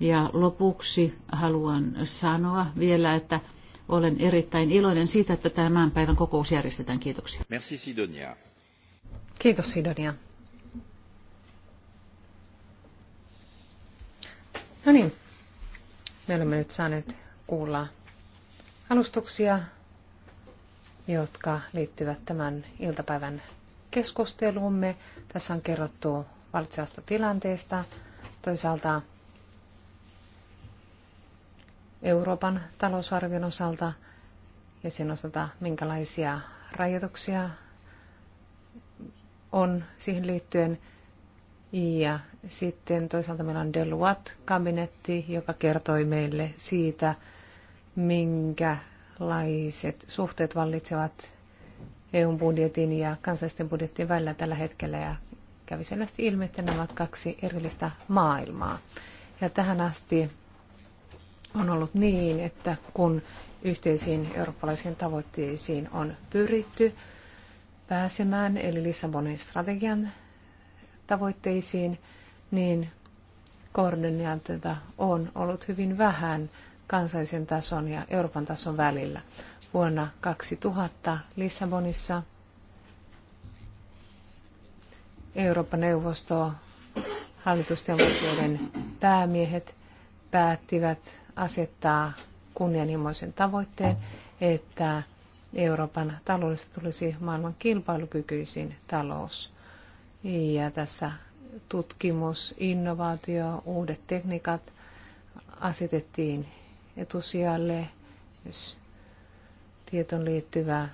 Ja lopuksi haluan sanoa vielä, että olen erittäin iloinen siitä, että tämän päivän kokous järjestetään. Kiitoksia. Merci Sidonia. Kiitos Sidonia. No niin, me olemme nyt saaneet kuulla alustuksia, jotka liittyvät tämän iltapäivän keskusteluumme. Tässä on kerrottu valitsevasta tilanteesta, toisaalta Euroopan talousarvion osalta ja sen osalta, minkälaisia rajoituksia on siihen liittyen. Ja sitten toisaalta meillä on Deluat-kabinetti, joka kertoi meille siitä, minkälaiset suhteet vallitsevat EUn budjetin ja kansallisten budjettien välillä tällä hetkellä ja kävi selvästi ilmi, että nämä ovat kaksi erillistä maailmaa. Ja tähän asti on ollut niin, että kun yhteisiin eurooppalaisiin tavoitteisiin on pyritty pääsemään, eli Lissabonin strategian tavoitteisiin, niin koordinaatiota on ollut hyvin vähän kansallisen tason ja Euroopan tason välillä. Vuonna 2000 Lissabonissa Euroopan neuvosto hallitusten valtioiden päämiehet päättivät asettaa kunnianhimoisen tavoitteen, että Euroopan taloudesta tulisi maailman kilpailukykyisin talous. Ja tässä tutkimus, innovaatio, uudet tekniikat asetettiin etusijalle, myös tietoon liittyvä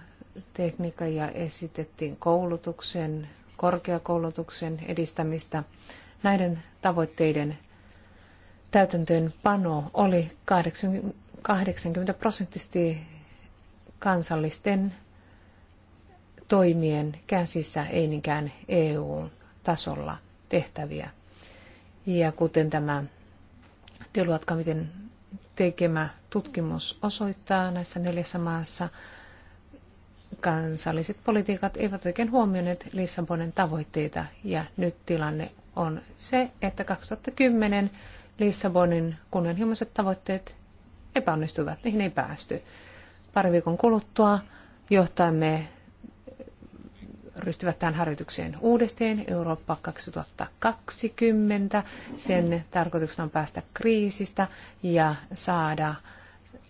tekniikka ja esitettiin koulutuksen, korkeakoulutuksen edistämistä. Näiden tavoitteiden täytäntöönpano oli 80 prosenttisesti kansallisten toimien käsissä, ei niinkään EU-tasolla tehtäviä. Ja kuten tämä Deluatka, tekemä tutkimus osoittaa näissä neljässä maassa, kansalliset politiikat eivät oikein huomioineet Lissabonin tavoitteita ja nyt tilanne on se, että 2010 Lissabonin kunnianhimoiset tavoitteet epäonnistuivat, niihin ei päästy. Pari viikon kuluttua johtamme ryhtyvät tähän harjoitukseen uudestaan. Eurooppa 2020. Sen tarkoituksena on päästä kriisistä ja saada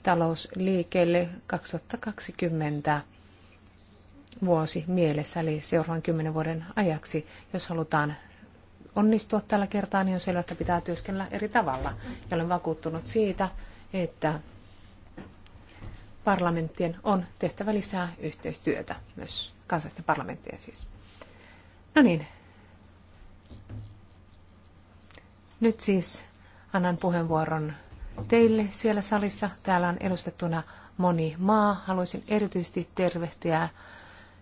talous liikkeelle 2020 vuosi mielessä, eli seuraavan kymmenen vuoden ajaksi, jos halutaan onnistua tällä kertaa, niin on selvää, että pitää työskennellä eri tavalla. Ja olen vakuuttunut siitä, että parlamenttien on tehtävä lisää yhteistyötä, myös kansallisten parlamenttien siis. No niin. Nyt siis annan puheenvuoron teille siellä salissa. Täällä on edustettuna moni maa. Haluaisin erityisesti tervehtiä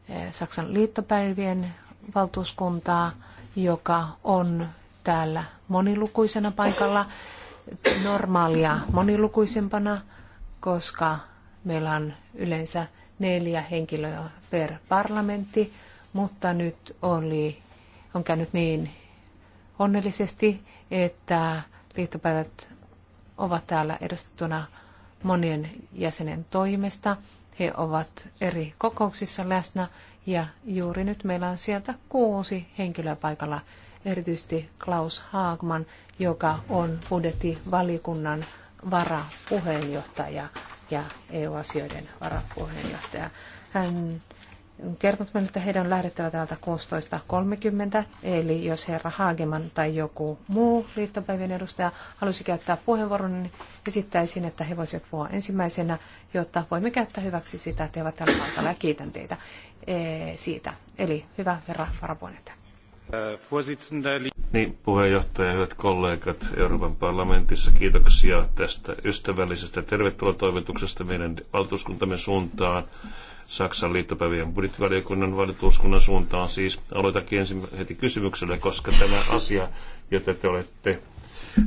eh, Saksan liittopäivien valtuuskuntaa, joka on täällä monilukuisena paikalla, normaalia monilukuisempana, koska meillä on yleensä neljä henkilöä per parlamentti, mutta nyt oli, on käynyt niin onnellisesti, että liittopäivät ovat täällä edustettuna monien jäsenen toimesta. He ovat eri kokouksissa läsnä ja juuri nyt meillä on sieltä kuusi henkilöä paikalla, erityisesti Klaus Haagman, joka on budjettivaliokunnan varapuheenjohtaja ja EU-asioiden varapuheenjohtaja. Hän kertoo meille, että heidän on lähdettävä täältä 16.30, eli jos herra Haageman tai joku muu liittopäivien edustaja halusi käyttää puheenvuoron, niin esittäisin, että he voisivat puhua ensimmäisenä, jotta voimme käyttää hyväksi sitä, että he ovat täällä paikalla ja kiitän teitä. Eh, siitä. Eli hyvä herra varapuheenjohtaja. Niin, puheenjohtaja, hyvät kollegat Euroopan parlamentissa, kiitoksia tästä ystävällisestä tervetuloa toivotuksesta meidän valtuuskuntamme suuntaan. Saksan liittopäivien budjettivaliokunnan valtuuskunnan suuntaan siis. Aloitakin ensin heti kysymyksellä, koska tämä asia, jota te olette,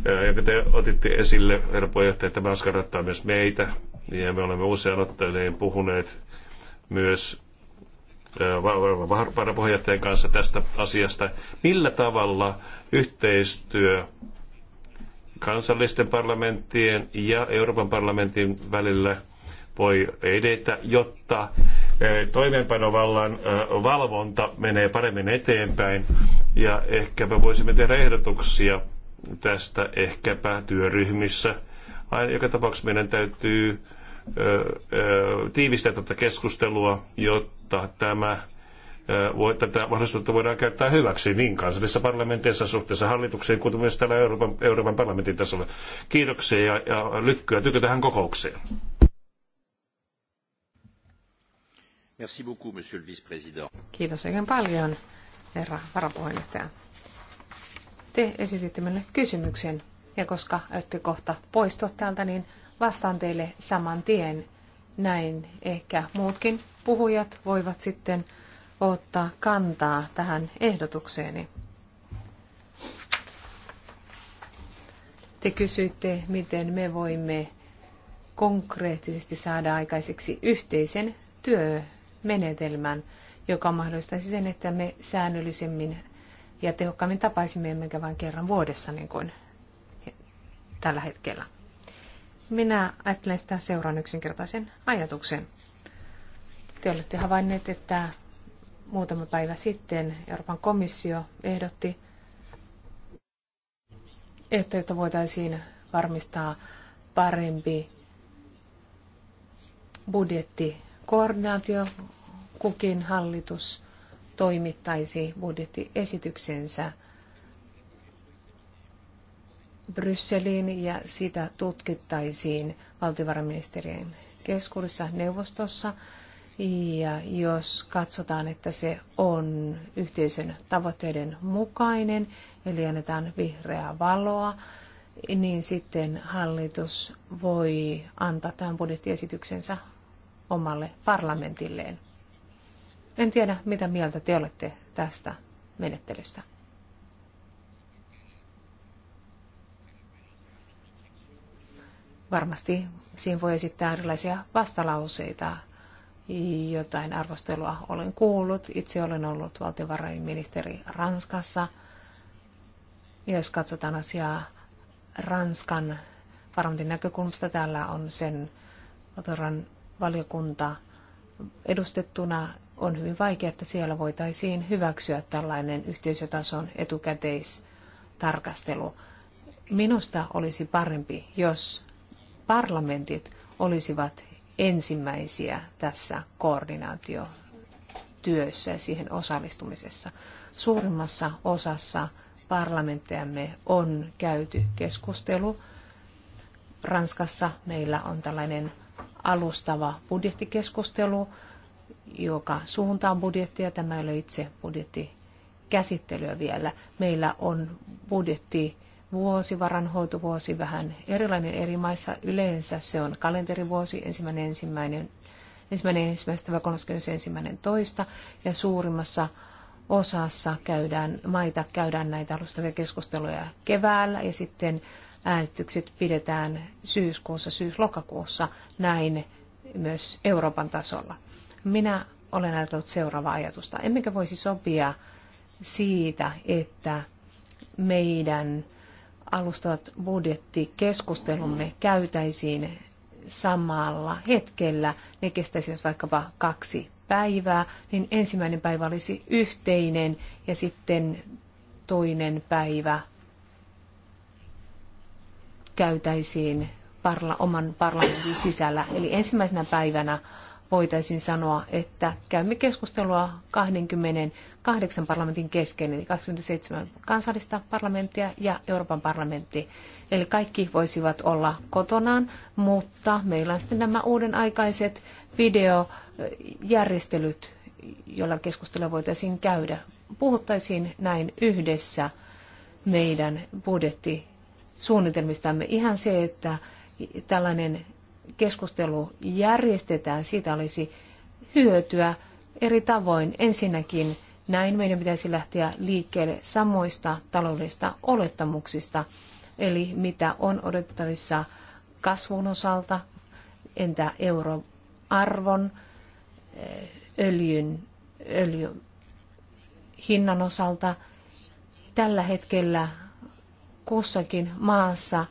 eh, jonka te otitte esille, herra puheenjohtaja, tämä askarrattaa myös meitä. Ja me olemme usein ottaneet puhuneet myös varapuheenjohtajan kanssa tästä asiasta. Millä tavalla yhteistyö kansallisten parlamenttien ja Euroopan parlamentin välillä voi edetä, jotta toimeenpanovallan valvonta menee paremmin eteenpäin. Ja ehkäpä voisimme tehdä ehdotuksia tästä ehkäpä työryhmissä. Aina joka tapauksessa meidän täytyy tiivistää tätä keskustelua, jotta jotta tämä voi, tätä mahdollisuutta voidaan käyttää hyväksi niin kansallisissa parlamentissa suhteessa hallitukseen kuin myös täällä Euroopan, Euroopan parlamentin tasolla. Kiitoksia ja, ja lykkyä tykö tähän kokoukseen. Merci beaucoup, monsieur le vice-président. Kiitos oikein paljon, herra varapuheenjohtaja. Te esititte minulle kysymyksen, ja koska olette kohta poistua täältä, niin vastaan teille saman tien. Näin ehkä muutkin puhujat voivat sitten ottaa kantaa tähän ehdotukseeni. Te kysyitte, miten me voimme konkreettisesti saada aikaiseksi yhteisen työmenetelmän, joka mahdollistaisi sen, että me säännöllisemmin ja tehokkaammin tapaisimme, emmekä vain kerran vuodessa, niin kuin tällä hetkellä. Minä ajattelen sitä seuraan yksinkertaisen ajatuksen. Te olette havainneet, että muutama päivä sitten Euroopan komissio ehdotti, että jotta voitaisiin varmistaa parempi budjettikoordinaatio, kukin hallitus toimittaisi budjettiesityksensä – Brysseliin ja sitä tutkittaisiin valtiovarainministeriön keskuudessa neuvostossa. Ja jos katsotaan, että se on yhteisön tavoitteiden mukainen, eli annetaan vihreää valoa, niin sitten hallitus voi antaa tämän budjettiesityksensä omalle parlamentilleen. En tiedä, mitä mieltä te olette tästä menettelystä. varmasti siinä voi esittää erilaisia vastalauseita. Jotain arvostelua olen kuullut. Itse olen ollut valtiovarainministeri Ranskassa. Ja jos katsotaan asiaa Ranskan parlamentin näkökulmasta, täällä on sen Otoran valiokunta edustettuna. On hyvin vaikea, että siellä voitaisiin hyväksyä tällainen yhteisötason etukäteistarkastelu. Minusta olisi parempi, jos parlamentit olisivat ensimmäisiä tässä koordinaatiotyössä ja siihen osallistumisessa. Suurimmassa osassa parlamenttejamme on käyty keskustelu. Ranskassa meillä on tällainen alustava budjettikeskustelu, joka suuntaa budjettia. Tämä ei ole itse budjettikäsittelyä vielä. Meillä on budjetti vuosi, varanhoitovuosi vähän erilainen eri maissa. Yleensä se on kalenterivuosi, ensimmäinen ensimmäinen, ensimmäinen ensimmäistä 31. toista, ja suurimmassa osassa käydään, maita käydään näitä alustavia keskusteluja keväällä, ja sitten äänestykset pidetään syyskuussa, syyslokakuussa, näin myös Euroopan tasolla. Minä olen ajatellut seuraavaa ajatusta. Emmekä voisi sopia siitä, että meidän alustavat budjettikeskustelumme käytäisiin samalla hetkellä. Ne kestäisivät vaikkapa kaksi päivää, niin ensimmäinen päivä olisi yhteinen ja sitten toinen päivä käytäisiin parla, oman parlamentin sisällä. Eli ensimmäisenä päivänä voitaisiin sanoa, että käymme keskustelua 28 parlamentin kesken, eli 27 kansallista parlamenttia ja Euroopan parlamentti. Eli kaikki voisivat olla kotonaan, mutta meillä on sitten nämä uuden aikaiset videojärjestelyt, joilla keskustelua voitaisiin käydä. Puhuttaisiin näin yhdessä meidän budjettisuunnitelmistamme. Ihan se, että tällainen keskustelu järjestetään, siitä olisi hyötyä eri tavoin. Ensinnäkin näin meidän pitäisi lähteä liikkeelle samoista taloudellisista olettamuksista, eli mitä on odotettavissa kasvun osalta, entä euroarvon, eh, öljyn, öljyn hinnan osalta. Tällä hetkellä kussakin maassa –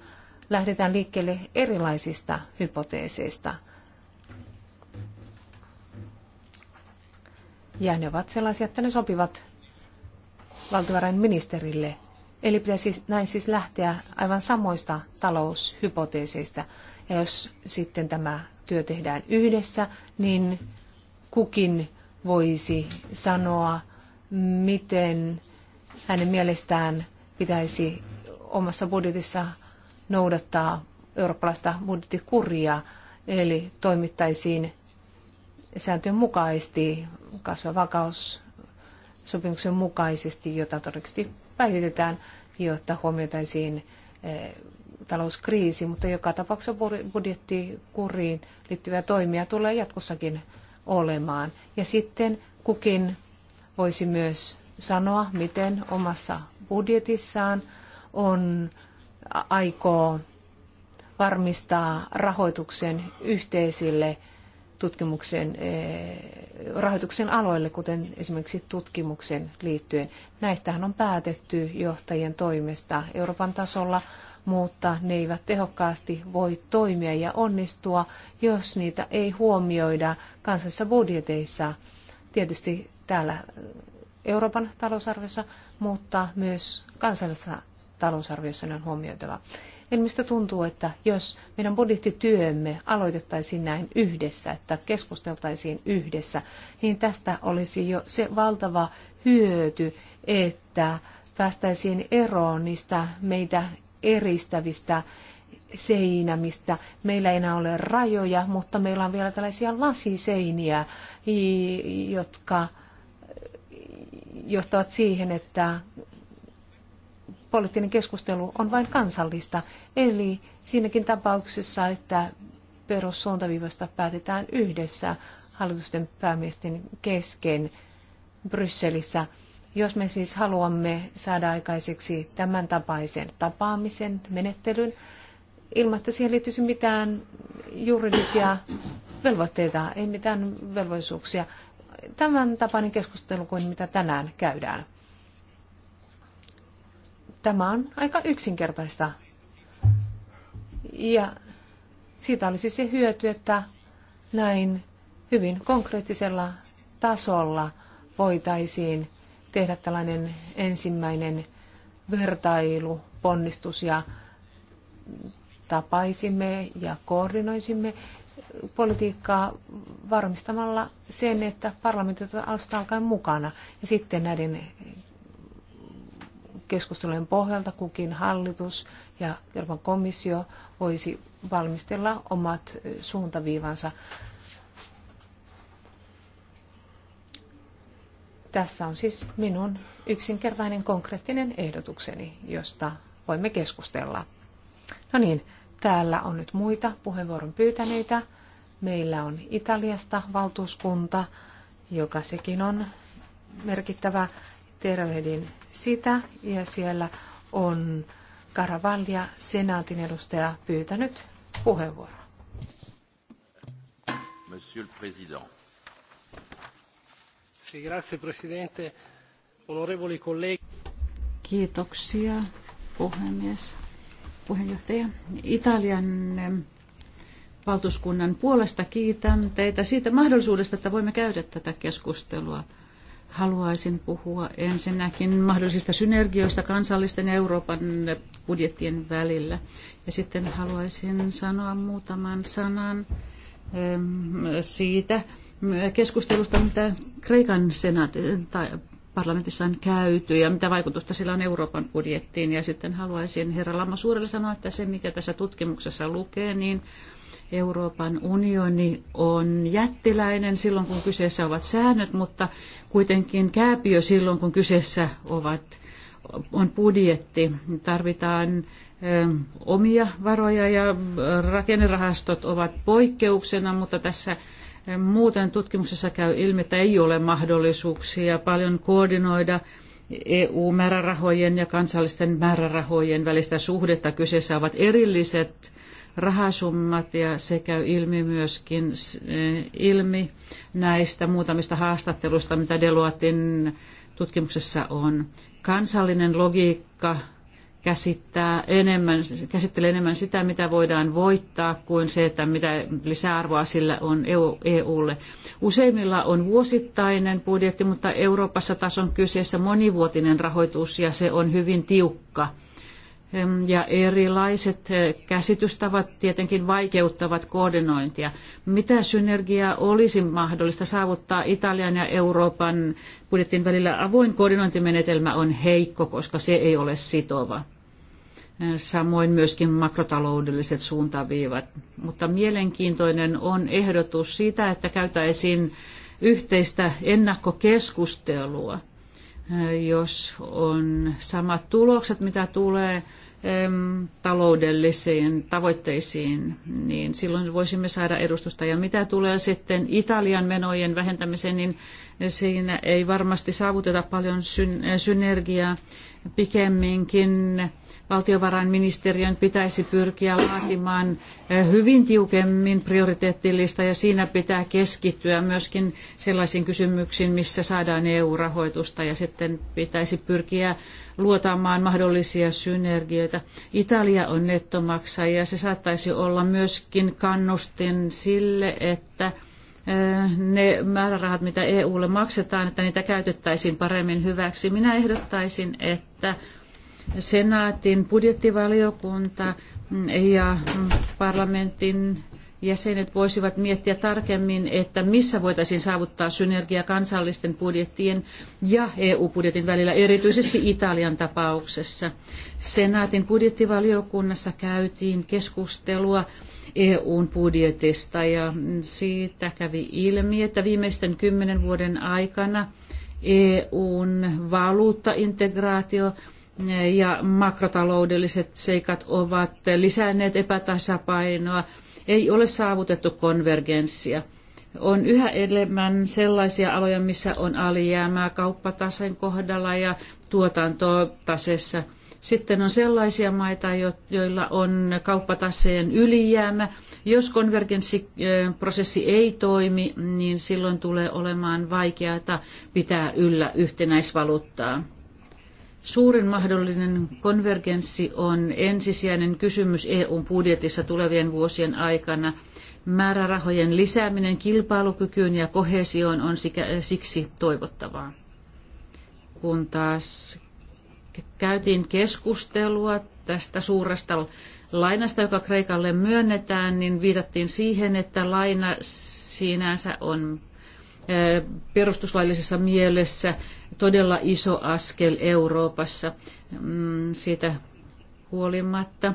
lähdetään liikkeelle erilaisista hypoteeseista. Ja ne ovat sellaisia, että ne sopivat valtiovarainministerille. Eli pitäisi siis, näin siis lähteä aivan samoista taloushypoteeseista. Ja jos sitten tämä työ tehdään yhdessä, niin kukin voisi sanoa, miten hänen mielestään pitäisi omassa budjetissa noudattaa eurooppalaista budjettikuria, eli toimittaisiin sääntöjen mukaisesti kasvavakaussopimuksen mukaisesti, jota todennäköisesti päivitetään, jotta huomioitaisiin eh, talouskriisi, mutta joka tapauksessa budjettikuriin liittyviä toimia tulee jatkossakin olemaan. Ja sitten kukin voisi myös sanoa, miten omassa budjetissaan on aikoo varmistaa rahoituksen yhteisille tutkimuksen, eh, rahoituksen aloille, kuten esimerkiksi tutkimuksen liittyen. Näistähän on päätetty johtajien toimesta Euroopan tasolla, mutta ne eivät tehokkaasti voi toimia ja onnistua, jos niitä ei huomioida kansallisissa budjeteissa. Tietysti täällä Euroopan talousarviossa, mutta myös kansallisessa talousarviossa on huomioitava. Eli mistä tuntuu, että jos meidän budjettityömme aloitettaisiin näin yhdessä, että keskusteltaisiin yhdessä, niin tästä olisi jo se valtava hyöty, että päästäisiin eroon niistä meitä eristävistä seinämistä. Meillä ei enää ole rajoja, mutta meillä on vielä tällaisia lasiseiniä, jotka johtavat siihen, että poliittinen keskustelu on vain kansallista. Eli siinäkin tapauksessa, että perussuuntaviivasta päätetään yhdessä hallitusten päämiesten kesken Brysselissä. Jos me siis haluamme saada aikaiseksi tämän tapaisen tapaamisen, menettelyn, ilman että siihen liittyisi mitään juridisia velvoitteita, ei mitään velvollisuuksia, tämän tapainen keskustelu kuin mitä tänään käydään. Tämä on aika yksinkertaista. Ja siitä olisi se hyöty, että näin hyvin konkreettisella tasolla voitaisiin tehdä tällainen ensimmäinen vertailu, ponnistus ja tapaisimme ja koordinoisimme politiikkaa varmistamalla sen, että parlamentit ovat alusta alkaen mukana. Ja sitten näiden keskustelujen pohjalta kukin hallitus ja Euroopan komissio voisi valmistella omat suuntaviivansa. Tässä on siis minun yksinkertainen konkreettinen ehdotukseni, josta voimme keskustella. No niin, täällä on nyt muita puheenvuoron pyytäneitä. Meillä on Italiasta valtuuskunta, joka sekin on merkittävä tervehdin sitä ja siellä on Karavallia, senaatin edustaja, pyytänyt puheenvuoroa. Monsieur le Président. Grazie Presidente. Onorevoli colleghi. Kiitoksia puhemies, puheenjohtaja. Italian eh, valtuuskunnan puolesta kiitän teitä siitä mahdollisuudesta, että voimme käydä tätä keskustelua – Haluaisin puhua ensinnäkin mahdollisista synergioista kansallisten ja Euroopan budjettien välillä. Ja sitten haluaisin sanoa muutaman sanan siitä keskustelusta, mitä Kreikan senaatti. tai parlamentissa on käyty ja mitä vaikutusta sillä on Euroopan budjettiin. Ja sitten haluaisin herra Lamma Suurelle sanoa, että se mikä tässä tutkimuksessa lukee, niin Euroopan unioni on jättiläinen silloin, kun kyseessä ovat säännöt, mutta kuitenkin kääpiö silloin, kun kyseessä ovat, on budjetti. Tarvitaan omia varoja ja rakennerahastot ovat poikkeuksena, mutta tässä Muuten tutkimuksessa käy ilmi, että ei ole mahdollisuuksia paljon koordinoida EU-määrärahojen ja kansallisten määrärahojen välistä suhdetta. Kyseessä ovat erilliset rahasummat ja se käy ilmi myöskin e, ilmi näistä muutamista haastatteluista, mitä Deloatin tutkimuksessa on. Kansallinen logiikka käsittää enemmän, käsittelee enemmän sitä, mitä voidaan voittaa, kuin se, että mitä lisäarvoa sillä on EUlle. Useimmilla on vuosittainen budjetti, mutta Euroopassa taas on kyseessä monivuotinen rahoitus ja se on hyvin tiukka. Ja erilaiset eh, käsitystavat tietenkin vaikeuttavat koordinointia. Mitä synergiaa olisi mahdollista saavuttaa Italian ja Euroopan budjetin välillä? Avoin koordinointimenetelmä on heikko, koska se ei ole sitova samoin myöskin makrotaloudelliset suuntaviivat. Mutta mielenkiintoinen on ehdotus siitä, että käytäisiin yhteistä ennakkokeskustelua, jos on samat tulokset, mitä tulee taloudellisiin tavoitteisiin, niin silloin voisimme saada edustusta. Ja mitä tulee sitten Italian menojen vähentämiseen, niin siinä ei varmasti saavuteta paljon synergiaa pikemminkin valtiovarainministeriön pitäisi pyrkiä laatimaan eh, hyvin tiukemmin prioriteettilista ja siinä pitää keskittyä myöskin sellaisiin kysymyksiin, missä saadaan EU-rahoitusta ja sitten pitäisi pyrkiä luotaamaan mahdollisia synergioita. Italia on nettomaksaja ja se saattaisi olla myöskin kannustin sille, että Äh, ne määrärahat, mitä EUlle maksetaan, että niitä käytettäisiin paremmin hyväksi. Minä ehdottaisin, että senaatin budjettivaliokunta ja parlamentin jäsenet voisivat miettiä tarkemmin, että missä voitaisiin saavuttaa synergia kansallisten budjettien ja EU-budjetin välillä, erityisesti Italian tapauksessa. Senaatin budjettivaliokunnassa käytiin keskustelua EUn budjetista ja siitä kävi ilmi, että viimeisten kymmenen vuoden aikana EUn valuuttaintegraatio ja makrotaloudelliset seikat ovat lisänneet epätasapainoa, ei ole saavutettu konvergenssia. On yhä enemmän sellaisia aloja, missä on alijäämää kauppataseen kohdalla ja tuotantotasessa – sitten on sellaisia maita, joilla on kauppataseen ylijäämä. Jos konvergenssiprosessi ei toimi, niin silloin tulee olemaan vaikeaa pitää yllä yhtenäisvaluuttaa. Suurin mahdollinen konvergenssi on ensisijainen kysymys EUn budjetissa tulevien vuosien aikana. Määrärahojen lisääminen kilpailukykyyn ja kohesioon on siksi toivottavaa kun taas käytiin keskustelua tästä suuresta lainasta, joka Kreikalle myönnetään, niin viitattiin siihen, että laina sinänsä on perustuslaillisessa mielessä todella iso askel Euroopassa mm, siitä huolimatta.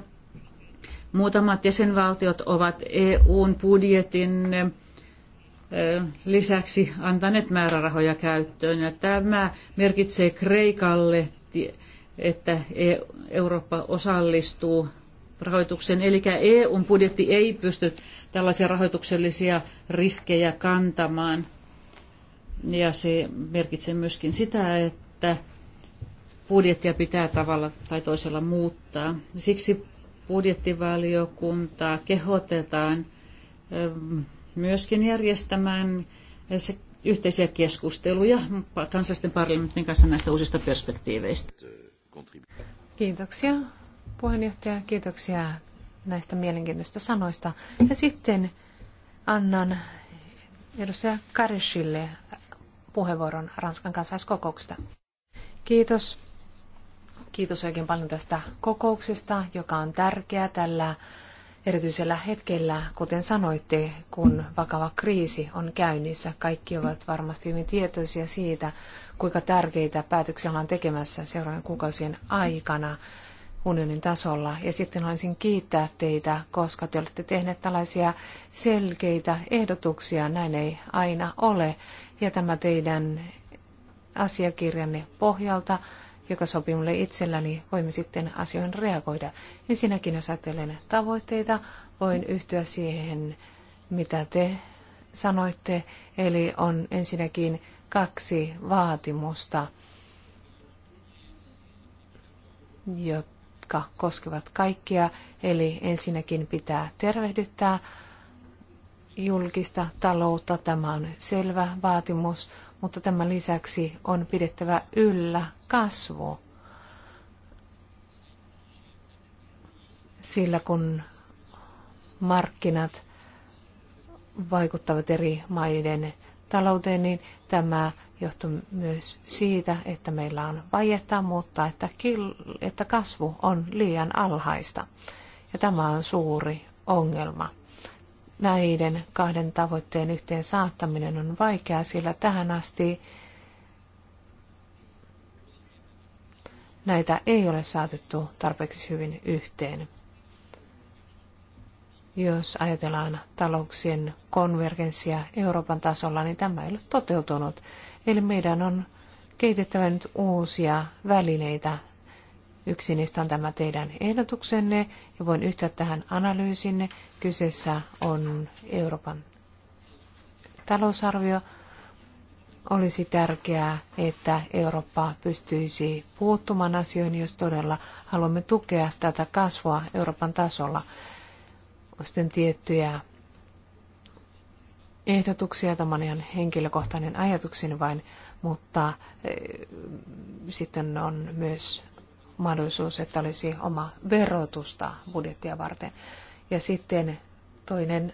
Muutamat jäsenvaltiot ovat EUn budjetin lisäksi antaneet määrärahoja käyttöön. Ja tämä merkitsee Kreikalle että e- Eurooppa osallistuu rahoitukseen. Eli EUn budjetti ei pysty tällaisia rahoituksellisia riskejä kantamaan. Ja se merkitsee myöskin sitä, että budjettia pitää tavalla tai toisella muuttaa. Siksi budjettivaliokuntaa kehotetaan ähm, myöskin järjestämään yhteisiä keskusteluja kansallisten parlamentin kanssa näistä uusista perspektiiveistä. Kiitoksia puheenjohtaja, kiitoksia näistä mielenkiintoista sanoista. Ja sitten annan edustaja Karishille puheenvuoron Ranskan kansalaiskokouksesta. Kiitos. Kiitos oikein paljon tästä kokouksesta, joka on tärkeä tällä erityisellä hetkellä, kuten sanoitte, kun vakava kriisi on käynnissä. Kaikki ovat varmasti hyvin tietoisia siitä, kuinka tärkeitä päätöksiä ollaan tekemässä seuraavien kuukausien aikana unionin tasolla. Ja sitten haluaisin kiittää teitä, koska te olette tehneet tällaisia selkeitä ehdotuksia. Näin ei aina ole. Ja tämä teidän asiakirjanne pohjalta joka sopii mulle itselläni, voimme sitten asioihin reagoida. Ensinnäkin, jos ajattelen tavoitteita, voin yhtyä siihen, mitä te sanoitte. Eli on ensinnäkin kaksi vaatimusta, jotka koskevat kaikkia. Eli ensinnäkin pitää tervehdyttää julkista taloutta. Tämä on selvä vaatimus, mutta tämän lisäksi on pidettävä yllä kasvu. Sillä kun markkinat vaikuttavat eri maiden talouteen, niin tämä johtuu myös siitä, että meillä on vajetta, mutta että, kil- että kasvu on liian alhaista. Ja tämä on suuri ongelma näiden kahden tavoitteen yhteen saattaminen on vaikeaa, sillä tähän asti näitä ei ole saatettu tarpeeksi hyvin yhteen. Jos ajatellaan talouksien konvergenssia Euroopan tasolla, niin tämä ei ole toteutunut. Eli meidän on kehitettävä nyt uusia välineitä Yksi niistä on tämä teidän ehdotuksenne ja voin yhtyä tähän analyysinne. Kyseessä on Euroopan talousarvio. Olisi tärkeää, että Eurooppa pystyisi puuttumaan asioihin, jos todella haluamme tukea tätä kasvua Euroopan tasolla. On sitten tiettyjä ehdotuksia, tämä on ihan henkilökohtainen ajatukseni vain, mutta eh, sitten on myös mahdollisuus, että olisi oma verotusta budjettia varten. Ja sitten toinen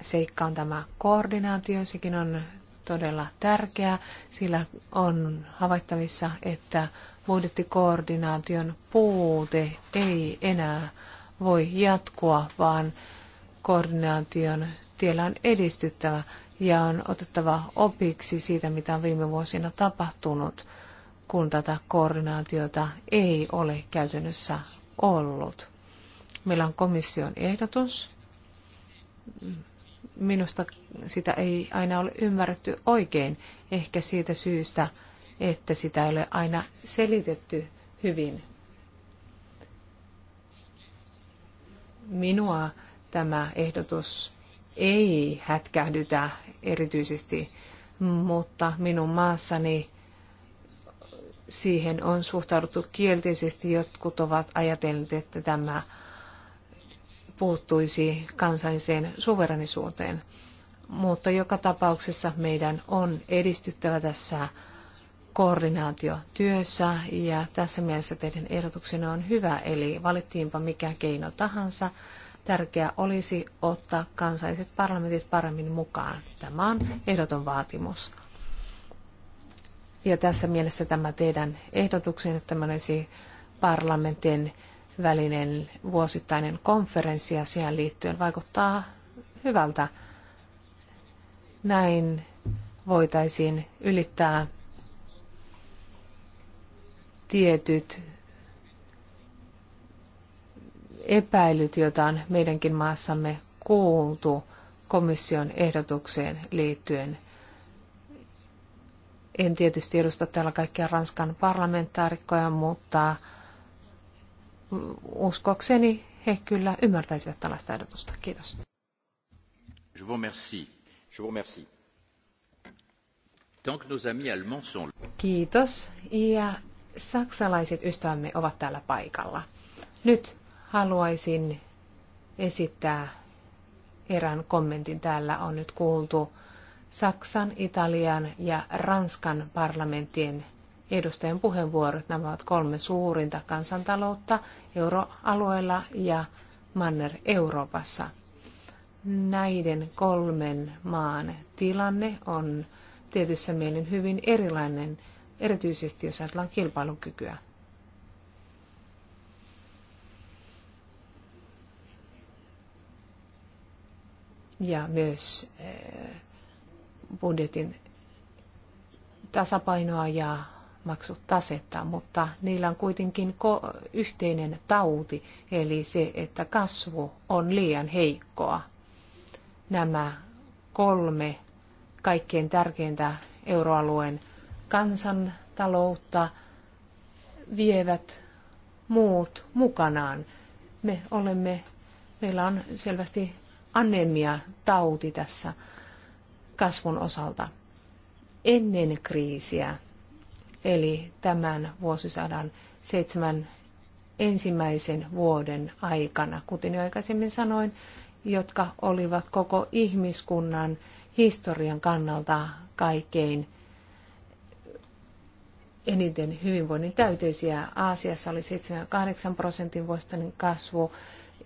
seikka on tämä koordinaatio. Sekin on todella tärkeää, sillä on havaittavissa, että budjettikoordinaation puute ei enää voi jatkua, vaan koordinaation tiellä on edistyttävä ja on otettava opiksi siitä, mitä on viime vuosina tapahtunut kun tätä koordinaatiota ei ole käytännössä ollut. Meillä on komission ehdotus. Minusta sitä ei aina ole ymmärretty oikein, ehkä siitä syystä, että sitä ei ole aina selitetty hyvin. Minua tämä ehdotus ei hätkähdytä erityisesti, mutta minun maassani siihen on suhtauduttu kielteisesti. Jotkut ovat ajatelleet, että tämä puuttuisi kansalliseen suverenisuuteen. Mutta joka tapauksessa meidän on edistyttävä tässä koordinaatiotyössä ja tässä mielessä teidän ehdotuksenne on hyvä, eli valittiinpa mikä keino tahansa. Tärkeää olisi ottaa kansalliset parlamentit paremmin mukaan. Tämä on ehdoton vaatimus. Ja tässä mielessä tämä teidän ehdotuksenne, että tämä olisi parlamentin välinen vuosittainen konferenssi asiaan liittyen vaikuttaa hyvältä. Näin voitaisiin ylittää tietyt epäilyt, joita on meidänkin maassamme kuultu komission ehdotukseen liittyen. En tietysti edusta täällä kaikkia Ranskan parlamentaarikkoja, mutta uskokseni he kyllä ymmärtäisivät tällaista ehdotusta. Kiitos. Je vous remercie. Je vous remercie. Tant que nos amis allemands sont... Kiitos. Ja saksalaiset ystävämme ovat täällä paikalla. Nyt haluaisin esittää erään kommentin. Täällä on nyt kuultu Saksan, Italian ja Ranskan parlamenttien edustajien puheenvuorot. Nämä ovat kolme suurinta kansantaloutta euroalueella ja Manner-Euroopassa. Näiden kolmen maan tilanne on tietyssä mielin hyvin erilainen, erityisesti jos ajatellaan kilpailukykyä. Ja myös eh, budjetin tasapainoa ja maksut tasetta, mutta niillä on kuitenkin yhteinen tauti, eli se, että kasvu on liian heikkoa. Nämä kolme kaikkein tärkeintä euroalueen kansantaloutta vievät muut mukanaan. Me olemme, meillä on selvästi anemia tauti tässä kasvun osalta ennen kriisiä, eli tämän vuosisadan seitsemän ensimmäisen vuoden aikana, kuten jo aikaisemmin sanoin, jotka olivat koko ihmiskunnan historian kannalta kaikkein eniten hyvinvoinnin täyteisiä. Aasiassa oli 78 prosentin vuosittainen kasvu,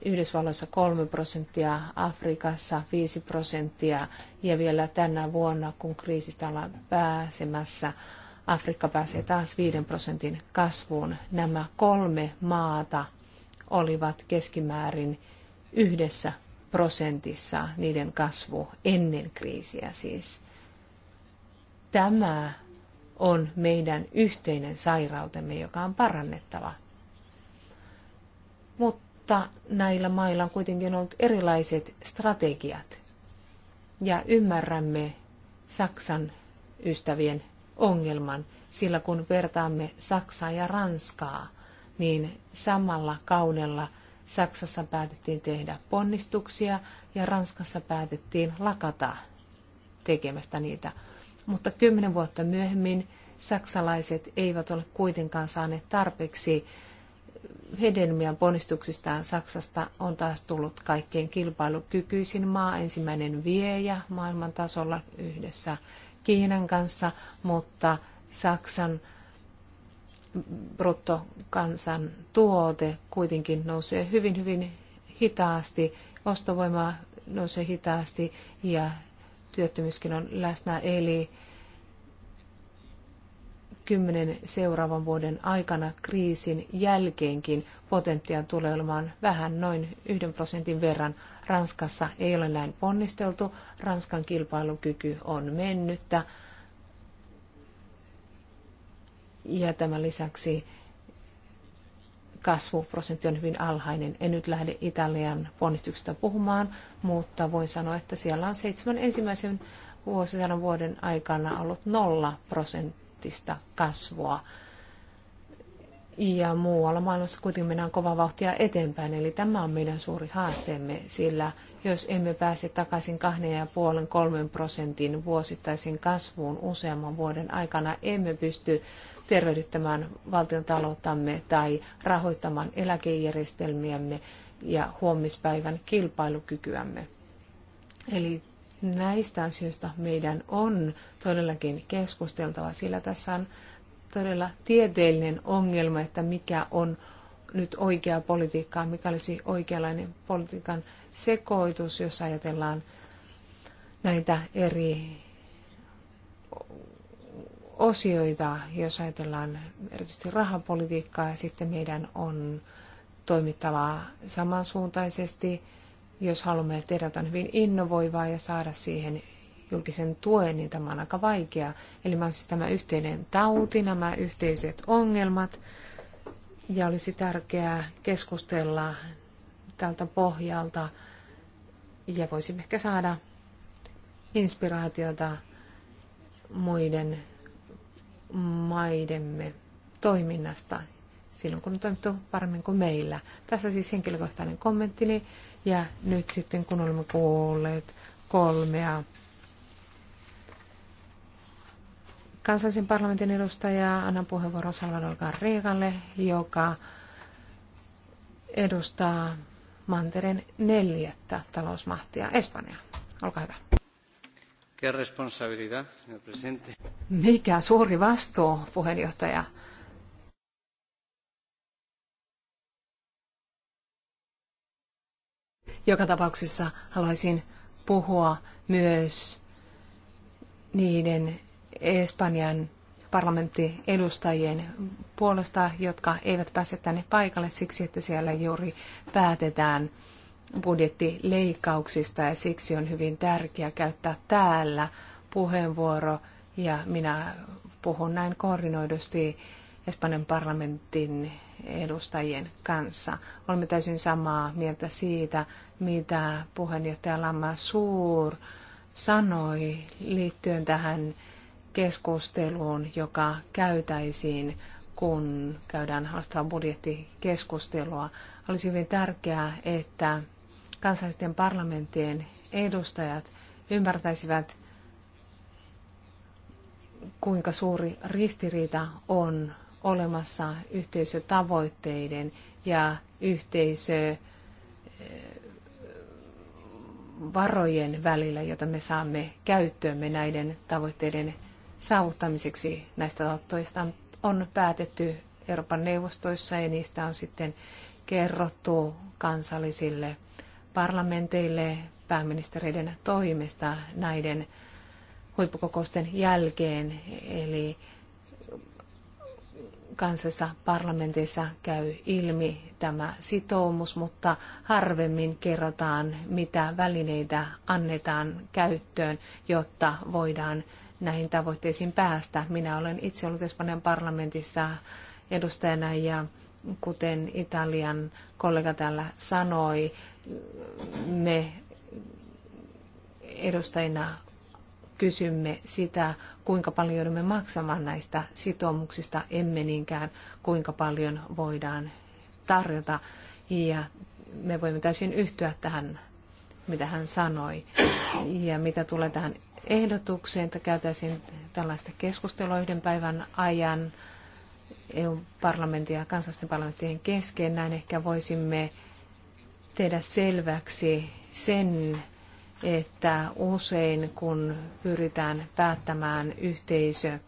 Yhdysvalloissa 3 prosenttia, Afrikassa 5 prosenttia ja vielä tänä vuonna, kun kriisistä ollaan pääsemässä, Afrikka pääsee taas 5 prosentin kasvuun. Nämä kolme maata olivat keskimäärin yhdessä prosentissa niiden kasvu ennen kriisiä siis. Tämä on meidän yhteinen sairautemme, joka on parannettava. Mutta mutta näillä mailla on kuitenkin ollut erilaiset strategiat. Ja ymmärrämme Saksan ystävien ongelman, sillä kun vertaamme Saksaa ja Ranskaa, niin samalla kaudella Saksassa päätettiin tehdä ponnistuksia ja Ranskassa päätettiin lakata tekemästä niitä. Mutta kymmenen vuotta myöhemmin saksalaiset eivät ole kuitenkaan saaneet tarpeeksi hedelmiä ponnistuksistaan Saksasta on taas tullut kaikkein kilpailukykyisin maa, ensimmäinen viejä maailman tasolla yhdessä Kiinan kanssa, mutta Saksan bruttokansan tuote kuitenkin nousee hyvin, hyvin hitaasti, ostovoima nousee hitaasti ja työttömyyskin on läsnä, eli kymmenen seuraavan vuoden aikana kriisin jälkeenkin potentiaa tulee olemaan vähän noin yhden prosentin verran. Ranskassa ei ole näin ponnisteltu. Ranskan kilpailukyky on mennyttä. Ja tämän lisäksi kasvuprosentti on hyvin alhainen. En nyt lähde Italian ponnistuksesta puhumaan, mutta voin sanoa, että siellä on seitsemän ensimmäisen vuosisadan vuoden aikana ollut nolla prosenttia dramaattista kasvua. Ja muualla maailmassa kuitenkin mennään kovaa vauhtia eteenpäin, eli tämä on meidän suuri haasteemme, sillä jos emme pääse takaisin 2,5-3 prosentin vuosittaisiin kasvuun useamman vuoden aikana, emme pysty tervehdyttämään valtion talouttamme tai rahoittamaan eläkejärjestelmiämme ja huomispäivän kilpailukykyämme. Eli näistä asioista meidän on todellakin keskusteltava, sillä tässä on todella tieteellinen ongelma, että mikä on nyt oikea politiikka, mikä olisi oikeanlainen politiikan sekoitus, jos ajatellaan näitä eri osioita, jos ajatellaan erityisesti rahapolitiikkaa, ja sitten meidän on toimittava samansuuntaisesti jos haluamme, tehdä jotain hyvin innovoivaa ja saada siihen julkisen tuen, niin tämä on aika vaikea. Eli mä siis tämä yhteinen tauti, nämä yhteiset ongelmat, ja olisi tärkeää keskustella tältä pohjalta, ja voisimme ehkä saada inspiraatiota muiden maidemme toiminnasta silloin, kun on toimittu paremmin kuin meillä. Tässä siis henkilökohtainen kommenttini. Niin ja nyt sitten kun olemme kuulleet kolmea kansallisen parlamentin edustajaa, annan puheenvuoron Salvador Garrigalle, joka edustaa mantereen neljättä talousmahtia Espanja. Olkaa hyvä. Mikä suuri vastuu, puheenjohtaja. Joka tapauksessa haluaisin puhua myös niiden Espanjan parlamenttiedustajien puolesta, jotka eivät pääse tänne paikalle siksi, että siellä juuri päätetään budjettileikkauksista ja siksi on hyvin tärkeää käyttää täällä puheenvuoro ja minä puhun näin koordinoidusti Espanjan parlamentin edustajien kanssa. Olemme täysin samaa mieltä siitä, mitä puheenjohtaja Lamma Suur sanoi liittyen tähän keskusteluun, joka käytäisiin, kun käydään haastavaa budjettikeskustelua. Olisi hyvin tärkeää, että kansallisten parlamenttien edustajat ymmärtäisivät, kuinka suuri ristiriita on olemassa yhteisötavoitteiden ja yhteisövarojen eh, välillä, jota me saamme käyttöömme näiden tavoitteiden saavuttamiseksi. Näistä tavoitteista on päätetty Euroopan neuvostoissa ja niistä on sitten kerrottu kansallisille parlamenteille pääministereiden toimesta näiden huippukokousten jälkeen. Eli kansassa parlamentissa käy ilmi tämä sitoumus, mutta harvemmin kerrotaan, mitä välineitä annetaan käyttöön, jotta voidaan näihin tavoitteisiin päästä. Minä olen itse ollut Espanjan parlamentissa edustajana ja kuten Italian kollega täällä sanoi, me edustajina kysymme sitä, kuinka paljon joudumme maksamaan näistä sitoumuksista, emme niinkään kuinka paljon voidaan tarjota. Ja me voimme täysin yhtyä tähän, mitä hän sanoi. Ja mitä tulee tähän ehdotukseen, että käytäisiin tällaista keskustelua yhden päivän ajan EU-parlamentin ja kansallisten parlamenttien kesken, näin ehkä voisimme tehdä selväksi sen, että usein kun pyritään päättämään yhteisö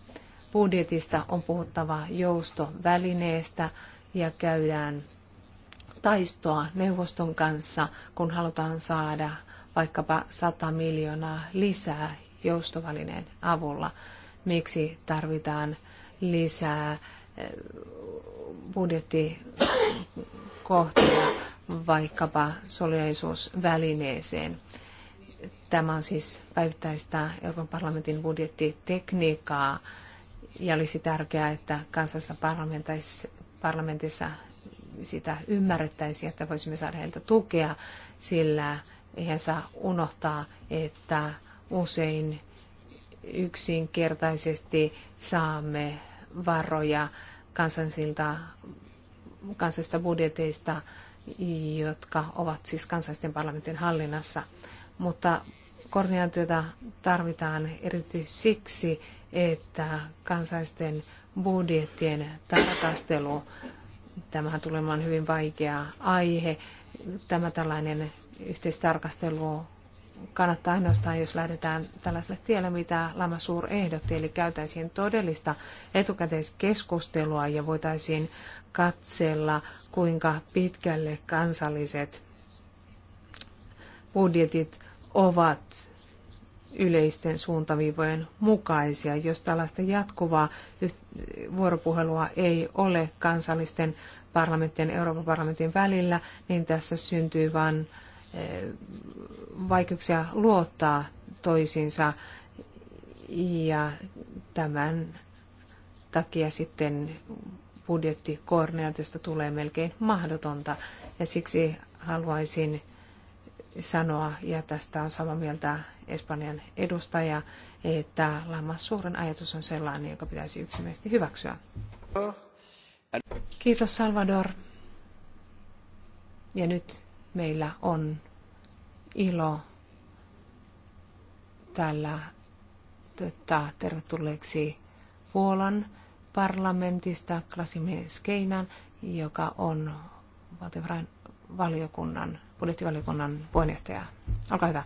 budjetista, on puhuttava joustovälineestä ja käydään taistoa neuvoston kanssa, kun halutaan saada vaikkapa 100 miljoonaa lisää joustovälineen avulla. Miksi tarvitaan lisää eh, budjettikohtia vaikkapa solidaisuusvälineeseen? Tämä on siis päivittäistä Euroopan parlamentin budjettitekniikkaa ja olisi tärkeää, että kansallisessa parlamentissa sitä ymmärrettäisiin, että voisimme saada heiltä tukea, sillä eihän saa unohtaa, että usein yksinkertaisesti saamme varoja kansallisilta, kansallisista budjeteista, jotka ovat siis kansallisten parlamentin hallinnassa. Mutta Koordinaatiota tarvitaan erityisesti siksi, että kansaisten budjettien tarkastelu, tämähän tulee olemaan hyvin vaikea aihe, tämä tällainen yhteistarkastelu kannattaa ainoastaan, jos lähdetään tällaiselle tielle, mitä Lama Suur ehdotti, eli käytäisiin todellista etukäteiskeskustelua ja voitaisiin katsella, kuinka pitkälle kansalliset budjetit ovat yleisten suuntaviivojen mukaisia. Jos tällaista jatkuvaa vuoropuhelua ei ole kansallisten parlamenttien ja Euroopan parlamentin välillä, niin tässä syntyy vain eh, vaikeuksia luottaa toisiinsa ja tämän takia sitten budjettikoordinaatiosta tulee melkein mahdotonta ja siksi haluaisin sanoa, ja tästä on samaa mieltä Espanjan edustaja, että suuren ajatus on sellainen, joka pitäisi yksimielisesti hyväksyä. Kiitos Salvador. Ja nyt meillä on ilo tällä tota, tervetulleeksi Puolan parlamentista Klasimir Skeinan, joka on valtiovarain valiokunnan, budjettivaliokunnan puheenjohtajaa. Olkaa hyvä.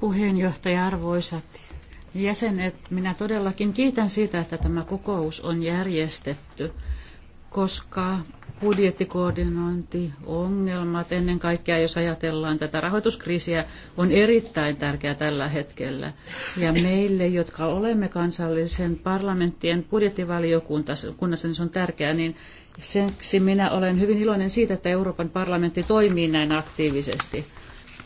Puheenjohtaja, arvoisat jäsenet, minä todellakin kiitän siitä, että tämä kokous on järjestetty, koska budjettikoordinointiongelmat, ennen kaikkea jos ajatellaan tätä rahoituskriisiä, on erittäin tärkeä tällä hetkellä. Ja meille, jotka olemme kansallisen parlamenttien budjettivaliokunnassa, niin se on tärkeää, niin Senksi minä olen hyvin iloinen siitä, että Euroopan parlamentti toimii näin aktiivisesti.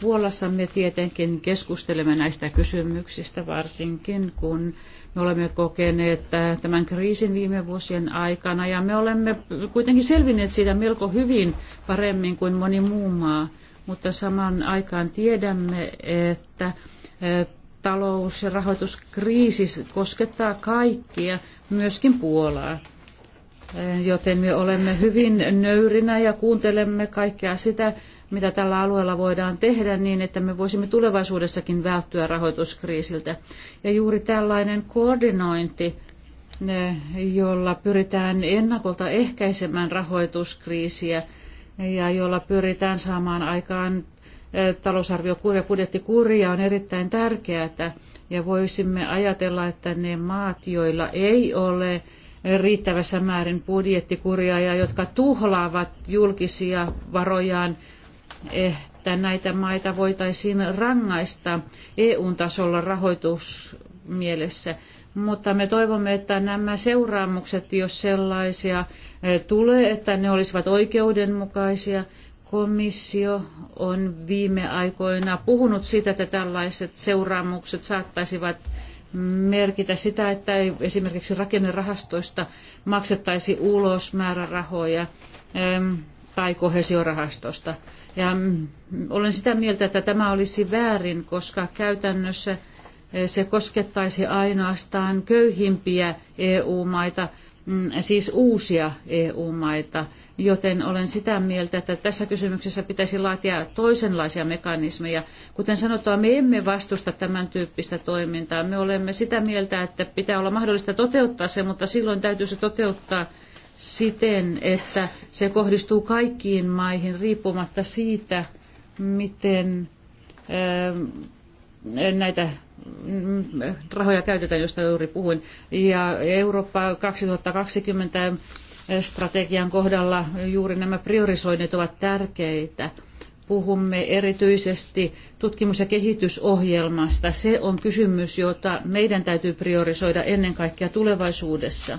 Puolassa me tietenkin keskustelemme näistä kysymyksistä, varsinkin kun me olemme kokeneet äh, tämän kriisin viime vuosien aikana ja me olemme kuitenkin selvinneet siitä melko hyvin paremmin kuin moni muu maa, mutta saman aikaan tiedämme, että äh, talous- ja rahoituskriisi koskettaa kaikkia, myöskin Puolaa joten me olemme hyvin nöyrinä ja kuuntelemme kaikkea sitä, mitä tällä alueella voidaan tehdä niin, että me voisimme tulevaisuudessakin välttyä rahoituskriisiltä. Ja juuri tällainen koordinointi, jolla pyritään ennakolta ehkäisemään rahoituskriisiä ja jolla pyritään saamaan aikaan e, ja budjettikuria on erittäin tärkeää. Ja voisimme ajatella, että ne maat, joilla ei ole riittävässä määrin budjettikuria ja jotka tuhlaavat julkisia varojaan, että näitä maita voitaisiin rangaista EU-tasolla rahoitusmielessä. Mutta me toivomme, että nämä seuraamukset, jos sellaisia eh, tulee, että ne olisivat oikeudenmukaisia. Komissio on viime aikoina puhunut siitä, että tällaiset seuraamukset saattaisivat merkitä sitä, että ei esimerkiksi rakennerahastoista maksettaisi ulos määrärahoja tai kohesiorahastosta. Ja mm, olen sitä mieltä, että tämä olisi väärin, koska käytännössä e, se koskettaisi ainoastaan köyhimpiä EU-maita, mm, siis uusia EU-maita, joten olen sitä mieltä, että tässä kysymyksessä pitäisi laatia toisenlaisia mekanismeja. Kuten sanottua, me emme vastusta tämän tyyppistä toimintaa. Me olemme sitä mieltä, että pitää olla mahdollista toteuttaa se, mutta silloin täytyy se toteuttaa siten, että se kohdistuu kaikkiin maihin riippumatta siitä, miten eh, näitä mm, rahoja käytetään, josta juuri puhuin. Ja Eurooppa 2020 strategian kohdalla juuri nämä priorisoinnit ovat tärkeitä. Puhumme erityisesti tutkimus- ja kehitysohjelmasta. Se on kysymys, jota meidän täytyy priorisoida ennen kaikkea tulevaisuudessa.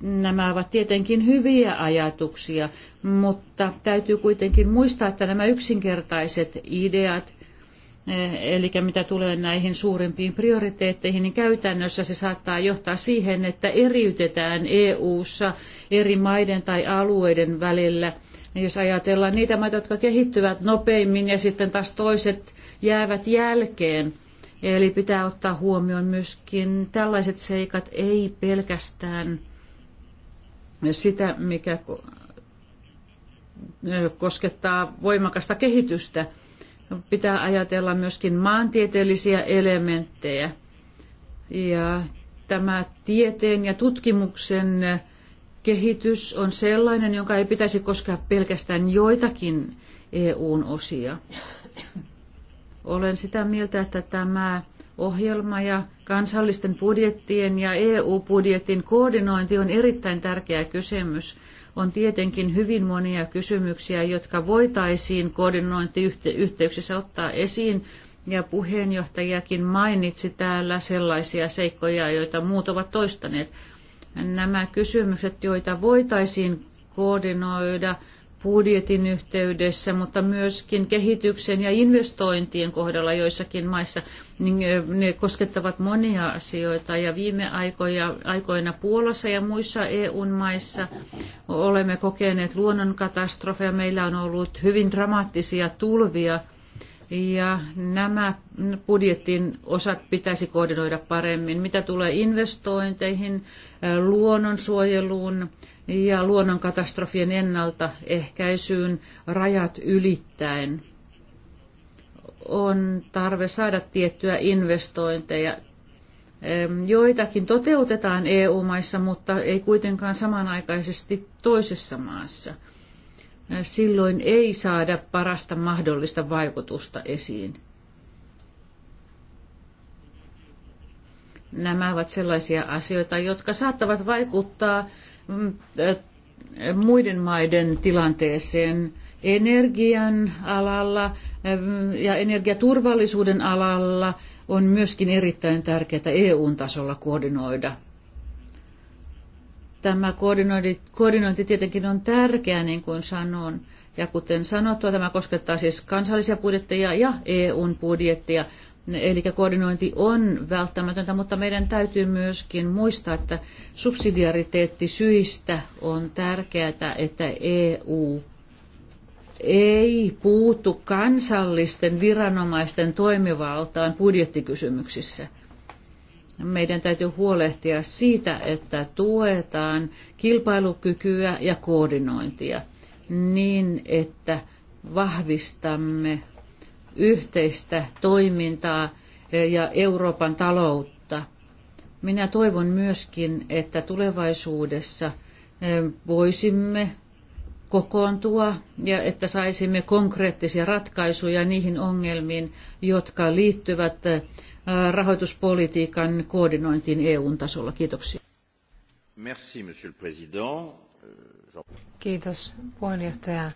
Nämä ovat tietenkin hyviä ajatuksia, mutta täytyy kuitenkin muistaa, että nämä yksinkertaiset ideat Eh, eli mitä tulee näihin suurempiin prioriteetteihin, niin käytännössä se saattaa johtaa siihen, että eriytetään EU-ssa eri maiden tai alueiden välillä. Jos ajatellaan niitä maita, jotka kehittyvät nopeimmin ja sitten taas toiset jäävät jälkeen, Eli pitää ottaa huomioon myöskin tällaiset seikat, ei pelkästään sitä, mikä eh, koskettaa voimakasta kehitystä, Pitää ajatella myöskin maantieteellisiä elementtejä. Ja tämä tieteen ja tutkimuksen kehitys on sellainen, jonka ei pitäisi koskea pelkästään joitakin EUn osia. Olen sitä mieltä, että tämä ohjelma ja kansallisten budjettien ja EU-budjetin koordinointi on erittäin tärkeä kysymys on tietenkin hyvin monia kysymyksiä, jotka voitaisiin koordinointiyhteyksissä ottaa esiin, ja puheenjohtajakin mainitsi täällä sellaisia seikkoja, joita muut ovat toistaneet. Nämä kysymykset, joita voitaisiin koordinoida, budjetin yhteydessä, mutta myöskin kehityksen ja investointien kohdalla joissakin maissa. Niin ne koskettavat monia asioita ja viime aikoina, aikoina Puolassa ja muissa EU-maissa olemme kokeneet luonnonkatastrofeja. Meillä on ollut hyvin dramaattisia tulvia – ja nämä budjetin osat pitäisi koordinoida paremmin. Mitä tulee investointeihin, eh, luonnonsuojeluun ja luonnonkatastrofien ennaltaehkäisyyn rajat ylittäen, on tarve saada tiettyä investointeja. Joitakin toteutetaan EU-maissa, mutta ei kuitenkaan samanaikaisesti toisessa maassa – silloin ei saada parasta mahdollista vaikutusta esiin. Nämä ovat sellaisia asioita, jotka saattavat vaikuttaa mm, äh, muiden maiden tilanteeseen energian alalla ähm, ja energiaturvallisuuden alalla on myöskin erittäin tärkeää eu tasolla koordinoida Tämä koordinointi, koordinointi tietenkin on tärkeää, niin kuin sanon. Ja kuten sanottua, tämä koskettaa siis kansallisia budjetteja ja EUn budjettia. Eli koordinointi on välttämätöntä, mutta meidän täytyy myöskin muistaa, että subsidiariteettisyistä on tärkeää, että EU ei puutu kansallisten viranomaisten toimivaltaan budjettikysymyksissä – meidän täytyy huolehtia siitä, että tuetaan kilpailukykyä ja koordinointia niin, että vahvistamme yhteistä toimintaa ja Euroopan taloutta. Minä toivon myöskin, että tulevaisuudessa eh, voisimme kokoontua ja että saisimme konkreettisia ratkaisuja niihin ongelmiin, jotka liittyvät eh, rahoituspolitiikan koordinointiin EUn tasolla. Kiitoksia. Merci, monsieur le président. Euh, Kiitos puheenjohtaja.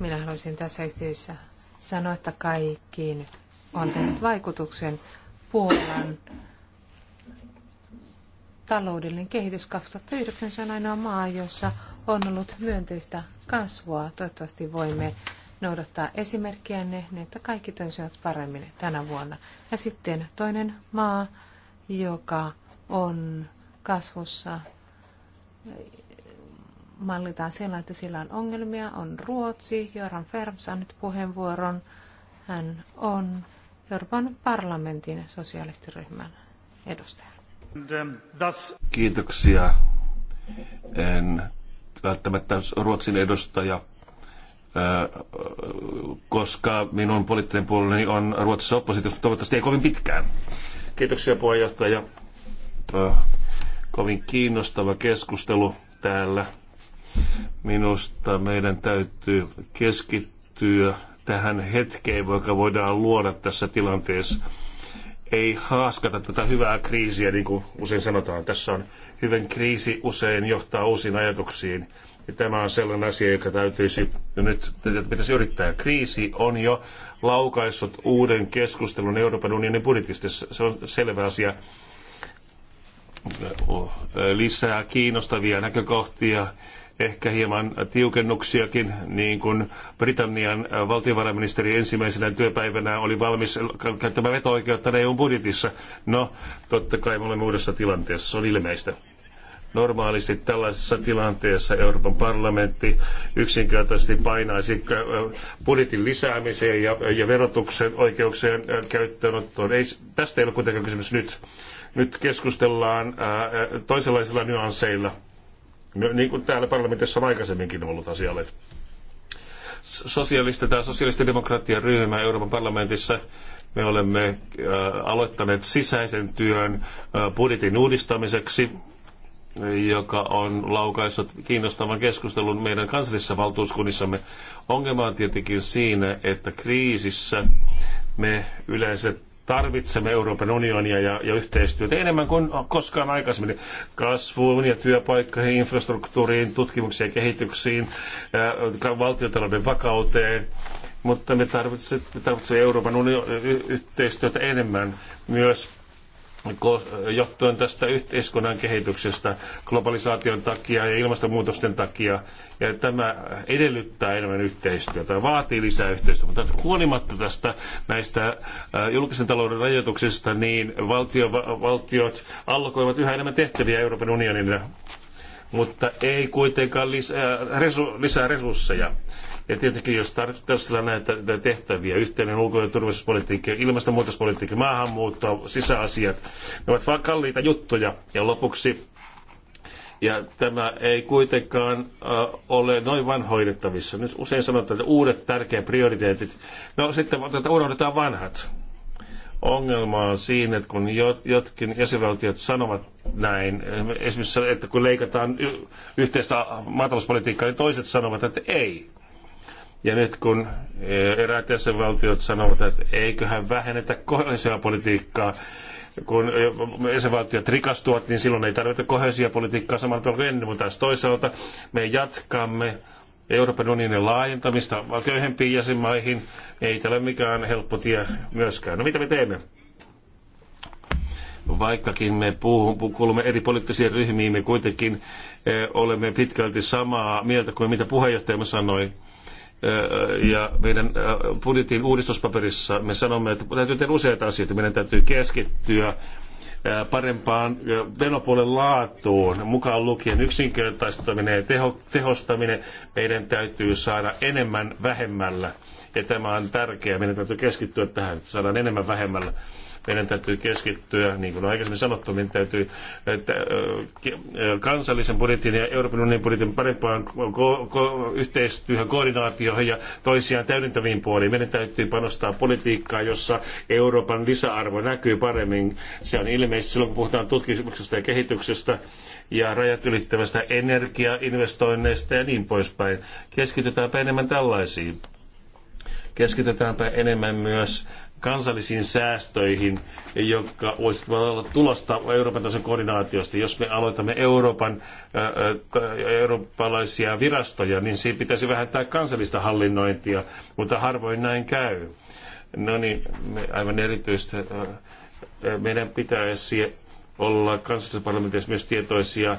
Minä haluaisin tässä yhteydessä sanoa, että kaikkiin on tehnyt vaikutuksen Puolan taloudellinen kehitys 2009. Se on ainoa maa, jossa on ollut myönteistä kasvua. Toivottavasti voimme noudattaa esimerkkiänne, niin että kaikki tönsivät paremmin tänä vuonna. Ja sitten toinen maa, joka on kasvussa, mallitaan sillä, että sillä on ongelmia, on Ruotsi. Joran Färm saa nyt puheenvuoron. Hän on Euroopan parlamentin sosialistiryhmän edustaja. Kiitoksia. En välttämättä Ruotsin edustaja koska minun poliittinen puolueeni on Ruotsissa oppositiossa, toivottavasti ei kovin pitkään. Kiitoksia puheenjohtaja. Kovin kiinnostava keskustelu täällä. Minusta meidän täytyy keskittyä tähän hetkeen, joka voidaan luoda tässä tilanteessa. Ei haaskata tätä hyvää kriisiä, niin kuin usein sanotaan. Tässä on hyvän kriisi usein johtaa uusiin ajatuksiin ja tämä on sellainen asia, joka täytyisi nyt, pitäisi yrittää. Kriisi on jo laukaissut uuden keskustelun Euroopan unionin budjetista, se on selvä asia. Lisää kiinnostavia näkökohtia, ehkä hieman tiukennuksiakin, niin kuin Britannian valtiovarainministeri ensimmäisenä työpäivänä oli valmis käyttämään veto-oikeutta EUn budjetissa. No, totta kai me olemme uudessa tilanteessa, se on ilmeistä. Normaalisti tällaisessa tilanteessa Euroopan parlamentti yksinkertaisesti painaisi budjetin lisäämiseen ja, ja verotuksen oikeuksien käyttöönottoon. Ei, tästä ei ole kuitenkaan kysymys nyt. Nyt keskustellaan ää, toisenlaisilla nyansseilla, no, niin kuin täällä parlamentissa on aikaisemminkin ollut asialle sosialista tai sosialistidemokratian ryhmä Euroopan parlamentissa. Me olemme aloittaneet sisäisen työn budjetin uudistamiseksi joka on laukaissut kiinnostavan keskustelun meidän kansallisissa valtuuskunnissamme. Ongelma on tietenkin siinä, että kriisissä me yleensä tarvitsemme Euroopan unionia ja, ja yhteistyötä enemmän kuin koskaan aikaisemmin kasvuun ja työpaikkoihin, infrastruktuuriin, tutkimuksiin ja kehityksiin, ää, äh, valtiotalouden vakauteen. Mutta me tarvitsemme, me tarvitsemme Euroopan unionin yhteistyötä enemmän myös johtuen tästä yhteiskunnan kehityksestä globalisaation takia ja ilmastonmuutosten takia. Ja tämä edellyttää enemmän yhteistyötä, vaatii lisää yhteistyötä. Mutta huolimatta tästä näistä äh, julkisen talouden rajoituksista, niin valtio, valtiot allokoivat yhä enemmän tehtäviä Euroopan unionille, mutta ei kuitenkaan lisää, resu, lisää resursseja. Ja tietenkin, jos tarkastellaan näitä, näitä tehtäviä, yhteinen ulko- ja turvallisuuspolitiikka, ilmastonmuutospolitiikka, maahanmuutto, sisäasiat, ne ovat kalliita juttuja. Ja lopuksi ja tämä ei kuitenkaan äh, ole noin vain hoidettavissa. Nyt usein sanotaan, että uudet tärkeät prioriteetit. No sitten unohdetaan vanhat. Ongelma on siinä, että kun jotkin jäsenvaltiot sanovat näin, esimerkiksi, että kun leikataan yhteistä maatalouspolitiikkaa, niin toiset sanovat, että ei. Ja nyt kun eh, eräät jäsenvaltiot sanovat, että eiköhän vähennetä kohesiopolitiikkaa, kun eh, jäsenvaltiot rikastuvat, niin silloin ei tarvita kohesiopolitiikkaa samalla tavalla kuin ennen, mutta taas toisaalta me jatkamme Euroopan unionin laajentamista köyhempiin jäsenmaihin. Ei tämä ole mikään helppo tie myöskään. No mitä me teemme? Vaikkakin me puhumme kuulumme eri poliittisiin ryhmiin, me kuitenkin eh, olemme pitkälti samaa mieltä kuin mitä puheenjohtajamme sanoi ja meidän budjetin uudistuspaperissa me sanomme, että täytyy tehdä useita asioita. Meidän täytyy keskittyä parempaan menopuolen laatuun, mukaan lukien yksinkertaistaminen ja teho, tehostaminen. Meidän täytyy saada enemmän vähemmällä. Ja tämä on tärkeää. Meidän täytyy keskittyä tähän, että saadaan enemmän vähemmällä. Meidän täytyy keskittyä, niin kuin aikaisemmin sanottu, meidän täytyy että, kansallisen budjetin ja Euroopan unionin budjetin parempaan ko- ko- yhteistyöhön, koordinaatioihin ja toisiaan täydentäviin puoliin. Meidän täytyy panostaa politiikkaa, jossa Euroopan lisäarvo näkyy paremmin. Se on ilmeisesti silloin, kun puhutaan tutkimuksesta ja kehityksestä ja rajat ylittävästä energiainvestoinneista ja niin poispäin. Keskitytäänpä enemmän tällaisiin keskitytäänpä enemmän myös kansallisiin säästöihin, jotka voisivat olla tulosta Euroopan tason koordinaatiosta. Jos me aloitamme Euroopan, eurooppalaisia virastoja, niin siinä pitäisi vähentää kansallista hallinnointia, mutta harvoin näin käy. No niin, aivan erityisesti meidän pitäisi olla kansallisessa parlamentissa myös tietoisia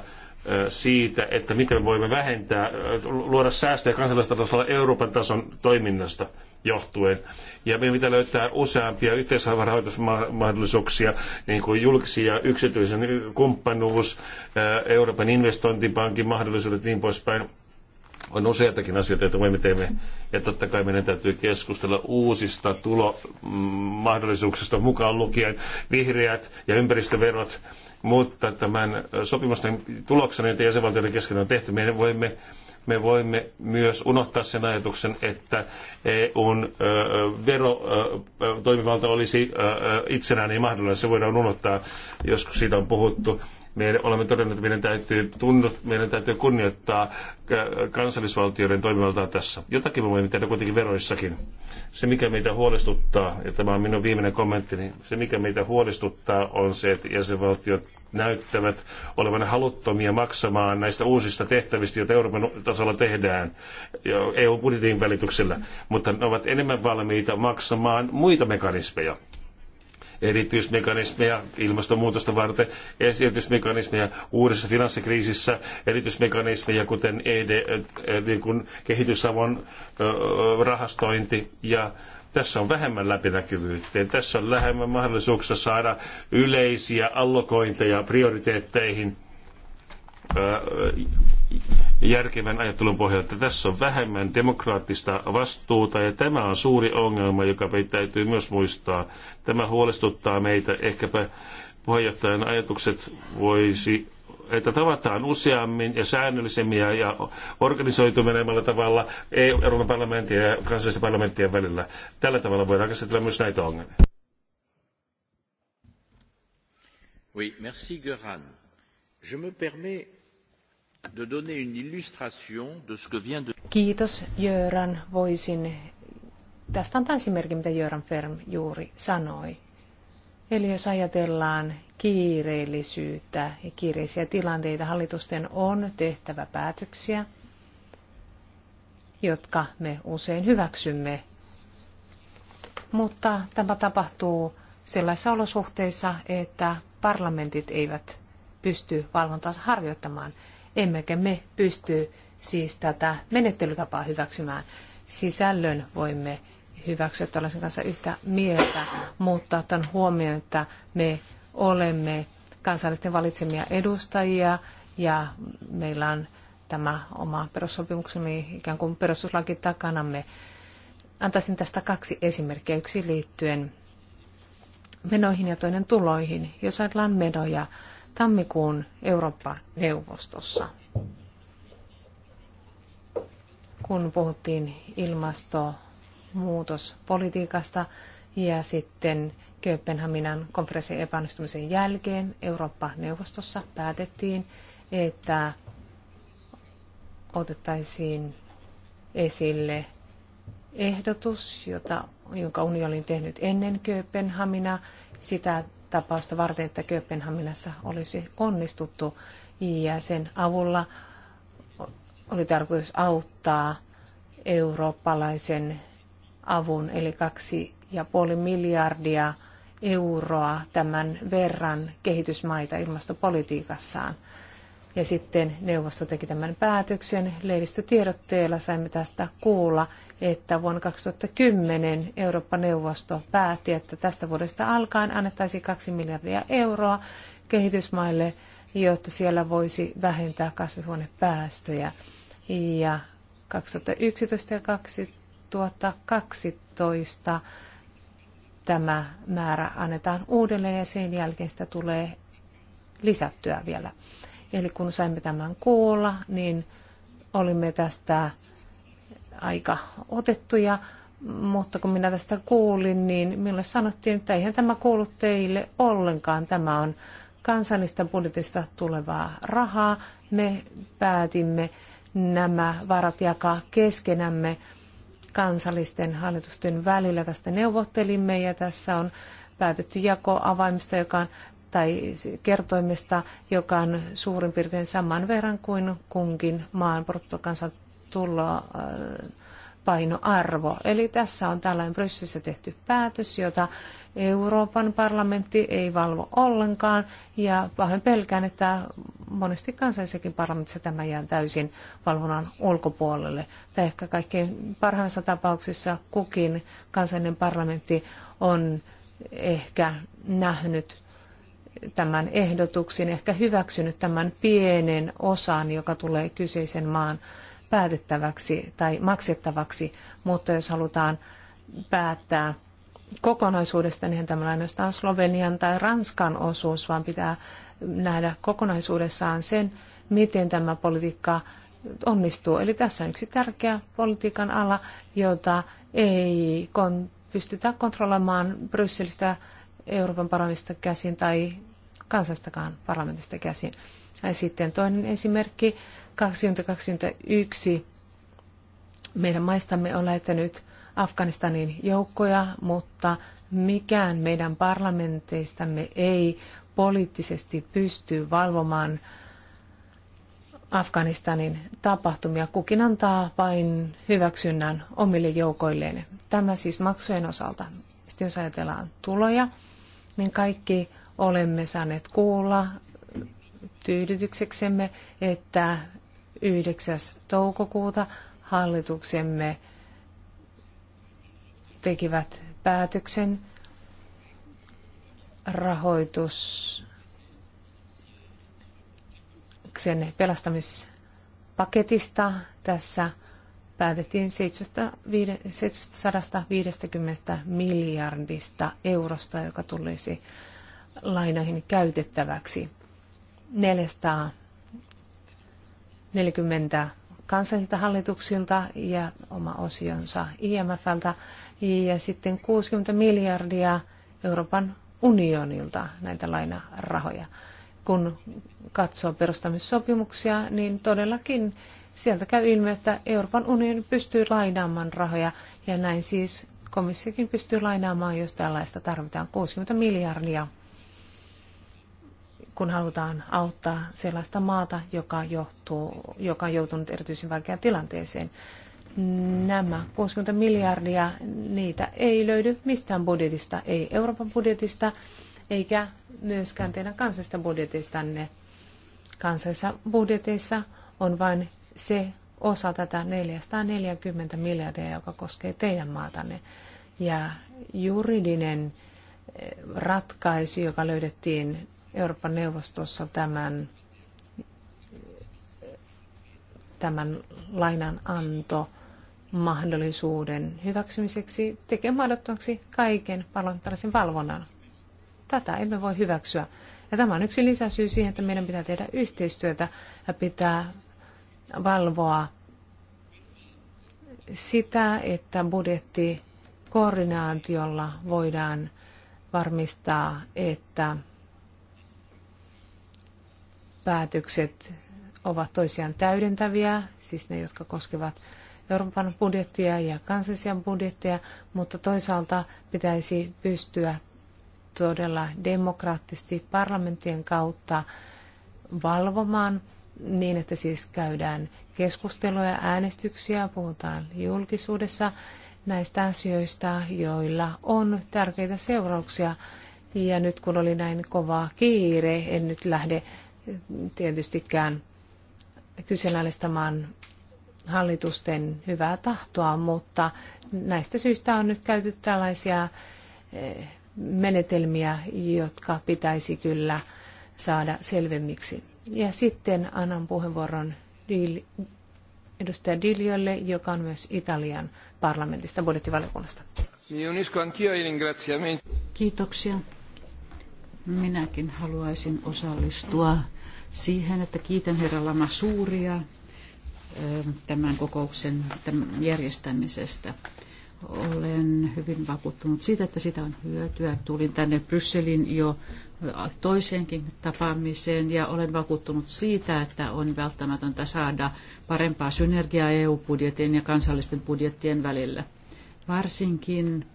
siitä, että miten voimme vähentää, luoda säästöjä kansallisella tasolla Euroopan tason toiminnasta johtuen. Ja meidän pitää löytää useampia yhteisrahoitusmahdollisuuksia, niin kuin julkisia ja yksityisen kumppanuus, Euroopan investointipankin mahdollisuudet niin poispäin. On useitakin asioita, joita me teemme, ja totta kai meidän täytyy keskustella uusista tulomahdollisuuksista mukaan lukien vihreät ja ympäristöverot, mutta tämän sopimusten tuloksena, joita jäsenvaltioiden kesken on tehty, me voimme me voimme myös unohtaa sen ajatuksen, että EUn verotoimivalta olisi itsenäinen ja mahdollinen. Se voidaan unohtaa, joskus siitä on puhuttu me olemme todenneet, että meidän täytyy, tunnut, meidän täytyy kunnioittaa kansallisvaltioiden toimivaltaa tässä. Jotakin me voimme tehdä kuitenkin veroissakin. Se, mikä meitä huolestuttaa, ja tämä on minun viimeinen kommentti, niin se, mikä meitä huolestuttaa, on se, että jäsenvaltiot näyttävät olevan haluttomia maksamaan näistä uusista tehtävistä, joita Euroopan tasolla tehdään EU-budjetin välityksellä, mutta ne ovat enemmän valmiita maksamaan muita mekanismeja erityismekanismeja ilmastonmuutosta varten, erityismekanismeja uudessa finanssikriisissä, erityismekanismeja kuten ED, eh, eh, niin kuin kehitysavun rahastointi ja tässä on vähemmän läpinäkyvyyttä ja tässä on vähemmän mahdollisuuksia saada yleisiä allokointeja prioriteetteihin järkevän ajattelun pohjalta. Tässä on vähemmän demokraattista vastuuta ja tämä on suuri ongelma, joka meidän täytyy myös muistaa. Tämä huolestuttaa meitä. Ehkäpä puheenjohtajan ajatukset voisi että tavataan useammin ja säännöllisemmin ja, ja tavalla e Euroopan parlamentin ja kansallisten parlamenttien välillä. Tällä tavalla voidaan käsitellä myös näitä ongelmia. Oui, merci Göran. Je me permets Kiitos Jöran. Voisin tästä antaa esimerkki, mitä Jöran Ferm juuri sanoi. Eli jos ajatellaan kiireellisyyttä ja kiireisiä tilanteita, hallitusten on tehtävä päätöksiä, jotka me usein hyväksymme. Mutta tämä tapahtuu sellaisissa olosuhteissa, että parlamentit eivät pysty valvontaansa harjoittamaan. Emmekä me pysty siis tätä menettelytapaa hyväksymään. Sisällön voimme hyväksyä tällaisen kanssa yhtä mieltä, mutta otan huomioon, että me olemme kansallisten valitsemia edustajia ja meillä on tämä oma perussopimuksemme ikään kuin perustuslaki takanamme. Antaisin tästä kaksi esimerkkiä. Yksi liittyen menoihin ja toinen tuloihin. Jos ajatellaan menoja, tammikuun Eurooppa-neuvostossa, kun puhuttiin ilmastonmuutospolitiikasta ja sitten Kööpenhaminan konferenssin epäonnistumisen jälkeen Eurooppa-neuvostossa päätettiin, että otettaisiin esille ehdotus, jota jonka unioni oli tehnyt ennen Kööpenhamina sitä tapausta varten, että Kööpenhaminassa olisi onnistuttu ja sen avulla oli tarkoitus auttaa eurooppalaisen avun, eli kaksi ja puoli miljardia euroa tämän verran kehitysmaita ilmastopolitiikassaan. Ja sitten neuvosto teki tämän päätöksen. Lehdistötiedotteella saimme tästä kuulla, että vuonna 2010 Eurooppa-neuvosto päätti, että tästä vuodesta alkaen annettaisiin 2 miljardia euroa kehitysmaille, jotta siellä voisi vähentää kasvihuonepäästöjä. Ja 2011 ja 2012 tämä määrä annetaan uudelleen ja sen jälkeen sitä tulee lisättyä vielä. Eli kun saimme tämän kuulla, niin olimme tästä aika otettuja, mutta kun minä tästä kuulin, niin minulle sanottiin, että eihän tämä kuulu teille ollenkaan. Tämä on kansallista budjetista tulevaa rahaa. Me päätimme nämä varat jakaa keskenämme kansallisten hallitusten välillä. Tästä neuvottelimme ja tässä on päätetty jako avaimista, joka on tai kertoimesta, joka on suurin piirtein saman verran kuin kunkin maan bruttokansantulo äh, painoarvo. Eli tässä on tällainen Brysselissä tehty päätös, jota Euroopan parlamentti ei valvo ollenkaan, ja pahoin pelkään, että monesti kansallisessakin parlamentissa tämä jää täysin valvonnan ulkopuolelle. Tai ehkä kaikkein parhaimmissa tapauksissa kukin kansallinen parlamentti on ehkä nähnyt tämän ehdotuksen, ehkä hyväksynyt tämän pienen osan, joka tulee kyseisen maan päätettäväksi tai maksettavaksi, mutta jos halutaan päättää kokonaisuudesta, niin tämä ainoastaan Slovenian tai Ranskan osuus, vaan pitää nähdä kokonaisuudessaan sen, miten tämä politiikka onnistuu. Eli tässä on yksi tärkeä politiikan ala, jota ei kon- pystytä kontrolloimaan Brysselistä Euroopan parlamentista käsin tai kansastakaan parlamentista käsin. Ja sitten toinen esimerkki, 2021 meidän maistamme on lähettänyt Afganistanin joukkoja, mutta mikään meidän parlamenteistamme ei poliittisesti pysty valvomaan Afganistanin tapahtumia. Kukin antaa vain hyväksynnän omille joukoilleen. Tämä siis maksujen osalta. Sitten jos ajatellaan tuloja, niin kaikki olemme saaneet kuulla tyydytykseksemme, että 9. toukokuuta hallituksemme tekivät päätöksen rahoituksen pelastamispaketista. Tässä päätettiin 750 miljardista eurosta, joka tulisi lainoihin käytettäväksi. 440 kansallisilta hallituksilta ja oma osionsa IMFltä ja sitten 60 miljardia Euroopan unionilta näitä lainarahoja. Kun katsoo perustamissopimuksia, niin todellakin sieltä käy ilmi, että Euroopan unioni pystyy lainaamaan rahoja ja näin siis komissiokin pystyy lainaamaan, jos tällaista tarvitaan 60 miljardia kun halutaan auttaa sellaista maata, joka, johtuu, joka on joutunut erityisen vaikeaan tilanteeseen. Nämä 60 miljardia, niitä ei löydy mistään budjetista, ei Euroopan budjetista, eikä myöskään teidän kansallisesta budjetistanne. Kansallisissa budjeteissa on vain se osa tätä 440 miljardia, joka koskee teidän maatanne. Ja juridinen eh, ratkaisu, joka löydettiin Euroopan neuvostossa tämän, tämän lainananto mahdollisuuden hyväksymiseksi tekee mahdottomaksi kaiken parlamentaarisen valvonnan. Tätä emme voi hyväksyä. Ja tämä on yksi lisäsyy siihen, että meidän pitää tehdä yhteistyötä ja pitää valvoa sitä, että budjettikoordinaatiolla voidaan varmistaa, että päätökset ovat toisiaan täydentäviä, siis ne, jotka koskevat Euroopan budjettia ja kansallisia budjetteja, mutta toisaalta pitäisi pystyä todella demokraattisesti parlamenttien kautta valvomaan niin, että siis käydään keskusteluja, äänestyksiä, puhutaan julkisuudessa näistä asioista, joilla on tärkeitä seurauksia. Ja nyt kun oli näin kova kiire, en nyt lähde tietystikään kyseenalaistamaan hallitusten hyvää tahtoa, mutta näistä syistä on nyt käyty tällaisia eh, menetelmiä, jotka pitäisi kyllä saada selvemmiksi. Ja sitten annan puheenvuoron edustaja Diljolle, joka on myös Italian parlamentista budjettivaliokunnasta. Kiitoksia. Minäkin haluaisin osallistua siihen, että kiitän herra Lama Suuria tämän kokouksen tämän järjestämisestä. Olen hyvin vakuuttunut siitä, että sitä on hyötyä. Tulin tänne Brysselin jo toiseenkin tapaamiseen ja olen vakuuttunut siitä, että on välttämätöntä saada parempaa synergiaa EU-budjetin ja kansallisten budjettien välillä. Varsinkin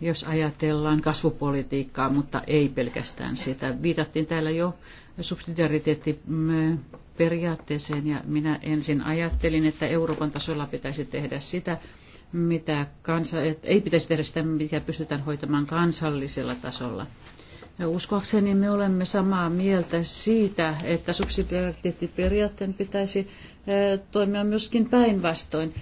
jos ajatellaan kasvupolitiikkaa, mutta ei pelkästään sitä. Viitattiin täällä jo subsidiariteettiperiaatteeseen ja minä ensin ajattelin, että Euroopan tasolla pitäisi tehdä sitä, mitä kansa, että ei pitäisi tehdä sitä, mitä pystytään hoitamaan kansallisella tasolla. Ja uskoakseni me olemme samaa mieltä siitä, että subsidiariteettiperiaatteen pitäisi eh, toimia myöskin päinvastoin.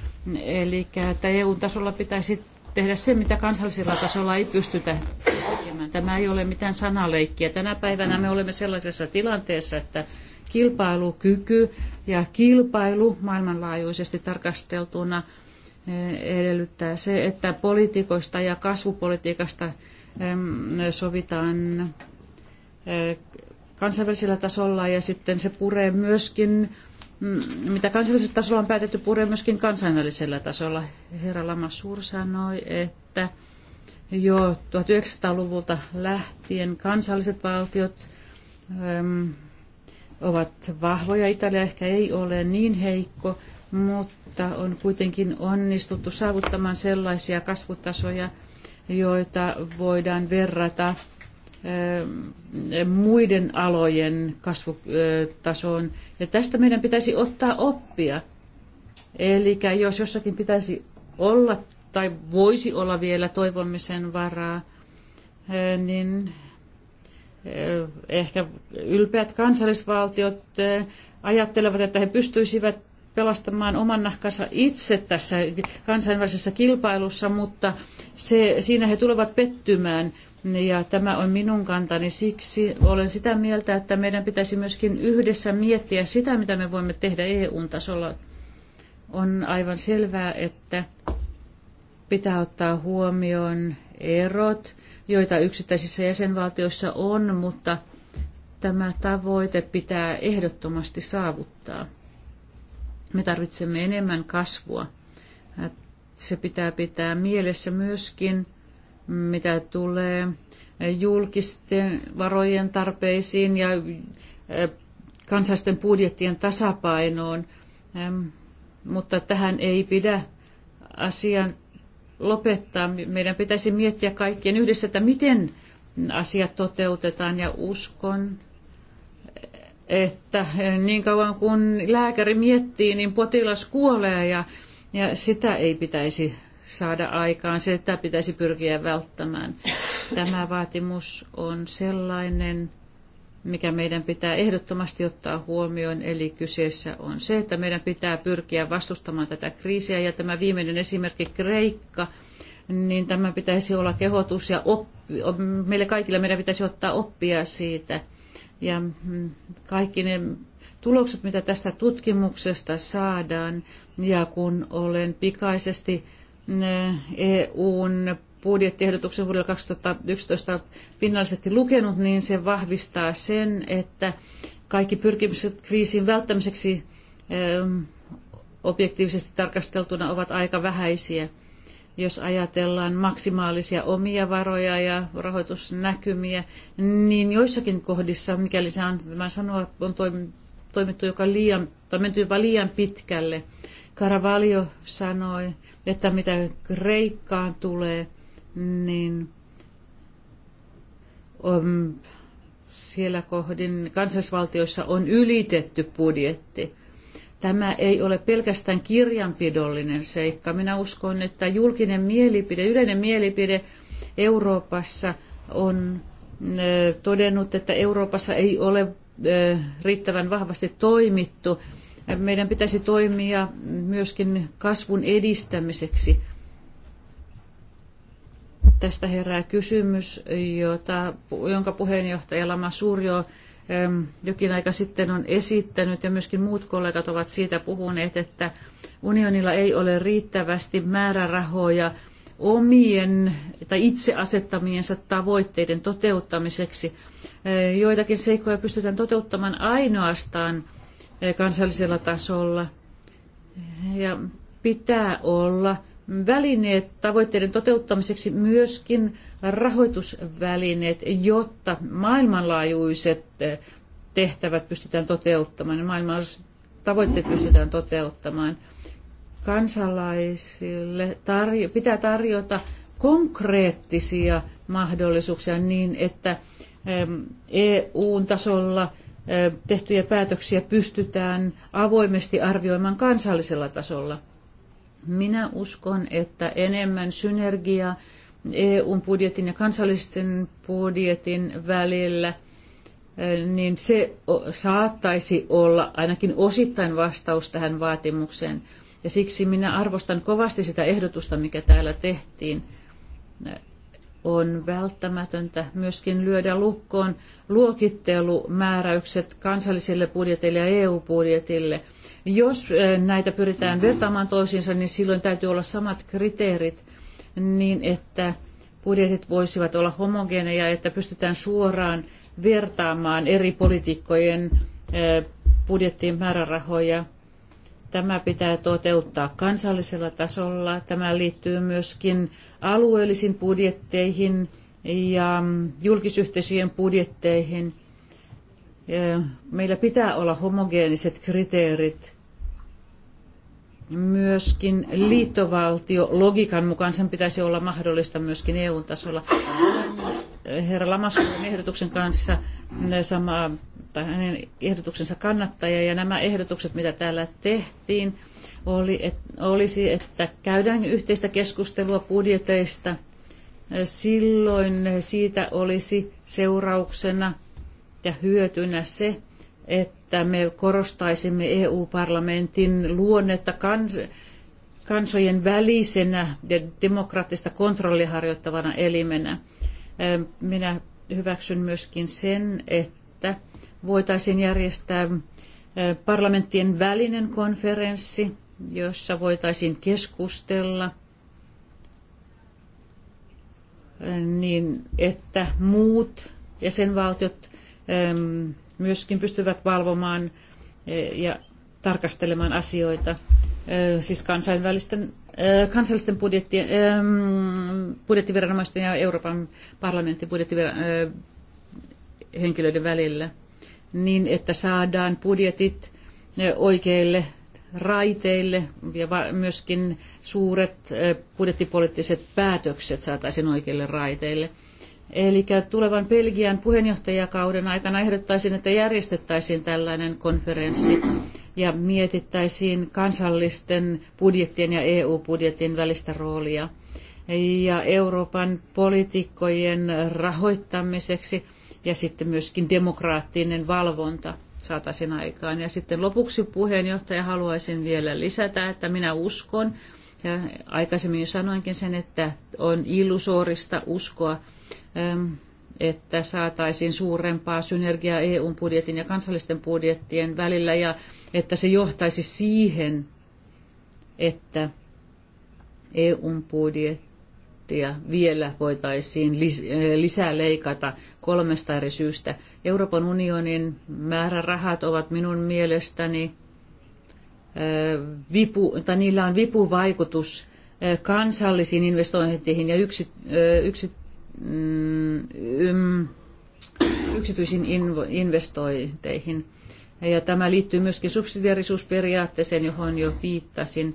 Eli että EU-tasolla pitäisi tehdä se, mitä kansallisella tasolla ei pystytä tekemään. Tämä ei ole mitään sanaleikkiä. Tänä päivänä me olemme sellaisessa tilanteessa, että kilpailukyky ja kilpailu maailmanlaajuisesti tarkasteltuna eh, edellyttää se, että politiikoista ja kasvupolitiikasta sovitaan eh, kansainvälisellä tasolla ja sitten se puree myöskin Mm, mitä kansallisella tasolla on päätetty puhua myöskin kansainvälisellä tasolla. Herra Lamassur sanoi, että jo 1900-luvulta lähtien kansalliset valtiot äm, ovat vahvoja. Italia ehkä ei ole niin heikko, mutta on kuitenkin onnistuttu saavuttamaan sellaisia kasvutasoja, joita voidaan verrata muiden alojen kasvutasoon. Ja tästä meidän pitäisi ottaa oppia. Eli jos jossakin pitäisi olla tai voisi olla vielä toivomisen varaa, niin ehkä ylpeät kansallisvaltiot ajattelevat, että he pystyisivät pelastamaan oman nahkansa itse tässä kansainvälisessä kilpailussa, mutta se, siinä he tulevat pettymään – ja tämä on minun kantani siksi. Olen sitä mieltä, että meidän pitäisi myöskin yhdessä miettiä sitä, mitä me voimme tehdä EU-tasolla. On aivan selvää, että pitää ottaa huomioon erot, joita yksittäisissä jäsenvaltioissa on, mutta tämä tavoite pitää ehdottomasti saavuttaa. Me tarvitsemme enemmän kasvua. Se pitää pitää mielessä myöskin – mitä tulee julkisten varojen tarpeisiin ja kansallisten budjettien tasapainoon, mutta tähän ei pidä asian lopettaa. Meidän pitäisi miettiä kaikkien yhdessä, että miten asiat toteutetaan ja uskon, että niin kauan kun lääkäri miettii, niin potilas kuolee ja, ja sitä ei pitäisi saada aikaan. Se, että pitäisi pyrkiä välttämään. Tämä vaatimus on sellainen, mikä meidän pitää ehdottomasti ottaa huomioon, eli kyseessä on se, että meidän pitää pyrkiä vastustamaan tätä kriisiä, ja tämä viimeinen esimerkki Kreikka, niin tämä pitäisi olla kehotus ja oppi, meille kaikille meidän pitäisi ottaa oppia siitä. Ja mm, kaikki ne tulokset, mitä tästä tutkimuksesta saadaan, ja kun olen pikaisesti EUn budjettiehdotuksen vuodelle 2011 pinnallisesti lukenut, niin se vahvistaa sen, että kaikki pyrkimykset kriisin välttämiseksi objektiivisesti tarkasteltuna ovat aika vähäisiä. Jos ajatellaan maksimaalisia omia varoja ja rahoitusnäkymiä, niin joissakin kohdissa, mikäli se on, mä sanoa, on toimittu joka liian, tai menty jopa liian pitkälle. Karavalio sanoi, että mitä Kreikkaan tulee, niin on, um, siellä kohdin kansallisvaltioissa on ylitetty budjetti. Tämä ei ole pelkästään kirjanpidollinen seikka. Minä uskon, että julkinen mielipide, yleinen mielipide Euroopassa on äh, todennut, että Euroopassa ei ole äh, riittävän vahvasti toimittu meidän pitäisi toimia myöskin kasvun edistämiseksi. Tästä herää kysymys, jota, jonka puheenjohtaja Lama Surjo jokin aika sitten on esittänyt ja myöskin muut kollegat ovat siitä puhuneet, että unionilla ei ole riittävästi määrärahoja omien tai itse asettamiensa tavoitteiden toteuttamiseksi. Joitakin seikkoja pystytään toteuttamaan ainoastaan Eh, kansallisella tasolla. Ja pitää olla välineet tavoitteiden toteuttamiseksi myöskin rahoitusvälineet, jotta maailmanlaajuiset eh, tehtävät pystytään toteuttamaan ja maailmanlaajuiset tavoitteet pystytään toteuttamaan. Kansalaisille tarjo- pitää tarjota konkreettisia mahdollisuuksia niin, että eu e tasolla – tehtyjä päätöksiä pystytään avoimesti arvioimaan kansallisella tasolla. Minä uskon, että enemmän synergiaa EUn budjetin ja kansallisten budjetin välillä, niin se saattaisi olla ainakin osittain vastaus tähän vaatimukseen. Ja siksi minä arvostan kovasti sitä ehdotusta, mikä täällä tehtiin on välttämätöntä myöskin lyödä lukkoon luokittelumääräykset kansallisille budjetille ja EU-budjetille. Jos eh, näitä pyritään vertaamaan toisiinsa, niin silloin täytyy olla samat kriteerit niin, että budjetit voisivat olla ja että pystytään suoraan vertaamaan eri politiikkojen eh, budjettien määrärahoja Tämä pitää toteuttaa kansallisella tasolla. Tämä liittyy myöskin alueellisiin budjetteihin ja julkisyhteisöjen budjetteihin. Meillä pitää olla homogeeniset kriteerit. Myöskin liittovaltio logiikan mukaan sen pitäisi olla mahdollista myöskin EU-tasolla. Herra Lamassuuden ehdotuksen kanssa samaa tai hänen ehdotuksensa kannattaja. Ja nämä ehdotukset, mitä täällä tehtiin, oli, et, olisi, että käydään yhteistä keskustelua budjeteista. Silloin siitä olisi seurauksena ja hyötynä se, että me korostaisimme EU-parlamentin luonnetta kans, kansojen välisenä ja demokraattista kontrollia harjoittavana elimenä. Minä hyväksyn myöskin sen, että voitaisiin järjestää parlamenttien välinen konferenssi, jossa voitaisiin keskustella niin, että muut jäsenvaltiot myöskin pystyvät valvomaan ja tarkastelemaan asioita, siis kansainvälisten, kansallisten budjettien, budjettiviranomaisten ja Euroopan parlamentin budjettihenkilöiden välillä – niin, että saadaan budjetit eh, oikeille raiteille ja myöskin suuret eh, budjettipoliittiset päätökset saataisiin oikeille raiteille. Eli tulevan Belgian puheenjohtajakauden aikana ehdottaisin, että järjestettäisiin tällainen konferenssi ja mietittäisiin kansallisten budjettien ja EU-budjetin välistä roolia. Ja Euroopan poliitikkojen rahoittamiseksi ja sitten myöskin demokraattinen valvonta saataisiin aikaan. Ja sitten lopuksi puheenjohtaja haluaisin vielä lisätä, että minä uskon, ja aikaisemmin jo sanoinkin sen, että on illusoorista uskoa, ähm, että saataisiin suurempaa synergiaa EU-budjetin ja kansallisten budjettien välillä ja että se johtaisi siihen, että eu budjetti prosenttia vielä voitaisiin äh, lisää leikata kolmesta eri syystä. Euroopan unionin määrärahat ovat minun mielestäni, äh, vipu, tai niillä on vipuvaikutus äh, kansallisiin investointeihin ja yksi, yksi, mm, yksityisiin investointeihin. Ja tämä liittyy myöskin subsidiarisuusperiaatteeseen, johon jo viittasin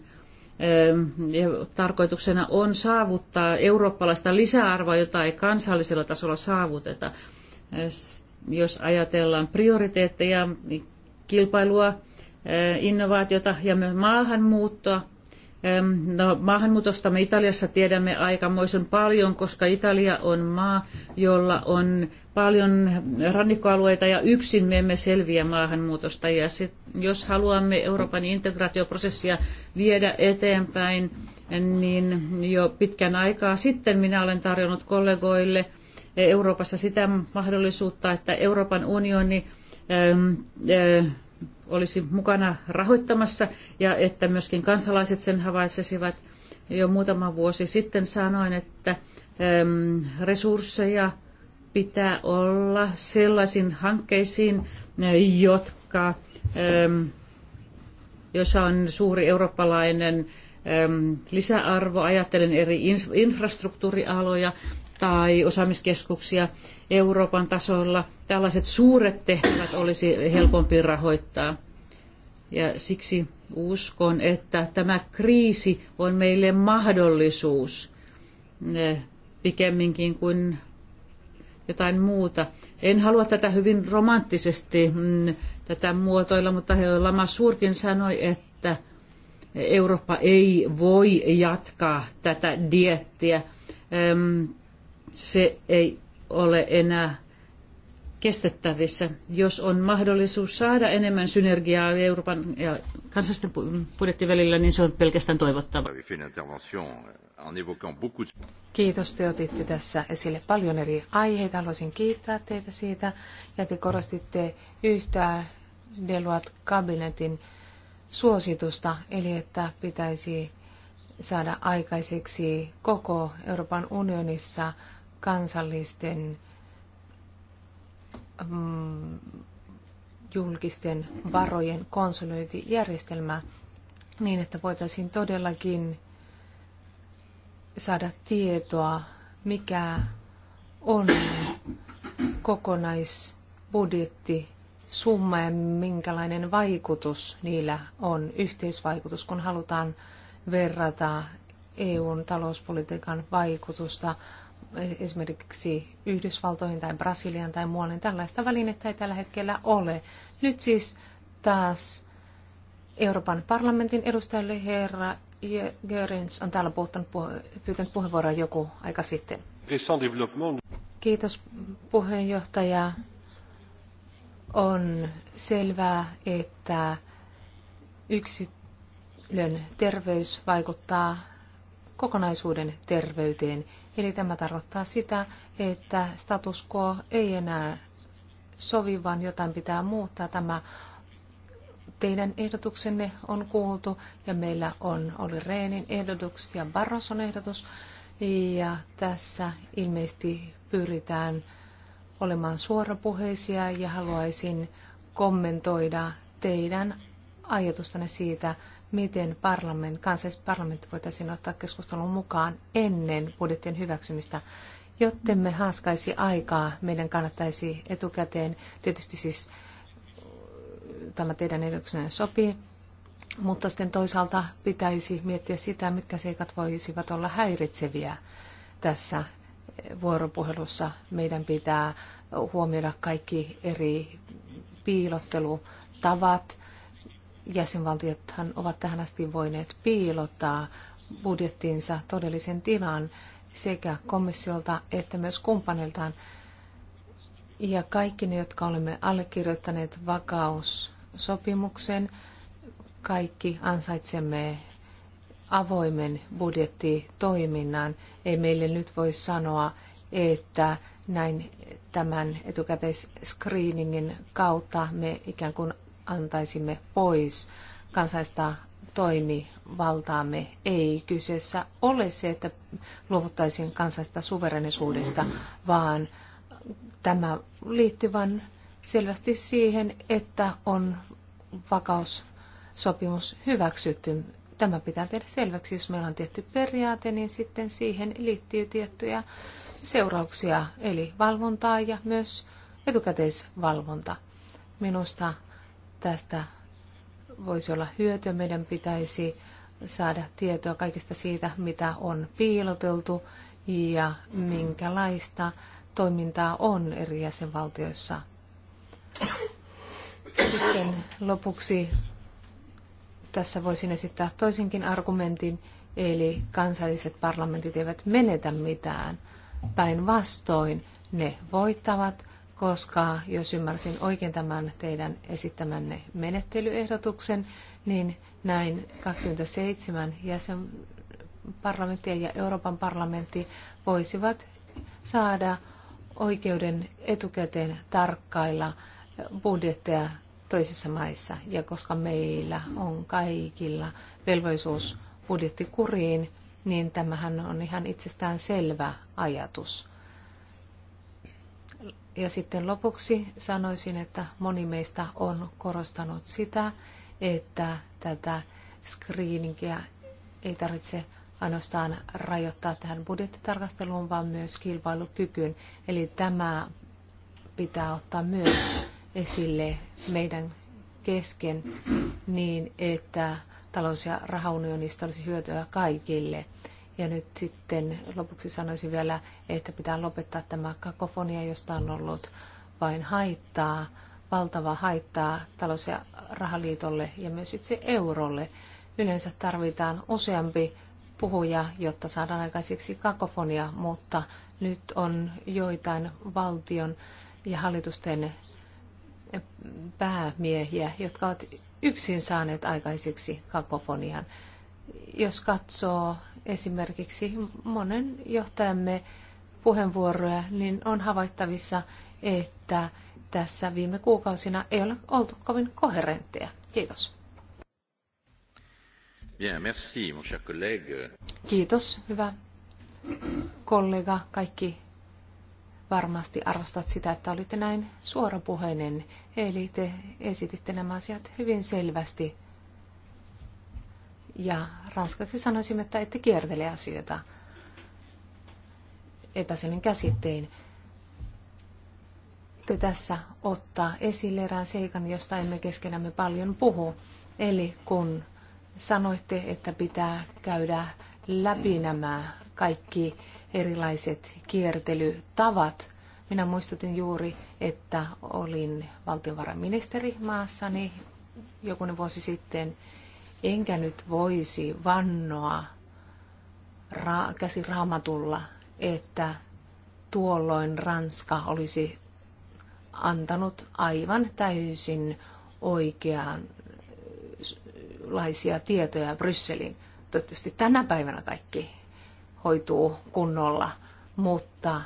tarkoituksena on saavuttaa eurooppalaista lisäarvoa, jota ei kansallisella tasolla saavuteta. Jos ajatellaan prioriteetteja, kilpailua, innovaatiota ja myös maahanmuuttoa, No, me Italiassa tiedämme aikamoisen paljon, koska Italia on maa, jolla on paljon rannikkoalueita ja yksin me emme selviä maahanmuutosta. Ja sit, jos haluamme Euroopan integraatioprosessia viedä eteenpäin, niin jo pitkän aikaa sitten minä olen tarjonnut kollegoille Euroopassa sitä mahdollisuutta, että Euroopan unioni olisi mukana rahoittamassa ja että myöskin kansalaiset sen havaitsisivat. Jo muutama vuosi sitten sanoin, että ähm, resursseja pitää olla sellaisiin hankkeisiin, äh, jotka, ähm, joissa on suuri eurooppalainen ähm, lisäarvo, ajattelen eri infrastruktuurialoja, tai osaamiskeskuksia Euroopan tasolla. Tällaiset suuret tehtävät olisi helpompi rahoittaa. Ja siksi uskon, että tämä kriisi on meille mahdollisuus pikemminkin kuin jotain muuta. En halua tätä hyvin romanttisesti mm, tätä muotoilla, mutta Lama Suurkin sanoi, että Eurooppa ei voi jatkaa tätä diettiä se ei ole enää kestettävissä. Jos on mahdollisuus saada enemmän synergiaa Euroopan ja kansallisten budjettin välillä, niin se on pelkästään toivottavaa. Euh, Kiitos, te otitte tässä esille paljon eri aiheita. Haluaisin kiittää teitä siitä ja te korostitte yhtä Deluat kabinetin suositusta, eli että pitäisi saada aikaiseksi koko Euroopan unionissa – kansallisten mm, julkisten varojen konsulointijärjestelmää niin, että voitaisiin todellakin saada tietoa, mikä on kokonaisbudjetti, summa ja minkälainen vaikutus niillä on, yhteisvaikutus, kun halutaan verrata EUn talouspolitiikan vaikutusta esimerkiksi Yhdysvaltoihin tai Brasiliaan tai muualle. Niin tällaista välinettä ei tällä hetkellä ole. Nyt siis taas Euroopan parlamentin edustajalle herra Görens on täällä puhuttanut, pyytänyt puheenvuoroa joku aika sitten. Kiitos puheenjohtaja. On selvää, että yksilön terveys vaikuttaa kokonaisuuden terveyteen Eli tämä tarkoittaa sitä, että status quo ei enää sovi, vaan jotain pitää muuttaa. Tämä teidän ehdotuksenne on kuultu ja meillä on oli Reenin ehdotus ja Barroson ehdotus. Ja tässä ilmeisesti pyritään olemaan suorapuheisia ja haluaisin kommentoida teidän ajatustanne siitä, miten parlament, kansallisparlamentti voitaisiin ottaa keskustelun mukaan ennen budjettien hyväksymistä, jotta me haaskaisi aikaa, meidän kannattaisi etukäteen, tietysti siis tämä teidän edukseen sopii, mutta sitten toisaalta pitäisi miettiä sitä, mitkä seikat voisivat olla häiritseviä tässä vuoropuhelussa. Meidän pitää huomioida kaikki eri piilottelutavat, jäsenvaltiothan ovat tähän asti voineet piilottaa budjettinsa todellisen tilan sekä komissiolta että myös kumppaniltaan. Ja kaikki ne, jotka olemme allekirjoittaneet vakaussopimuksen, kaikki ansaitsemme avoimen budjettitoiminnan. Ei meille nyt voi sanoa, että näin tämän etukäteisscreeningin kautta me ikään kuin antaisimme pois kansaista toimivaltaamme. Ei kyseessä ole se, että luovuttaisiin kansaista suverenisuudesta, vaan tämä liittyy vain selvästi siihen, että on vakaussopimus hyväksytty. Tämä pitää tehdä selväksi, jos meillä on tietty periaate, niin sitten siihen liittyy tiettyjä seurauksia, eli valvontaa ja myös etukäteisvalvonta. Minusta Tästä voisi olla hyötyä. Meidän pitäisi saada tietoa kaikesta siitä, mitä on piiloteltu ja minkälaista toimintaa on eri jäsenvaltioissa. Sitten lopuksi tässä voisin esittää toisenkin argumentin, eli kansalliset parlamentit eivät menetä mitään. Päinvastoin ne voittavat, koska jos ymmärsin oikein tämän teidän esittämänne menettelyehdotuksen, niin näin 27 jäsen ja Euroopan parlamentti voisivat saada oikeuden etukäteen tarkkailla budjetteja toisissa maissa. Ja koska meillä on kaikilla velvollisuus budjettikuriin, niin tämähän on ihan itsestään selvä ajatus. Ja sitten lopuksi sanoisin, että moni meistä on korostanut sitä, että tätä screeningia ei tarvitse ainoastaan rajoittaa tähän budjettitarkasteluun, vaan myös kilpailukykyyn. Eli tämä pitää ottaa myös esille meidän kesken niin, että talous- ja rahaunionista olisi hyötyä kaikille. Ja nyt sitten lopuksi sanoisin vielä, että pitää lopettaa tämä kakofonia, josta on ollut vain haittaa, valtava haittaa talous- ja rahaliitolle ja myös itse eurolle. Yleensä tarvitaan useampi puhuja, jotta saadaan aikaiseksi kakofonia, mutta nyt on joitain valtion ja hallitusten päämiehiä, jotka ovat yksin saaneet aikaiseksi kakofonian. Jos katsoo esimerkiksi monen johtajamme puheenvuoroja, niin on havaittavissa, että tässä viime kuukausina ei ole oltu kovin koherentteja. Kiitos. Bien, merci, mon cher collègue. Kiitos, hyvä kollega. Kaikki varmasti arvostat sitä, että olitte näin suorapuheinen, eli te esititte nämä asiat hyvin selvästi. Ja ranskaksi sanoisimme, että ette kiertele asioita epäselvin käsittein. Te tässä ottaa esille erään seikan, josta emme keskenämme paljon puhu. Eli kun sanoitte, että pitää käydä läpi nämä kaikki erilaiset kiertelytavat. Minä muistutin juuri, että olin valtiovarainministeri maassani jokunen vuosi sitten enkä nyt voisi vannoa ra- käsiraamatulla, että tuolloin Ranska olisi antanut aivan täysin oikeanlaisia tietoja Brysselin. Toivottavasti tänä päivänä kaikki hoituu kunnolla, mutta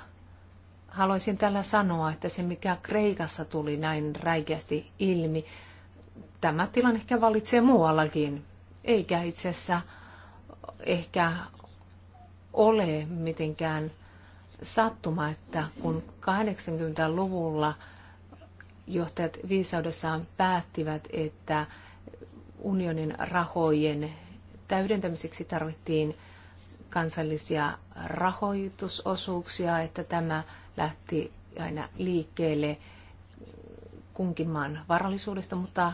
haluaisin tällä sanoa, että se mikä Kreikassa tuli näin räikeästi ilmi, tämä tilanne ehkä valitsee muuallakin, eikä itse asiassa ehkä ole mitenkään sattuma, että kun 80-luvulla johtajat viisaudessaan päättivät, että unionin rahojen täydentämiseksi tarvittiin kansallisia rahoitusosuuksia, että tämä lähti aina liikkeelle kunkin maan varallisuudesta, mutta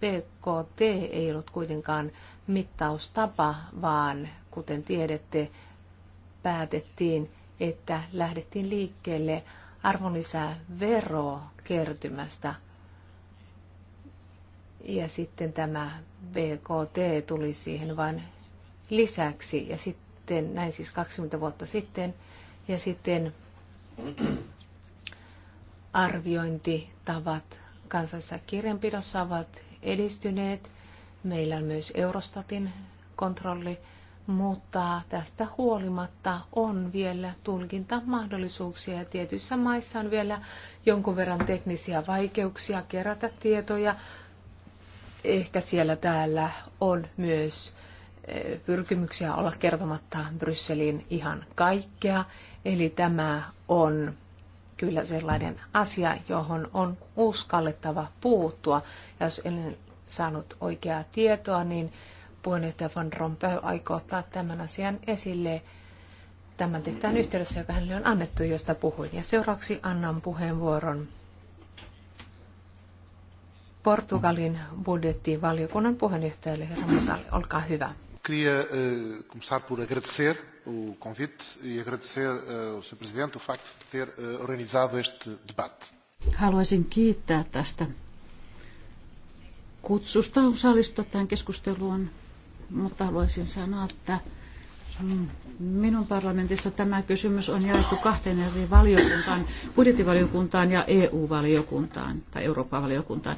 BKT ei ollut kuitenkaan mittaustapa, vaan kuten tiedätte, päätettiin, että lähdettiin liikkeelle arvonlisäverokertymästä. Ja sitten tämä BKT tuli siihen vain lisäksi. Ja sitten, näin siis 20 vuotta sitten, ja sitten arviointitavat kansallisessa kirjanpidossa ovat edistyneet. Meillä on myös Eurostatin kontrolli, mutta tästä huolimatta on vielä tulkintamahdollisuuksia tietyissä maissa on vielä jonkun verran teknisiä vaikeuksia kerätä tietoja. Ehkä siellä täällä on myös eh, pyrkimyksiä olla kertomatta Brysseliin ihan kaikkea. Eli tämä on kyllä sellainen asia, johon on uskallettava puuttua. Ja jos en saanut oikeaa tietoa, niin puheenjohtaja Van Rompuy aikoo ottaa tämän asian esille tämän tehtävän yhteydessä, joka hänelle on annettu, josta puhuin. Ja seuraavaksi annan puheenvuoron Portugalin budjettivaliokunnan puheenjohtajalle herra Mutalle. Olkaa hyvä. Queria uh, começar por agradecer o convite e agradecer eh, ao Sr. Presidente o facto de ter eh, organizado este debate. Haluaisin kiittää tästä kutsusta osallistua tähän keskusteluun, mutta haluaisin sanoa, että mm, Minun parlamentissa tämä kysymys on jaettu kahteen eri valiokuntaan, budjettivaliokuntaan ja EU-valiokuntaan tai Euroopan valiokuntaan.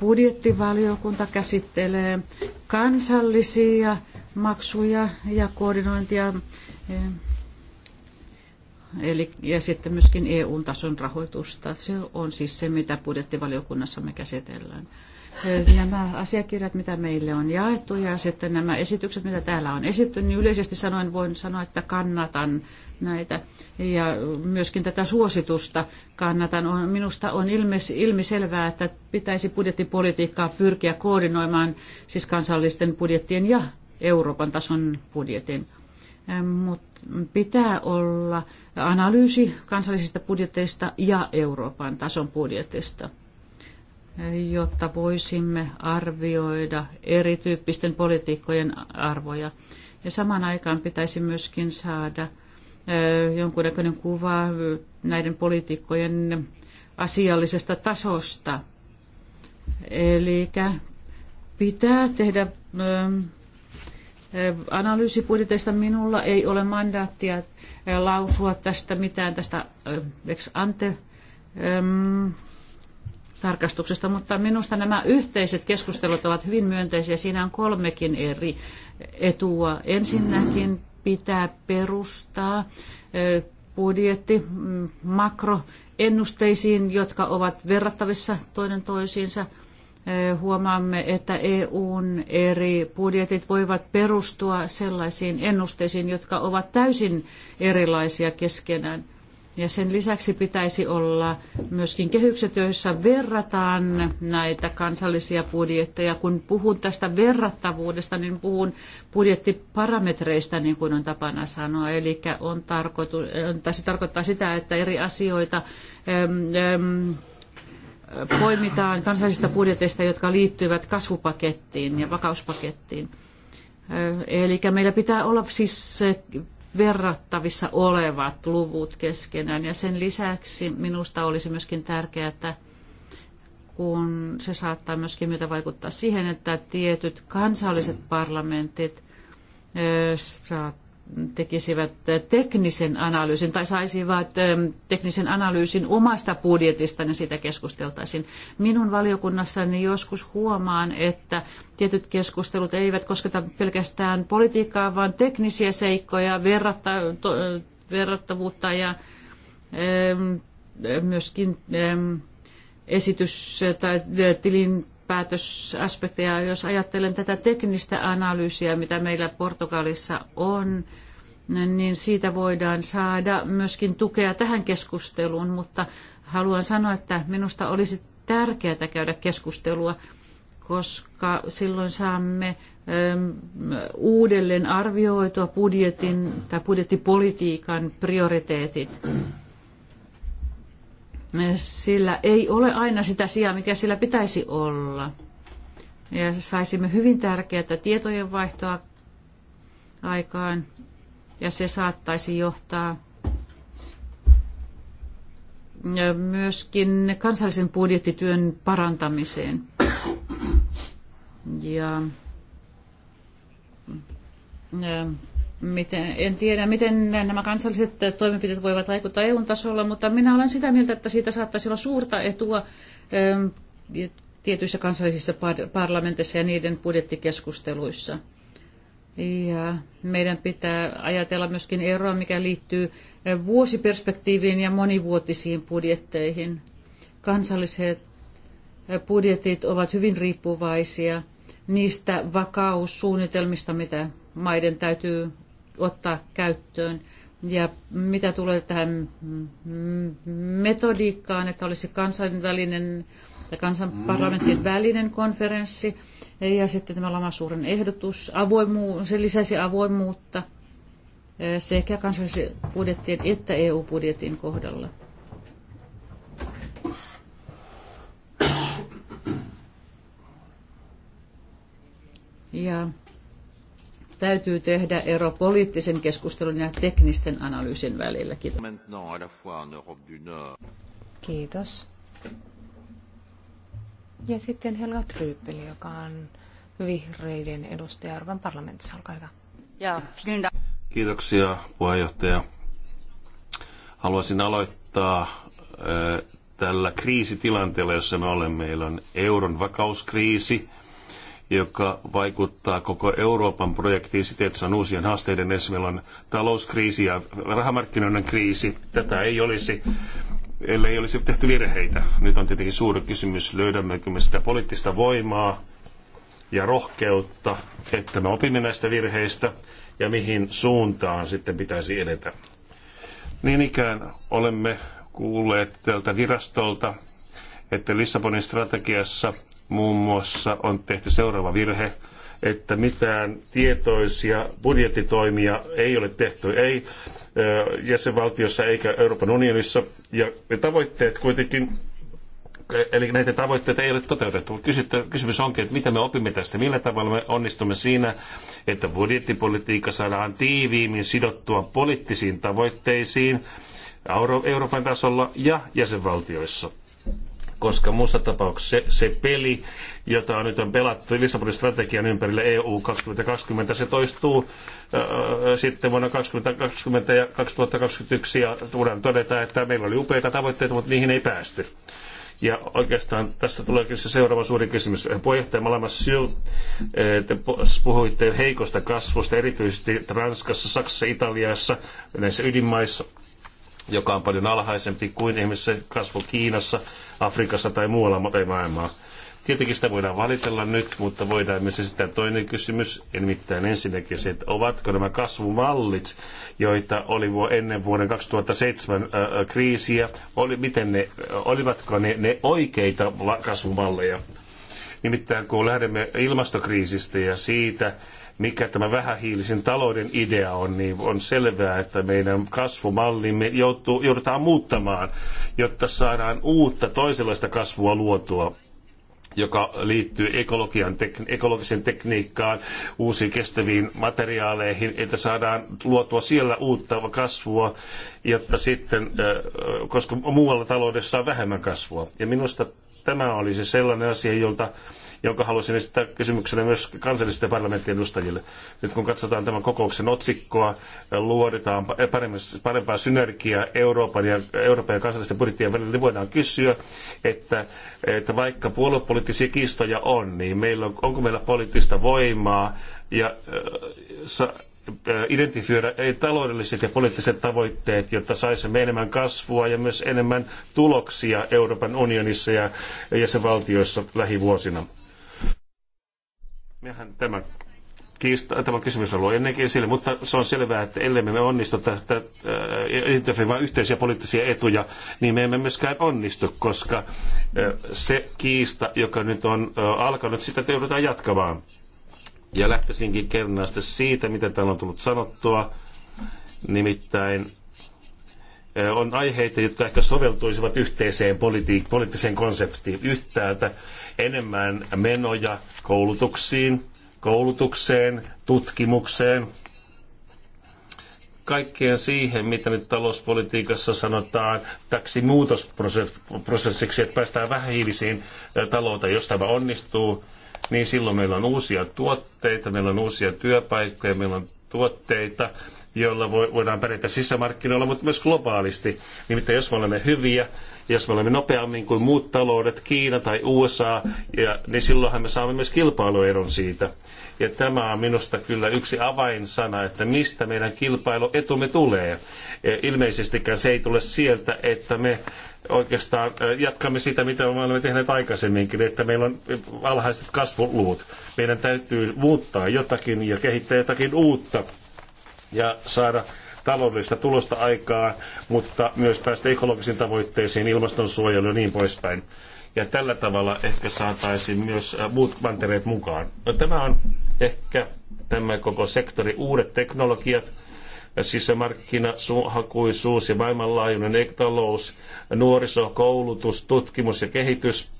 Budjettivaliokunta käsittelee kansallisia maksuja ja koordinointia eh, Eli, ja sitten myöskin EU-tason rahoitusta. Se on siis se, mitä budjettivaliokunnassa me käsitellään. Eh, nämä asiakirjat, mitä meille on jaettu ja sitten nämä esitykset, mitä täällä on esitetty, niin yleisesti sanoen voin sanoa, että kannatan näitä. Ja myöskin tätä suositusta kannatan. On, minusta on ilmis, ilmiselvää, että pitäisi budjettipolitiikkaa pyrkiä koordinoimaan siis kansallisten budjettien ja Euroopan tason budjetin. Mutta pitää olla analyysi kansallisista budjeteista ja Euroopan tason budjetista, jotta voisimme arvioida erityyppisten politiikkojen arvoja. Ja samaan aikaan pitäisi myöskin saada jonkunnäköinen kuva näiden poliitikkojen asiallisesta tasosta. Eli pitää tehdä analyysibudjeteista. Minulla ei ole mandaattia äh, lausua tästä mitään tästä äh, ex ante ähm, tarkastuksesta, mutta minusta nämä yhteiset keskustelut ovat hyvin myönteisiä. Siinä on kolmekin eri etua. Ensinnäkin pitää perustaa äh, budjetti mm, makroennusteisiin, jotka ovat verrattavissa toinen toisiinsa – huomaamme, että EUn eri budjetit voivat perustua sellaisiin ennusteisiin, jotka ovat täysin erilaisia keskenään. Ja sen lisäksi pitäisi olla myöskin kehykset, joissa verrataan näitä kansallisia budjetteja. Kun puhun tästä verrattavuudesta, niin puhun budjettiparametreista, niin kuin on tapana sanoa. Eli on tarkoitu, se tarkoittaa sitä, että eri asioita äm, äm, poimitaan kansallisista budjeteista, jotka liittyvät kasvupakettiin ja vakauspakettiin. Eli meillä pitää olla siis verrattavissa olevat luvut keskenään. Ja sen lisäksi minusta olisi myöskin tärkeää, että kun se saattaa myöskin myötä vaikuttaa siihen, että tietyt kansalliset parlamentit saattavat tekisivät äh, teknisen analyysin tai saisivat ähm, teknisen analyysin omasta budjetista, niin siitä keskusteltaisiin. Minun valiokunnassani joskus huomaan, että tietyt keskustelut eivät kosketa pelkästään politiikkaa, vaan teknisiä seikkoja, verratta, to, äh, verrattavuutta ja ähm, äh, myöskin ähm, esitys- tai tilin päätösaspekteja. Jos ajattelen tätä teknistä analyysiä, mitä meillä Portugalissa on, niin siitä voidaan saada myöskin tukea tähän keskusteluun, mutta haluan sanoa, että minusta olisi tärkeää käydä keskustelua, koska silloin saamme ähm, uudelleen arvioitua budjetin tai budjettipolitiikan prioriteetit sillä ei ole aina sitä sijaa, mikä sillä pitäisi olla. Ja saisimme hyvin tärkeää tietojen vaihtoa aikaan, ja se saattaisi johtaa myöskin kansallisen budjettityön parantamiseen. Ja Miten, en tiedä, miten nämä kansalliset toimenpiteet voivat vaikuttaa EU-tasolla, mutta minä olen sitä mieltä, että siitä saattaisi olla suurta etua ähm, tietyissä kansallisissa parlamenteissa ja niiden budjettikeskusteluissa. Ja meidän pitää ajatella myöskin eroa, mikä liittyy äh, vuosiperspektiiviin ja monivuotisiin budjetteihin. Kansalliset äh, budjetit ovat hyvin riippuvaisia niistä vakaussuunnitelmista, mitä maiden täytyy ottaa käyttöön. Ja mitä tulee tähän metodiikkaan, että olisi kansainvälinen ja kansanparlamenttien mm. välinen konferenssi ja sitten tämä lamasuuren ehdotus, avoimu, se lisäisi avoimuutta eh, sekä kansallisen budjettien että EU-budjetin kohdalla. Ja täytyy tehdä ero poliittisen keskustelun ja teknisten analyysin välillä. Kiitos. Ja sitten Helga Tryppeli, joka on vihreiden edustaja Arvan parlamentissa. Olkaa hyvä. Ja, Kiitoksia puheenjohtaja. Haluaisin aloittaa äh, tällä kriisitilanteella, jossa me olemme. Meillä on euron vakauskriisi, joka vaikuttaa koko Euroopan projektiin siten, että se on uusien haasteiden edessä. Meillä on talouskriisi ja rahamarkkinoiden kriisi. Tätä ei olisi ellei olisi tehty virheitä. Nyt on tietenkin suuri kysymys, löydämmekö me sitä poliittista voimaa ja rohkeutta, että me opimme näistä virheistä ja mihin suuntaan sitten pitäisi edetä. Niin ikään olemme kuulleet tältä virastolta, että Lissabonin strategiassa – muun muassa on tehty seuraava virhe, että mitään tietoisia budjettitoimia ei ole tehty, ei jäsenvaltiossa eikä Euroopan unionissa. Ja ne tavoitteet kuitenkin, eli näitä tavoitteita ei ole toteutettu. Kysymys onkin, että mitä me opimme tästä, millä tavalla me onnistumme siinä, että budjettipolitiikka saadaan tiiviimmin sidottua poliittisiin tavoitteisiin Euroopan tasolla ja jäsenvaltioissa koska muussa tapauksessa se, se peli, jota nyt on pelattu Lissabonin strategian ympärille EU 2020, se toistuu ää, sitten vuonna 2020 ja 2021 ja voidaan todeta, että meillä oli upeita tavoitteita, mutta niihin ei päästy. Ja oikeastaan tästä tuleekin se seuraava suuri kysymys. Puheenjohtaja Malama Syl, te puhuitte heikosta kasvusta, erityisesti Ranskassa, Saksassa, Italiassa, näissä ydinmaissa – joka on paljon alhaisempi kuin ihmisen kasvu Kiinassa, Afrikassa tai muualla maailmaa. Tietenkin sitä voidaan valitella nyt, mutta voidaan myös esittää toinen kysymys, nimittäin ensinnäkin se, että ovatko nämä kasvumallit, joita oli ennen vuoden 2007 ää, kriisiä, oli, miten ne, olivatko ne, ne oikeita kasvumalleja? Nimittäin kun lähdemme ilmastokriisistä ja siitä, mikä tämä vähähiilisen talouden idea on, niin on selvää, että meidän kasvumallimme joutuu, joudutaan muuttamaan, jotta saadaan uutta toisenlaista kasvua luotua joka liittyy ekologian, tek, ekologisen tekniikkaan, uusiin kestäviin materiaaleihin, että saadaan luotua siellä uutta kasvua, jotta sitten, äh, koska muualla taloudessa on vähemmän kasvua. Ja minusta tämä oli se sellainen asia, jolta, jonka halusin esittää kysymyksenä myös kansallisten parlamenttien edustajille. Nyt kun katsotaan tämän kokouksen otsikkoa, luodaan parempaa synergiaa Euroopan ja, Euroopan ja kansallisten budjettien välillä, niin voidaan kysyä, että, että vaikka puoluepoliittisia kiistoja on, niin meillä on, onko meillä poliittista voimaa ja äh, sa, identifioida taloudelliset ja poliittiset tavoitteet, jotta saisimme enemmän kasvua ja myös enemmän tuloksia Euroopan unionissa ja jäsenvaltioissa lähivuosina. Mehän tämä kiista, tämä kysymys on ollut ennenkin esillä, mutta se on selvää, että ellei me onnistu tästä identifioimaan yhteisiä poliittisia etuja, niin me emme myöskään onnistu, koska se kiista, joka nyt on alkanut, sitä joudutaan jatkamaan. Ja lähtisinkin kernaasti siitä, mitä täällä on tullut sanottua. Nimittäin on aiheita, jotka ehkä soveltuisivat yhteiseen politi- poliittiseen konseptiin. Yhtäältä enemmän menoja koulutuksiin, koulutukseen, tutkimukseen, kaikkeen siihen, mitä nyt talouspolitiikassa sanotaan täksi muutosprosessiksi, että päästään vähähiilisiin talouteen. Jos tämä onnistuu, niin silloin meillä on uusia tuotteita, meillä on uusia työpaikkoja, meillä on tuotteita, joilla voidaan pärjätä sisämarkkinoilla, mutta myös globaalisti. Nimittäin jos me olemme hyviä, jos me olemme nopeammin kuin muut taloudet, Kiina tai USA, ja, niin silloinhan me saamme myös kilpailuedon siitä. Ja tämä on minusta kyllä yksi avainsana, että mistä meidän kilpailuetumme tulee. Ilmeisestikään se ei tule sieltä, että me oikeastaan jatkamme sitä, mitä me olemme tehneet aikaisemminkin, että meillä on alhaiset kasvuluvut. Meidän täytyy muuttaa jotakin ja kehittää jotakin uutta ja saada taloudellista tulosta aikaan, mutta myös päästä ekologisiin tavoitteisiin, ilmastonsuojeluun ja niin poispäin. Ja tällä tavalla ehkä saataisiin myös äh, muut mantereet mukaan. No, tämä on ehkä tämä koko sektori, uudet teknologiat, sisämarkkina, hakuisuus ja maailmanlaajuinen talous, nuoriso, koulutus, tutkimus ja kehitys,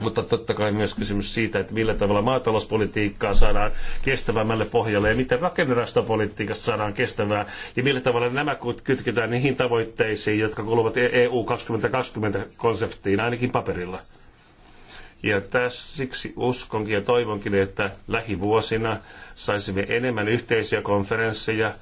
mutta totta kai myös kysymys siitä, että millä tavalla maatalouspolitiikkaa saadaan kestävämmälle pohjalle ja miten rakennerastopolitiikasta saadaan kestävää ja millä tavalla nämä kytketään niihin tavoitteisiin, jotka kuuluvat EU e 2020-konseptiin, ainakin paperilla. Ja tässä siksi uskonkin ja toivonkin, että lähivuosina saisimme enemmän yhteisiä konferensseja,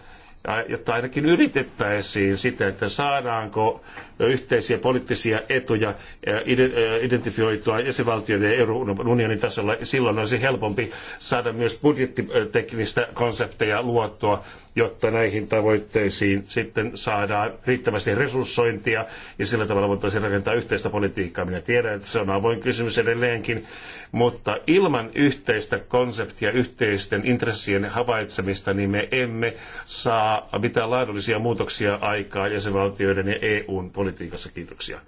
jotta ainakin yritettäisiin sitä, että saadaanko yhteisiä poliittisia etuja eh, eh, identifioitua jäsenvaltioiden ja Euroopan unionin tasolla. Silloin olisi helpompi saada myös budjettiteknistä konsepteja luottua, jotta näihin tavoitteisiin sitten saadaan riittävästi resurssointia ja sillä tavalla voitaisiin rakentaa yhteistä politiikkaa. Minä tiedän, että se on avoin kysymys edelleenkin, mutta ilman yhteistä konseptia, yhteisten intressien havaitsemista, niin me emme saa mitään laadullisia muutoksia aikaa jäsenvaltioiden ja EUn politiikkaan politiikassa. Kiitoksia.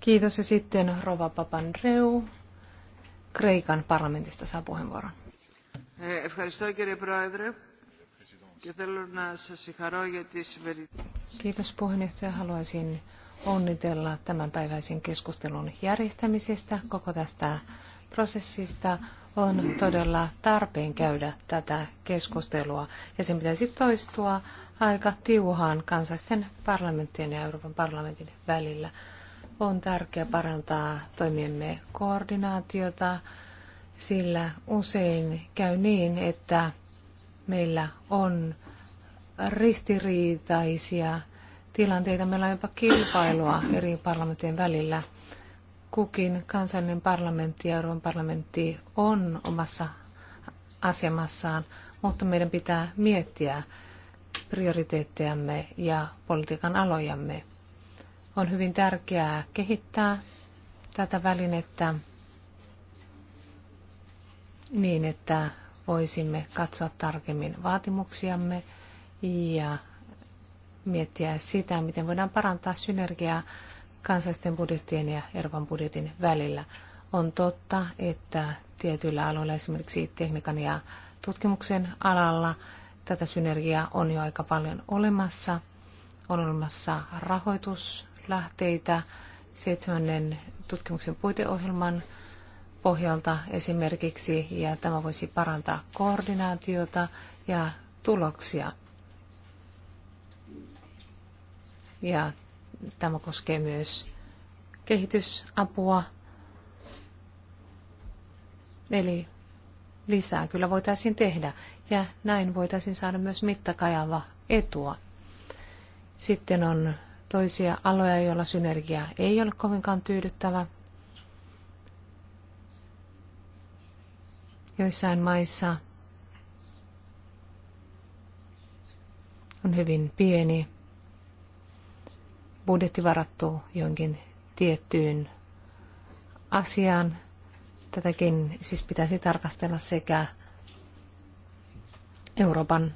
Kiitos ja sitten Rova Papandreou Kreikan parlamentista saa puheenvuoron. Kiitos puheenjohtaja. Haluaisin onnitella tämänpäiväisen keskustelun järjestämisestä, koko tästä prosessista on todella tarpeen käydä tätä keskustelua ja sen pitäisi toistua aika tiuhaan kansallisten parlamenttien ja Euroopan parlamentin välillä. On tärkeää parantaa toimiemme koordinaatiota, sillä usein käy niin, että meillä on ristiriitaisia tilanteita, meillä on jopa kilpailua eri parlamenttien välillä – kukin kansallinen parlamentti ja Euroopan parlamentti on omassa asemassaan, mutta meidän pitää miettiä prioriteettejamme ja politiikan alojamme. On hyvin tärkeää kehittää tätä välinettä niin, että voisimme katsoa tarkemmin vaatimuksiamme ja miettiä sitä, miten voidaan parantaa synergiaa kansallisten budjettien ja Ervan budjetin välillä. On totta, että tietyillä aloilla, esimerkiksi tekniikan ja tutkimuksen alalla, tätä synergiaa on jo aika paljon olemassa. On olemassa rahoituslähteitä seitsemännen tutkimuksen puiteohjelman pohjalta esimerkiksi, ja tämä voisi parantaa koordinaatiota ja tuloksia. Ja Tämä koskee myös kehitysapua. Eli lisää kyllä voitaisiin tehdä ja näin voitaisiin saada myös mittakajava etua. Sitten on toisia aloja, joilla synergia ei ole kovinkaan tyydyttävä. Joissain maissa on hyvin pieni budjetti varattu jonkin tiettyyn asiaan. Tätäkin siis pitäisi tarkastella sekä Euroopan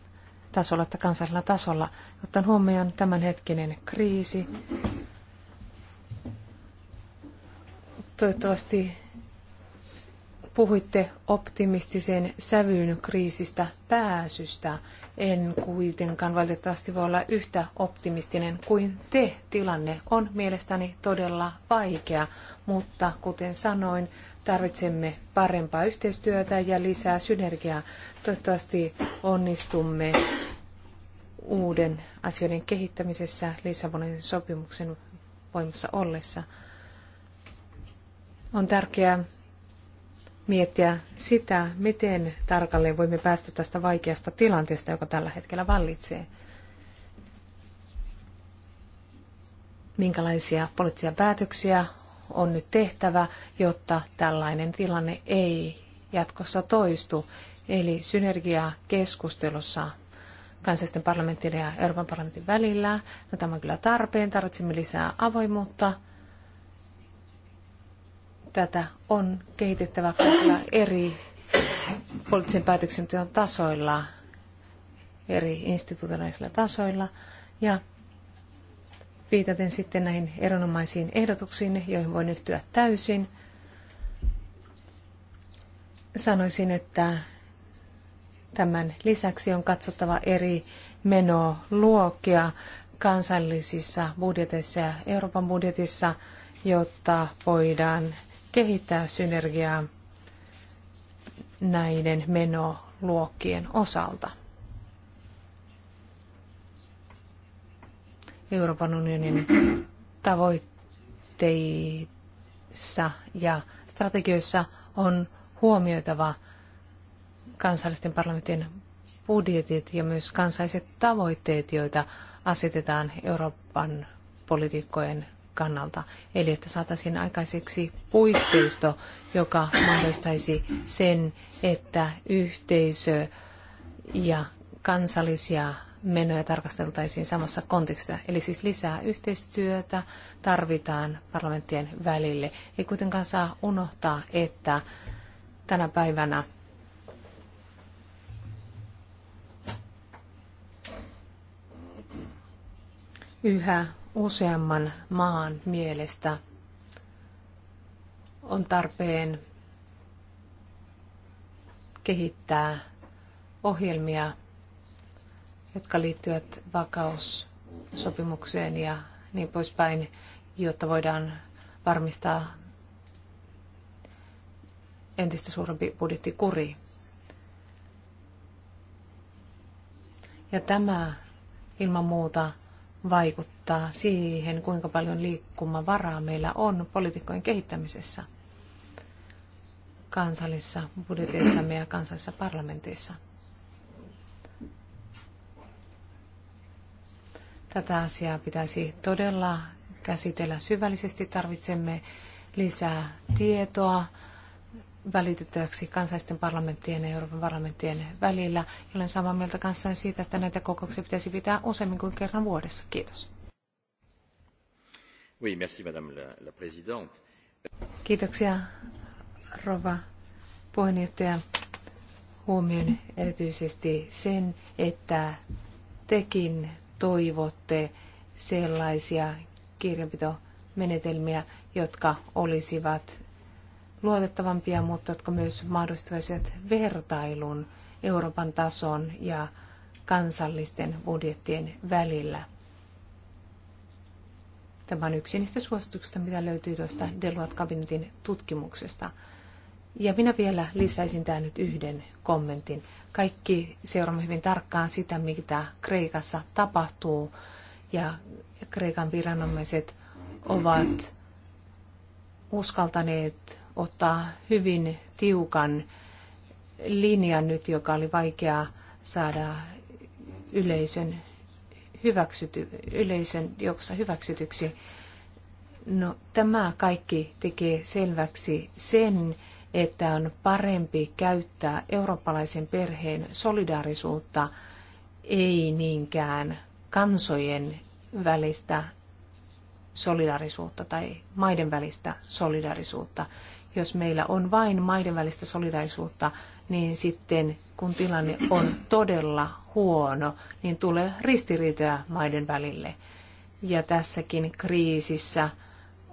tasolla että kansallisella tasolla, ottaen huomioon tämänhetkinen kriisi. Toivottavasti Puhuitte optimistisen sävyyn kriisistä pääsystä. En kuitenkaan valitettavasti voi olla yhtä optimistinen kuin te. Tilanne on mielestäni todella vaikea, mutta kuten sanoin, tarvitsemme parempaa yhteistyötä ja lisää synergiaa. Toivottavasti onnistumme uuden asioiden kehittämisessä Lissabonin sopimuksen voimassa ollessa. On tärkeää miettiä sitä, miten tarkalleen voimme päästä tästä vaikeasta tilanteesta, joka tällä hetkellä vallitsee. Minkälaisia poliittisia päätöksiä on nyt tehtävä, jotta tällainen tilanne ei jatkossa toistu. Eli synergiaa keskustelussa kansallisten parlamenttien ja Euroopan parlamentin välillä. No, tämä on kyllä tarpeen, tarvitsemme lisää avoimuutta tätä on kehitettävä kaikilla eri poliittisen päätöksenteon tasoilla, eri institutionaalisilla tasoilla ja viitaten sitten näihin erinomaisiin ehdotuksiin, joihin voin yhtyä täysin. Sanoisin, että tämän lisäksi on katsottava eri menoluokia kansallisissa budjeteissa ja Euroopan budjetissa, jotta voidaan kehittää synergiaa näiden menoluokkien osalta. Euroopan unionin tavoitteissa ja strategioissa on huomioitava kansallisten parlamentin budjetit ja myös kansalliset tavoitteet, joita asetetaan Euroopan politiikkojen kannalta. Eli että saataisiin aikaiseksi puitteisto, joka mahdollistaisi sen, että yhteisö ja kansallisia menoja tarkasteltaisiin samassa kontekstissa. Eli siis lisää yhteistyötä tarvitaan parlamenttien välille. Ei kuitenkaan saa unohtaa, että tänä päivänä yhä useamman maan mielestä on tarpeen kehittää ohjelmia, jotka liittyvät vakaussopimukseen ja niin poispäin, jotta voidaan varmistaa entistä suurempi budjettikuri. Ja tämä ilman muuta vaikuttaa siihen, kuinka paljon liikkumavaraa meillä on poliitikkojen kehittämisessä kansallisissa budjeteissamme ja kansallisissa parlamenteissa. Tätä asiaa pitäisi todella käsitellä syvällisesti. Tarvitsemme lisää tietoa välitettäväksi kansallisten parlamenttien ja Euroopan parlamenttien välillä. Olen samaa mieltä kanssani siitä, että näitä kokouksia pitäisi pitää useammin kuin kerran vuodessa. Kiitos. Oui, merci, madame la, la présidente. Kiitoksia, rouva puheenjohtaja. Huomioin erityisesti sen, että tekin toivotte sellaisia kirjanpitomenetelmiä, jotka olisivat luotettavampia, mutta jotka myös mahdollistaisivat vertailun Euroopan tason ja kansallisten budjettien välillä. Tämä on yksi niistä suosituksista, mitä löytyy tuosta Deloitte-kabinetin tutkimuksesta. Ja minä vielä lisäisin tähän nyt yhden kommentin. Kaikki seuraamme hyvin tarkkaan sitä, mitä Kreikassa tapahtuu. Ja Kreikan viranomaiset ovat uskaltaneet ottaa hyvin tiukan linjan nyt, joka oli vaikea saada yleisön, hyväksyty, yleisön joksa hyväksytyksi. No, tämä kaikki tekee selväksi sen, että on parempi käyttää eurooppalaisen perheen solidaarisuutta, ei niinkään kansojen välistä solidaarisuutta tai maiden välistä solidaarisuutta. Jos meillä on vain maiden välistä solidaisuutta, niin sitten kun tilanne on todella huono, niin tulee ristiriitoja maiden välille. Ja tässäkin kriisissä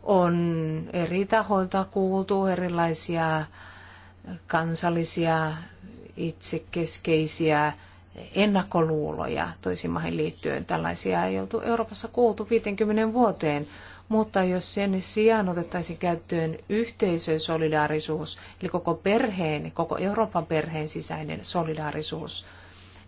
on eri tahoilta kuultu erilaisia kansallisia itsekeskeisiä ennakkoluuloja toisiin maihin liittyen. Tällaisia ei oltu Euroopassa kuultu 50 vuoteen mutta jos sen sijaan otettaisiin käyttöön yhteisön solidaarisuus, eli koko perheen, koko Euroopan perheen sisäinen solidaarisuus,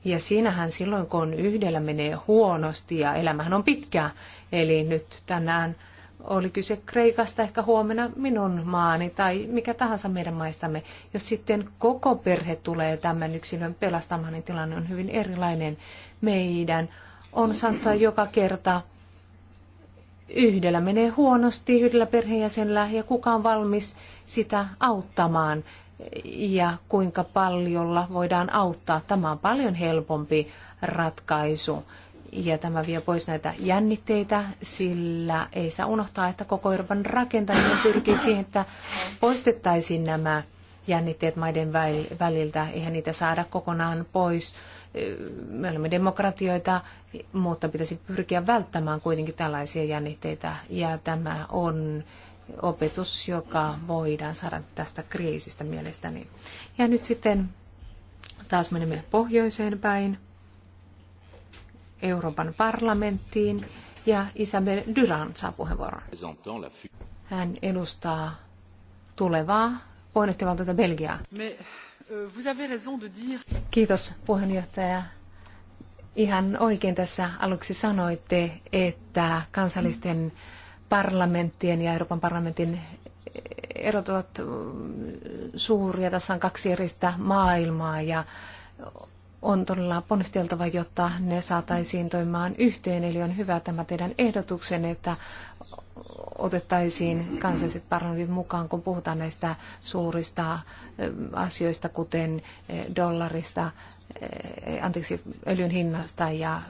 ja siinähän silloin, kun yhdellä menee huonosti ja elämähän on pitkä, eli nyt tänään oli kyse Kreikasta, ehkä huomenna minun maani tai mikä tahansa meidän maistamme. Jos sitten koko perhe tulee tämän yksilön pelastamaan, niin tilanne on hyvin erilainen. Meidän on sanottava joka kerta yhdellä menee huonosti, yhdellä perheenjäsenellä ja kuka on valmis sitä auttamaan ja kuinka paljolla voidaan auttaa. Tämä on paljon helpompi ratkaisu ja tämä vie pois näitä jännitteitä, sillä ei saa unohtaa, että koko Euroopan rakentaminen pyrkii siihen, että poistettaisiin nämä jännitteet maiden väliltä. Eihän niitä saada kokonaan pois, me olemme demokratioita, mutta pitäisi pyrkiä välttämään kuitenkin tällaisia jännitteitä. Ja tämä on opetus, joka voidaan saada tästä kriisistä mielestäni. Ja nyt sitten taas menemme pohjoiseen päin, Euroopan parlamenttiin, ja Isabel Duran saa puheenvuoron. Hän edustaa tulevaa puheenjohtajavaltiota Belgiaa. Me... Euh, Kiitos puheenjohtaja. Ihan oikein tässä aluksi sanoitte, että kansallisten parlamenttien ja Euroopan parlamentin erot ovat mm, suuria. Tässä on kaksi eristä maailmaa ja on todella ponnisteltava, jotta ne saataisiin toimimaan yhteen. Eli on hyvä tämä teidän ehdotuksenne, että otettaisiin kansalliset parlamentit mukaan, kun puhutaan näistä suurista asioista, kuten dollarista, anteeksi, öljyn hinnasta ja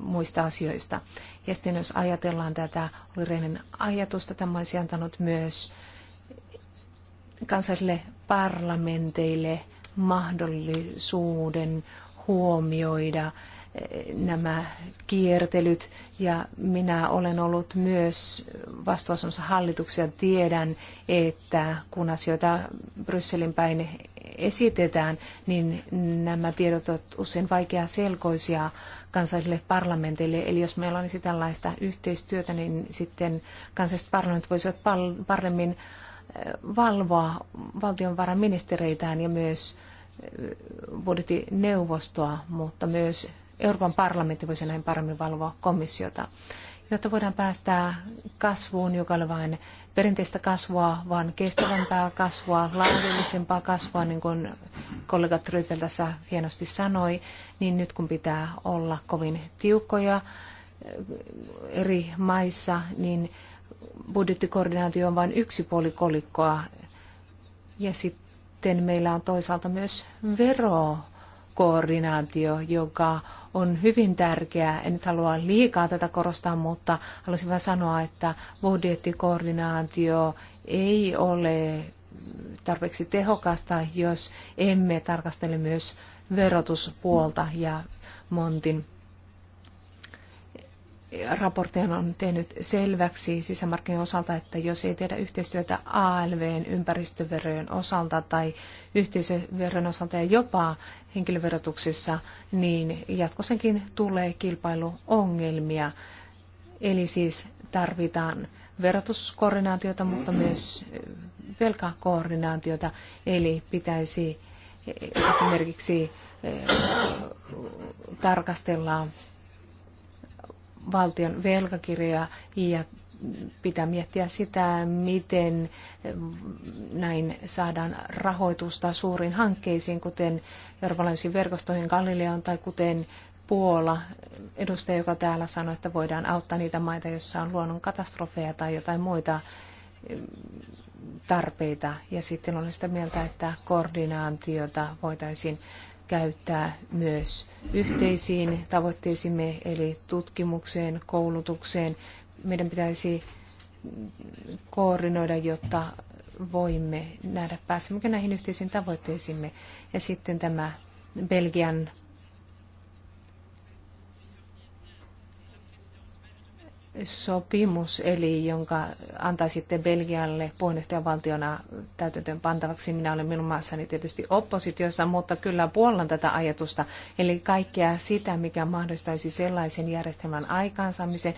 muista asioista. Ja sitten jos ajatellaan tätä Olirehden ajatusta, tämä olisi antanut myös kansallisille parlamenteille mahdollisuuden huomioida nämä kiertelyt ja minä olen ollut myös vastuuasunnossa hallituksia. Tiedän, että kun asioita Brysselin päin esitetään, niin nämä tiedot ovat usein vaikeaselkoisia kansallisille parlamenteille. Eli jos meillä olisi tällaista yhteistyötä, niin sitten kansalliset parlamentit voisivat paremmin äh, valvoa valtionvarainministereitään ja myös äh, budjettineuvostoa, mutta myös Euroopan parlamentti voisi näin paremmin valvoa komissiota, jotta voidaan päästä kasvuun, joka oli vain perinteistä kasvua, vaan kestävämpää kasvua, laadullisempaa kasvua, niin kuin kollega Trypel tässä hienosti sanoi, niin nyt kun pitää olla kovin tiukkoja eh, eri maissa, niin budjettikoordinaatio on vain yksi puoli kolikkoa. Ja sitten meillä on toisaalta myös vero koordinaatio, joka on hyvin tärkeää. En nyt halua liikaa tätä korostaa, mutta haluaisin vain sanoa, että budjettikoordinaatio ei ole tarpeeksi tehokasta, jos emme tarkastele myös verotuspuolta ja Montin raportteja on tehnyt selväksi sisämarkkinoiden osalta, että jos ei tehdä yhteistyötä ALVn ympäristöverojen osalta tai yhteisöverojen osalta ja jopa henkilöverotuksessa, niin jatkossakin tulee kilpailuongelmia. Eli siis tarvitaan verotuskoordinaatiota, mutta myös velkakoordinaatiota, eli pitäisi esimerkiksi eh, tarkastella valtion velkakirjoja ja pitää miettiä sitä, miten näin saadaan rahoitusta suuriin hankkeisiin, kuten eurooppalaisiin verkostoihin Galileon tai kuten Puola, edustaja, joka täällä sanoi, että voidaan auttaa niitä maita, joissa on luonnon katastrofeja tai jotain muita tarpeita. Ja sitten olen sitä mieltä, että koordinaatiota voitaisiin käyttää myös yhteisiin tavoitteisiimme, eli tutkimukseen, koulutukseen. Meidän pitäisi koordinoida, jotta voimme nähdä pääsemmekö näihin yhteisiin tavoitteisiimme. Ja sitten tämä Belgian sopimus, eli jonka antaisitte Belgialle puheenjohtajavaltiona täytäntöön pantavaksi. Minä olen minun maassani tietysti oppositiossa, mutta kyllä puollan tätä ajatusta. Eli kaikkea sitä, mikä mahdollistaisi sellaisen järjestelmän aikaansaamisen,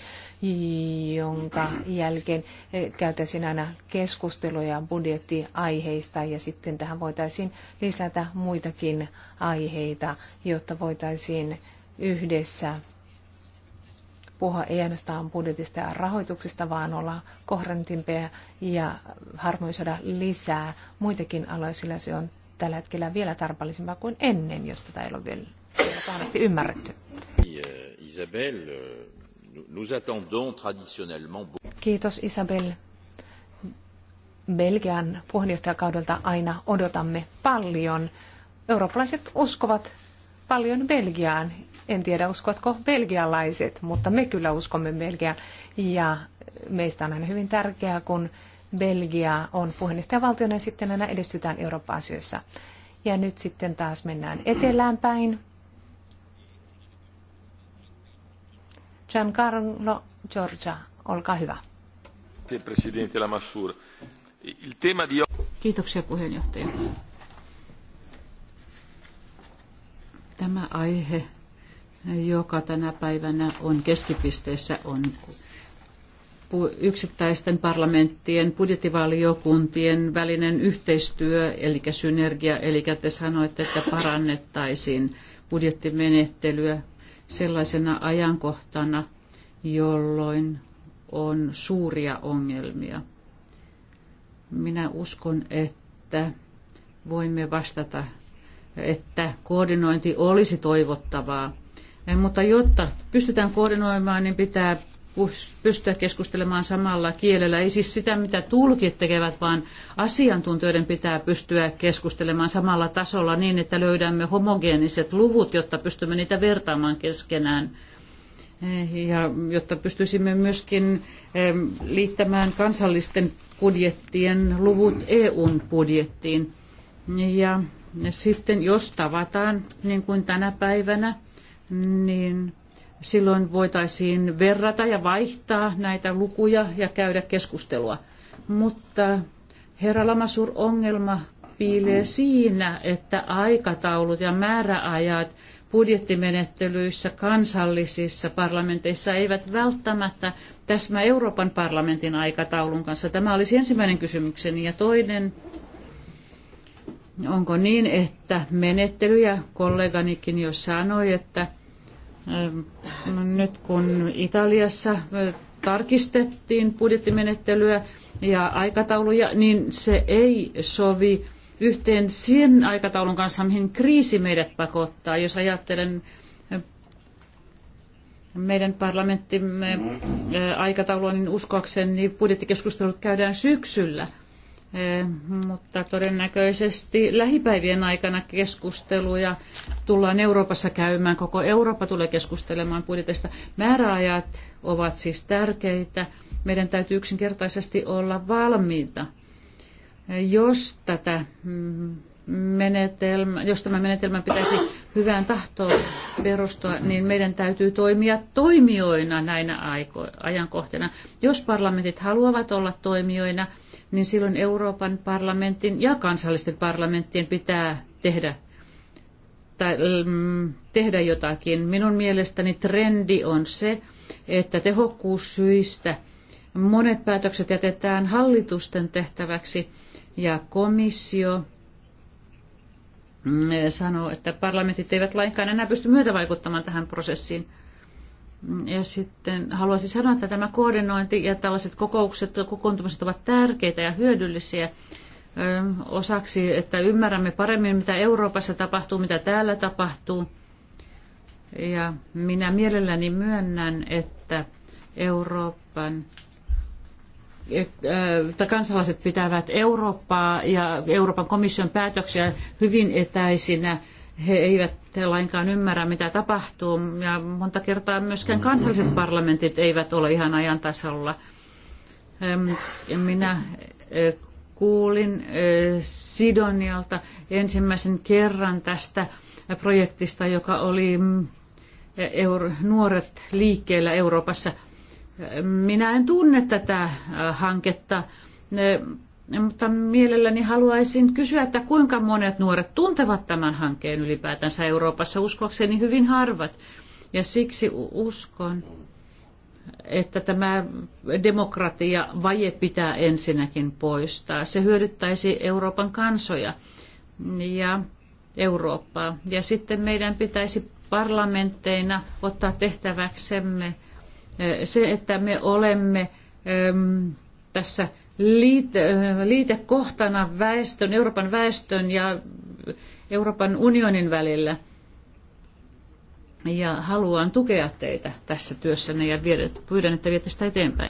jonka jälkeen eh, käytäisiin aina keskusteluja budjettiaiheista ja sitten tähän voitaisiin lisätä muitakin aiheita, jotta voitaisiin yhdessä puhua ei ainoastaan budjetista ja rahoituksesta, vaan olla kohdentimpia ja harmonisoida lisää muitakin aloja, sillä se on tällä hetkellä vielä tarpeellisempaa kuin ennen, jos tätä ei ole vielä, vielä kohdasti ymmärretty. Isabel, nous attendons traditionnellement... Kiitos Isabel. Belgian puheenjohtajakaudelta aina odotamme paljon. Eurooppalaiset uskovat paljon Belgiaan en tiedä, uskotko belgialaiset, mutta me kyllä uskomme Belgiaan. Ja meistä on aina hyvin tärkeää, kun Belgia on puheenjohtajavaltiona ja sitten aina edistytään Euroopan asioissa Ja nyt sitten taas mennään etelään päin. Giancarlo Giorgia, olkaa hyvä. di... Kiitoksia puheenjohtaja. Tämä aihe joka tänä päivänä on keskipisteessä, on yksittäisten parlamenttien, budjettivaliokuntien välinen yhteistyö, eli synergia, eli te sanoitte, että parannettaisiin budjettimenettelyä sellaisena ajankohtana, jolloin on suuria ongelmia. Minä uskon, että voimme vastata, että koordinointi olisi toivottavaa, Eh, mutta jotta pystytään koordinoimaan, niin pitää pystyä keskustelemaan samalla kielellä. Ei siis sitä, mitä tulkit tekevät, vaan asiantuntijoiden pitää pystyä keskustelemaan samalla tasolla niin, että löydämme homogeeniset luvut, jotta pystymme niitä vertaamaan keskenään. Eh, ja jotta pystyisimme myöskin liittämään kansallisten budjettien luvut EUn budjettiin. Ja sitten jos tavataan, niin kuin tänä päivänä, niin silloin voitaisiin verrata ja vaihtaa näitä lukuja ja käydä keskustelua. Mutta herra Lamasur ongelma piilee siinä, että aikataulut ja määräajat budjettimenettelyissä kansallisissa parlamenteissa eivät välttämättä täsmä Euroopan parlamentin aikataulun kanssa. Tämä olisi ensimmäinen kysymykseni. Ja toinen onko niin, että menettelyjä kolleganikin jo sanoi, että ähm, no nyt kun Italiassa äh, tarkistettiin budjettimenettelyä ja aikatauluja, niin se ei sovi yhteen sen aikataulun kanssa, mihin kriisi meidät pakottaa. Jos ajattelen äh, meidän parlamenttimme äh, aikataulua, niin uskoakseni budjettikeskustelut käydään syksyllä – Eh, mutta todennäköisesti lähipäivien aikana keskusteluja tullaan Euroopassa käymään. Koko Eurooppa tulee keskustelemaan budjetista. Määräajat ovat siis tärkeitä. Meidän täytyy yksinkertaisesti olla valmiita. Eh, jos tätä mm, menetelmä, jos tämä menetelmän pitäisi hyvään tahtoon perustua, niin meidän täytyy toimia toimijoina näinä aiko- ajankohtina. Jos parlamentit haluavat olla toimijoina, niin silloin Euroopan parlamentin ja kansallisten parlamenttien pitää tehdä tai, mm, tehdä jotakin. Minun mielestäni trendi on se, että tehokkuussyistä monet päätökset jätetään hallitusten tehtäväksi ja komissio sanoo, että parlamentit eivät lainkaan enää pysty myötävaikuttamaan tähän prosessiin. Ja sitten haluaisin sanoa, että tämä koordinointi ja tällaiset kokoukset, kokoontumiset ovat tärkeitä ja hyödyllisiä osaksi, että ymmärrämme paremmin, mitä Euroopassa tapahtuu, mitä täällä tapahtuu. Ja minä mielelläni myönnän, että Euroopan että kansalaiset pitävät Eurooppaa ja Euroopan komission päätöksiä hyvin etäisinä. He eivät lainkaan ymmärrä, mitä tapahtuu, ja monta kertaa myöskään kansalliset parlamentit eivät ole ihan ajan tasalla. Minä kuulin Sidonialta ensimmäisen kerran tästä projektista, joka oli e, nuoret liikkeellä Euroopassa – minä en tunne tätä äh, hanketta, mutta mielelläni haluaisin kysyä, että kuinka monet nuoret tuntevat tämän hankkeen ylipäätänsä Euroopassa. Uskoakseni hyvin harvat. Ja siksi uskon, että tämä demokratia vaje pitää ensinnäkin poistaa. Se hyödyttäisi Euroopan kansoja ja Eurooppaa. Ja sitten meidän pitäisi parlamentteina ottaa tehtäväksemme se, että me olemme tässä liitekohtana väestön, Euroopan väestön ja Euroopan unionin välillä. Ja haluan tukea teitä tässä työssänne ja pyydän, että viette sitä eteenpäin.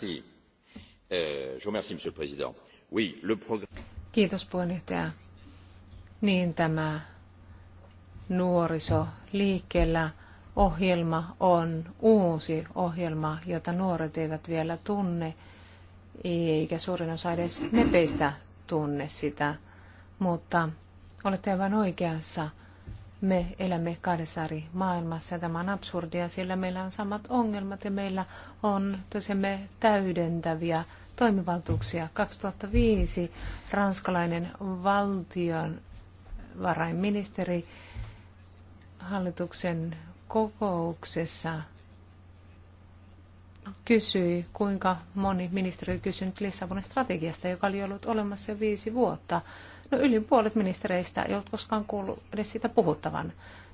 Kiitos puheenjohtaja. Niin tämä nuoriso liikkeellä ohjelma on uusi ohjelma, jota nuoret eivät vielä tunne, eikä suurin osa edes mepeistä tunne sitä. Mutta olette aivan oikeassa. Me elämme kahdessa eri maailmassa ja tämä on absurdia, sillä meillä on samat ongelmat ja meillä on tosiaan täydentäviä toimivaltuuksia. 2005 ranskalainen valtion varainministeri hallituksen kokouksessa kysyi, kuinka moni ministeri oli kysynyt Lissabonin strategiasta, joka oli ollut olemassa jo viisi vuotta. No yli puolet ministereistä ei ollut koskaan kuullut edes sitä puhuttavan.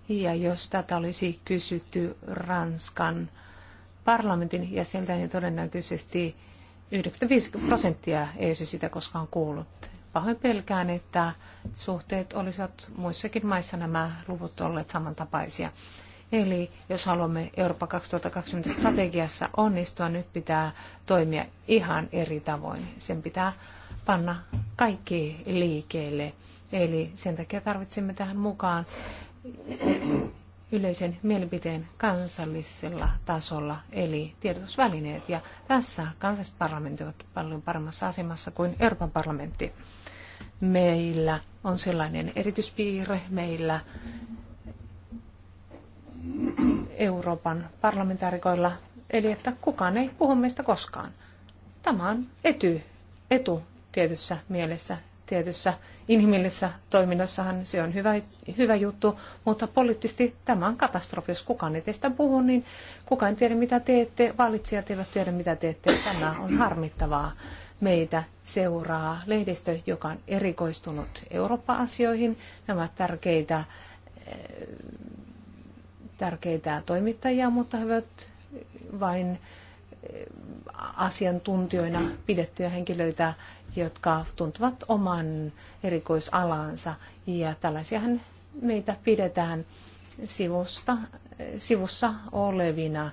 Ja jos tätä olisi kysytty Ranskan parlamentin jäseniltä, niin todennäköisesti 95 prosenttia ei se sitä koskaan kuullut. Pahoin pelkään, että suhteet olisivat muissakin maissa nämä luvut olleet samantapaisia. Eli jos haluamme Eurooppa 2020 strategiassa onnistua, nyt pitää toimia ihan eri tavoin. Sen pitää panna kaikki liikkeelle. Eli sen takia tarvitsemme tähän mukaan yleisen mielipiteen kansallisella tasolla, eli tiedotusvälineet. Ja tässä kansalliset parlamentit ovat paljon paremmassa asemassa kuin Euroopan parlamentti. Meillä on sellainen erityispiirre, meillä Euroopan parlamentaarikoilla, eli että kukaan ei puhu meistä koskaan. Tämä on ety, etu tietyssä mielessä, tietyssä inhimillisessä toiminnassahan se on hyvä, hyvä juttu, mutta poliittisesti tämä on katastrofi. Jos kukaan ei teistä puhu, niin kukaan ei tiedä mitä teette, valitsijat eivät tiedä mitä teette. Tämä on harmittavaa. Meitä seuraa lehdistö, joka on erikoistunut Eurooppa-asioihin. Nämä ovat tärkeitä eh, tärkeitä toimittajia, mutta he ovat vain eh, asiantuntijoina pidettyjä henkilöitä, jotka tuntuvat oman erikoisalansa. Ja tällaisiahan meitä pidetään sivusta, sivussa olevina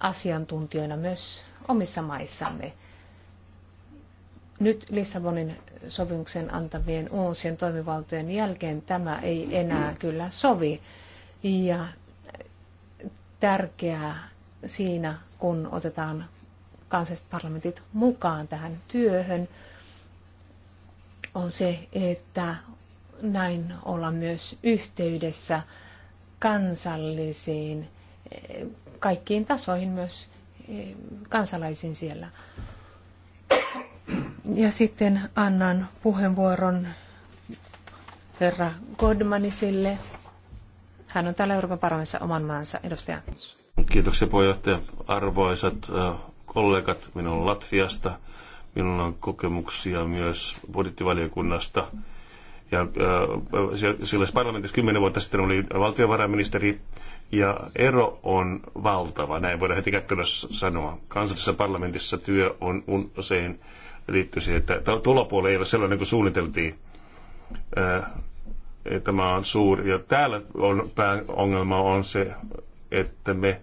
asiantuntijoina myös omissa maissamme. Nyt Lissabonin sopimuksen antamien uusien toimivaltojen jälkeen tämä ei enää kyllä sovi. Ja tärkeää siinä, kun otetaan kansalliset parlamentit mukaan tähän työhön, on se, että näin olla myös yhteydessä kansallisiin, kaikkiin tasoihin myös e, kansalaisiin siellä. Ja sitten annan puheenvuoron herra Godmanisille, hän on täällä Euroopan parlamentissa oman maansa edustaja. Kiitoksia puheenjohtaja. Arvoisat kollegat, minun olen Latviasta. Minulla on kokemuksia myös budjettivaliokunnasta. Ja äh, sillä siis parlamentissa kymmenen vuotta sitten oli valtiovarainministeri, ja ero on valtava, näin voidaan heti kättelyssä sanoa. Kansallisessa parlamentissa työ on usein liittyy siihen, että tulopuoli ei ole sellainen kuin suunniteltiin. Äh, tämä on suuri. Ja täällä on, pääongelma on se, että me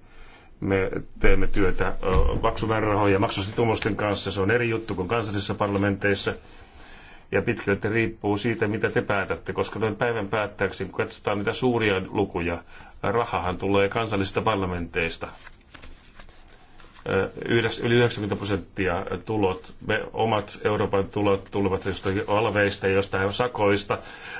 me teemme työtä maksuväärärahoja ja maksusitumusten kanssa. Se on eri juttu kuin kansallisissa parlamenteissa. Ja pitkälti riippuu siitä, mitä te päätätte, koska noin päivän päättäjäksi, kun katsotaan niitä suuria lukuja, rahahan tulee kansallisista parlamenteista yli 90 prosenttia tulot, me omat Euroopan tulot tulevat jostain alveista ja jostain sakoista,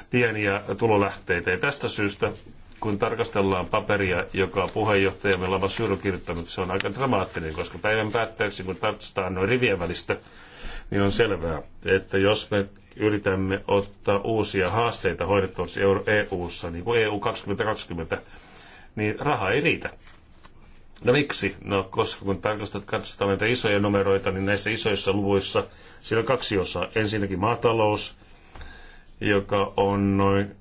pieniä tulolähteitä. Ja tästä syystä, kun tarkastellaan paperia, joka puheenjohtajamme Lama Syr on kirjoittanut, se on aika dramaattinen, koska päivän päätteeksi, kun tarkastetaan noin rivien välistä, niin on selvää, että jos me yritämme ottaa uusia haasteita hoidettavaksi EU-ssa, e niin kuin EU 2020, niin raha ei riitä No miksi? No koska kun tarkastat, katsotaan näitä isoja numeroita, niin näissä isoissa luvuissa siellä on kaksi osaa. Ensinnäkin maatalous, joka on noin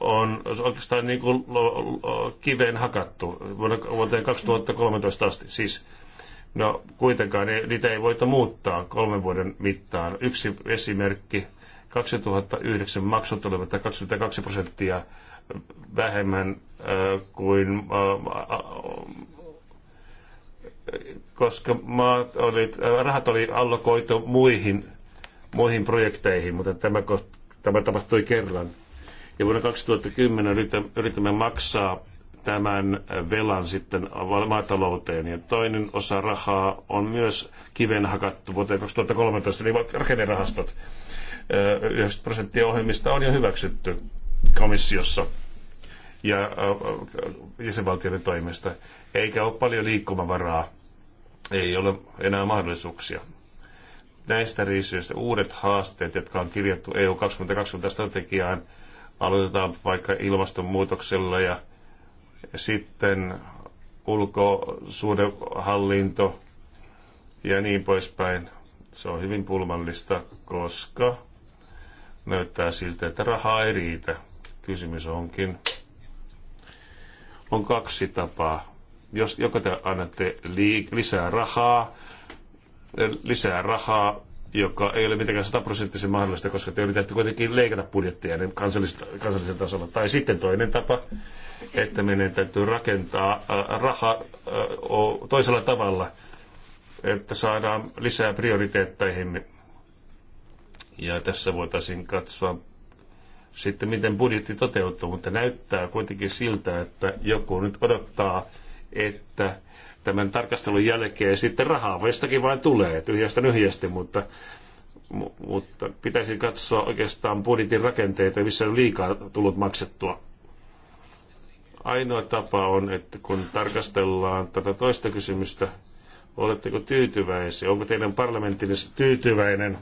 on oikeastaan niin kuin kiveen hakattu vuoteen 2013 asti. Siis, no kuitenkaan niitä ei voita muuttaa kolmen vuoden mittaan. Yksi esimerkki, 2009 maksut olivat 22 prosenttia vähemmän kuin koska maat oli, rahat oli allokoitu muihin, muihin projekteihin, mutta tämä, tämä tapahtui kerran. Ja vuonna 2010 yritämme maksaa tämän velan sitten maatalouteen. Ja toinen osa rahaa on myös kiven hakattu vuoteen 2013, eli rakennerahastot. 90 prosenttia ohjelmista on jo hyväksytty komissiossa ja jäsenvaltioiden toimesta, eikä ole paljon liikkumavaraa, ei ole enää mahdollisuuksia. Näistä riisyistä uudet haasteet, jotka on kirjattu EU 2020-strategiaan, aloitetaan vaikka ilmastonmuutoksella ja sitten ulkosuhdehallinto ja niin poispäin. Se on hyvin pulmallista, koska näyttää siltä, että rahaa ei riitä kysymys onkin, on kaksi tapaa. Jos, joko te annatte lii, lisää rahaa, eh, lisää rahaa, joka ei ole mitenkään sataprosenttisen mahdollista, koska te yritätte kuitenkin leikata budjettia niin kansallisella tasolla. Tai sitten toinen tapa, että meidän täytyy rakentaa eh, raha eh, toisella tavalla, että saadaan lisää prioriteetteihin. Ja tässä voitaisiin katsoa sitten, miten budjetti toteutuu, mutta näyttää kuitenkin siltä, että joku nyt odottaa, että tämän tarkastelun jälkeen sitten rahaa voistakin vain tulee, tyhjästä nyhjästi, mutta, mutta pitäisi katsoa oikeastaan budjetin rakenteita, missä on liikaa tullut maksettua. Ainoa tapa on, että kun tarkastellaan tätä toista kysymystä, oletteko tyytyväisiä, onko teidän parlamenttinne tyytyväinen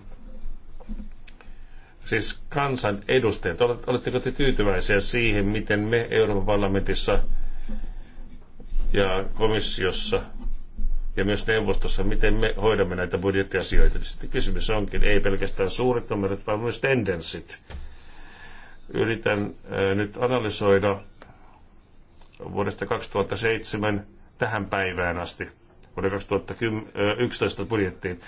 siis kansan edustajat, oletteko te tyytyväisiä siihen, miten me Euroopan parlamentissa ja komissiossa ja myös neuvostossa, miten me hoidamme näitä budjettiasioita. Niin sitten kysymys onkin ei pelkästään suuret numerot, vaan myös tendenssit. Yritän äh, nyt analysoida vuodesta 2007 tähän päivään asti vuoden 2011 äh, budjettiin.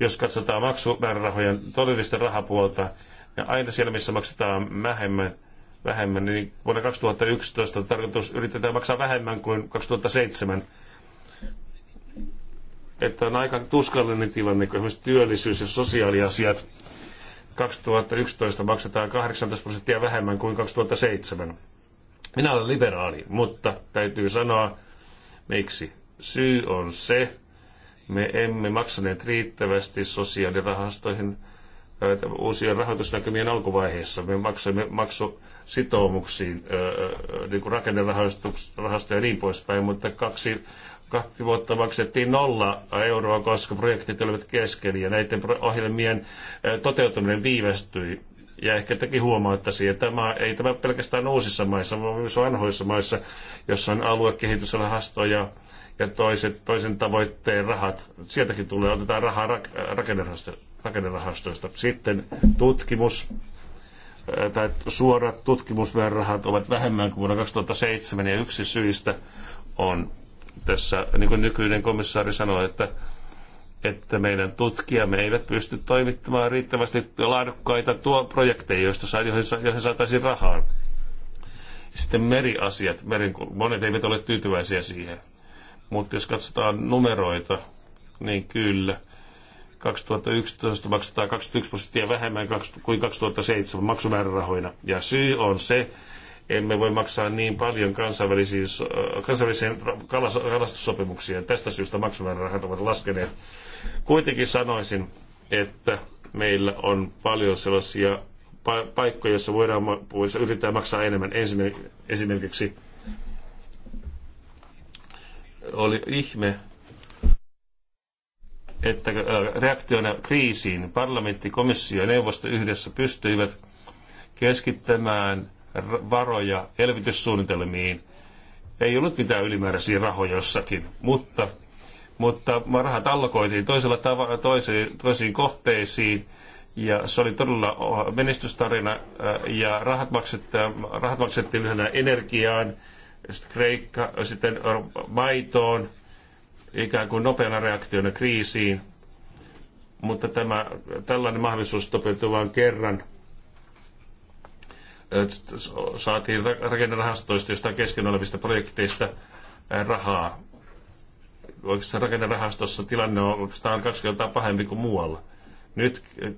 Jos katsotaan maksumäärärahojen todellista rahapuolta, ja aina siellä, missä maksetaan vähemmän, vähemmän niin vuonna 2011 tarkoitus yritetään maksaa vähemmän kuin 2007 että on aika tuskallinen tilanne, kun esimerkiksi työllisyys- ja sosiaaliasiat 2011 maksetaan 18 prosenttia vähemmän kuin 2007. Minä olen liberaali, mutta täytyy sanoa, miksi. Syy on se, me emme maksaneet riittävästi sosiaalirahastoihin – uusien rahoitusnäkymien alkuvaiheessa. Me maksoimme maksusitoumuksiin niin kuin rakennerahastoja ja niin poispäin, mutta kaksi, kaksi vuotta maksettiin nolla euroa, koska projektit olivat kesken ja näiden ohjelmien toteutuminen viivästyi. Ja ehkä teki huomauttaisi, että tämä, ei tämä pelkästään uusissa maissa, vaan myös vanhoissa maissa, jossa on aluekehitysrahastoja, ja toiset, toisen tavoitteen rahat. Sieltäkin tulee, otetaan rahaa rak, rakennerahastoista. Sitten tutkimus tai suorat tutkimusmäärärahat ovat vähemmän kuin vuonna 2007 ja yksi syistä on tässä, niin kuin nykyinen komissaari sanoi, että, että meidän tutkijamme eivät pysty toimittamaan riittävästi laadukkaita tuo projekteja, joista sa, joihin, joihin saataisiin rahaa. Sitten meriasiat, merin, monet eivät ole tyytyväisiä siihen. Mutta jos katsotaan numeroita, niin kyllä – 2011 maksetaan 21 prosenttia vähemmän kuin 2007 maksumäärärahoina. Ja syy on se, emme voi maksaa niin paljon kansainvälisiin, kansainvälisiin kalastussopimuksiin. Tästä syystä maksumäärärahat ovat laskeneet. Kuitenkin sanoisin, että meillä on paljon sellaisia paikkoja, joissa voidaan joissa yrittää maksaa enemmän. Esimerkiksi oli ihme, että äh, reaktiona kriisiin parlamentti, komissio ja neuvosto yhdessä pystyivät keskittämään varoja elvytyssuunnitelmiin. Ei ollut mitään ylimääräisiä rahoja jossakin, mutta, mutta rahat allokoitiin toisella tava, toisiin, toisiin kohteisiin ja se oli todella menestystarina äh, ja rahat maksettiin, rahat maksettiin energiaan, sitten Kreikka, sitten maitoon, ikään kuin nopeana reaktiona kriisiin, mutta tämä, tällainen mahdollisuus toteutui vain kerran. Äh, saatiin rakennerahastoista jostain kesken olevista projekteista äh, rahaa. Oikeastaan rakennerahastossa tilanne on oikeastaan kaksi kertaa pahempi kuin muualla. Nyt äh,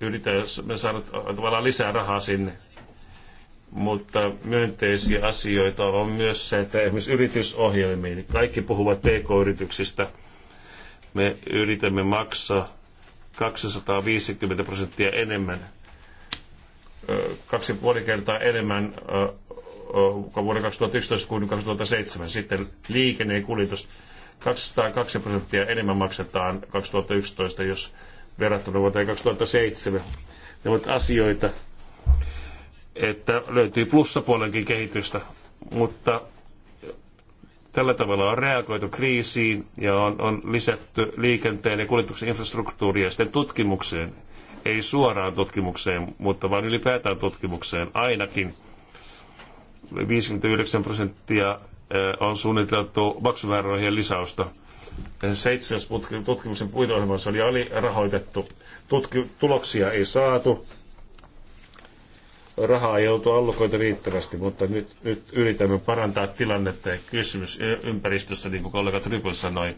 yritetään saada lisää rahaa sinne mutta myönteisiä asioita on myös se, että esimerkiksi yritysohjelmiin, kaikki puhuvat pk-yrityksistä, me yritämme maksaa 250 prosenttia enemmän, kaksi puoli kertaa enemmän vuonna 2011 kuin 2007. Sitten liikenne ja kuljetus 202 prosenttia enemmän maksetaan 2011, jos verrattuna vuoteen 2007. Ne ovat asioita, että löytyy plussapuolenkin kehitystä, mutta tällä tavalla on reagoitu kriisiin ja on, on lisätty liikenteen ja kuljetuksen infrastruktuuria ja sitten tutkimukseen. Ei suoraan tutkimukseen, mutta vain ylipäätään tutkimukseen ainakin. 59 prosenttia on suunniteltu maksumäärärahojen lisäystä. Seitsemäs tutkimuksen puiteohjelmassa oli alirahoitettu. Tutki- tuloksia ei saatu rahaa ei oltu allokoitu riittävästi, mutta nyt, nyt yritämme parantaa tilannetta ja kysymys ympäristöstä, niin kuin kollega Triple sanoi.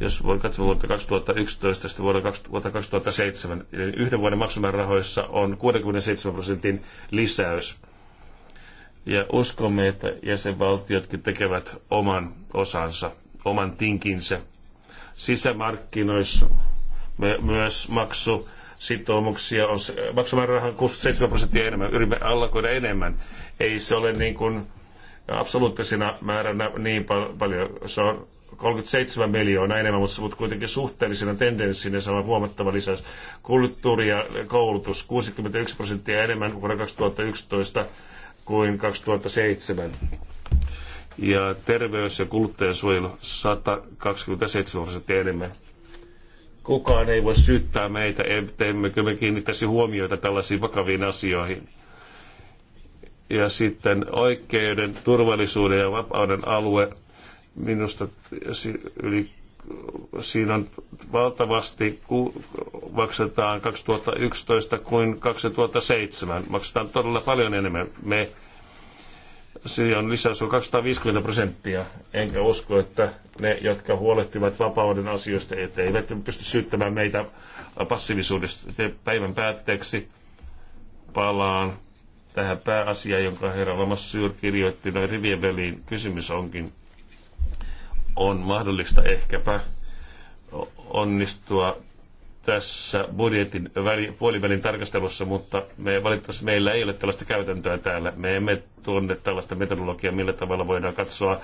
Jos voi katsoa vuotta 2011 sitten vuotta 2007, niin yhden vuoden maksumäärärahoissa on 67 prosentin lisäys. Ja uskomme, että jäsenvaltiotkin tekevät oman osansa, oman tinkinsä. Sisämarkkinoissa myös maksu sitoumuksia on maksumääräraha 67 prosenttia enemmän, yritämme allokoida enemmän. Ei se ole niin kuin absoluuttisena määränä niin pal- paljon. Se on 37 miljoonaa enemmän, mutta kuitenkin suhteellisena tendenssinä se on huomattava lisäys. Kulttuuri ja koulutus 61 prosenttia enemmän vuonna 2011 kuin 2007. Ja terveys- ja kuluttajansuojelu 127 prosenttia enemmän Kukaan ei voi syyttää meitä, ettemmekö me kiinnittäisi huomiota tällaisiin vakaviin asioihin. Ja sitten oikeuden, turvallisuuden ja vapauden alue. Minusta yli siinä on valtavasti, maksetaan 2011 kuin 2007. Maksetaan todella paljon enemmän. Me se on lisäys on 250 prosenttia. Enkä usko, että ne, jotka huolehtivat vapauden asioista, eivät pysty syyttämään meitä passiivisuudesta päivän päätteeksi. Palaan tähän pääasiaan, jonka herra Lamassyr kirjoitti noin rivien väliin. Kysymys onkin, on mahdollista ehkäpä onnistua tässä budjetin väli, puolivälin tarkastelussa, mutta me valitettavasti meillä ei ole tällaista käytäntöä täällä. Me emme tunne tällaista metodologiaa, millä tavalla voidaan katsoa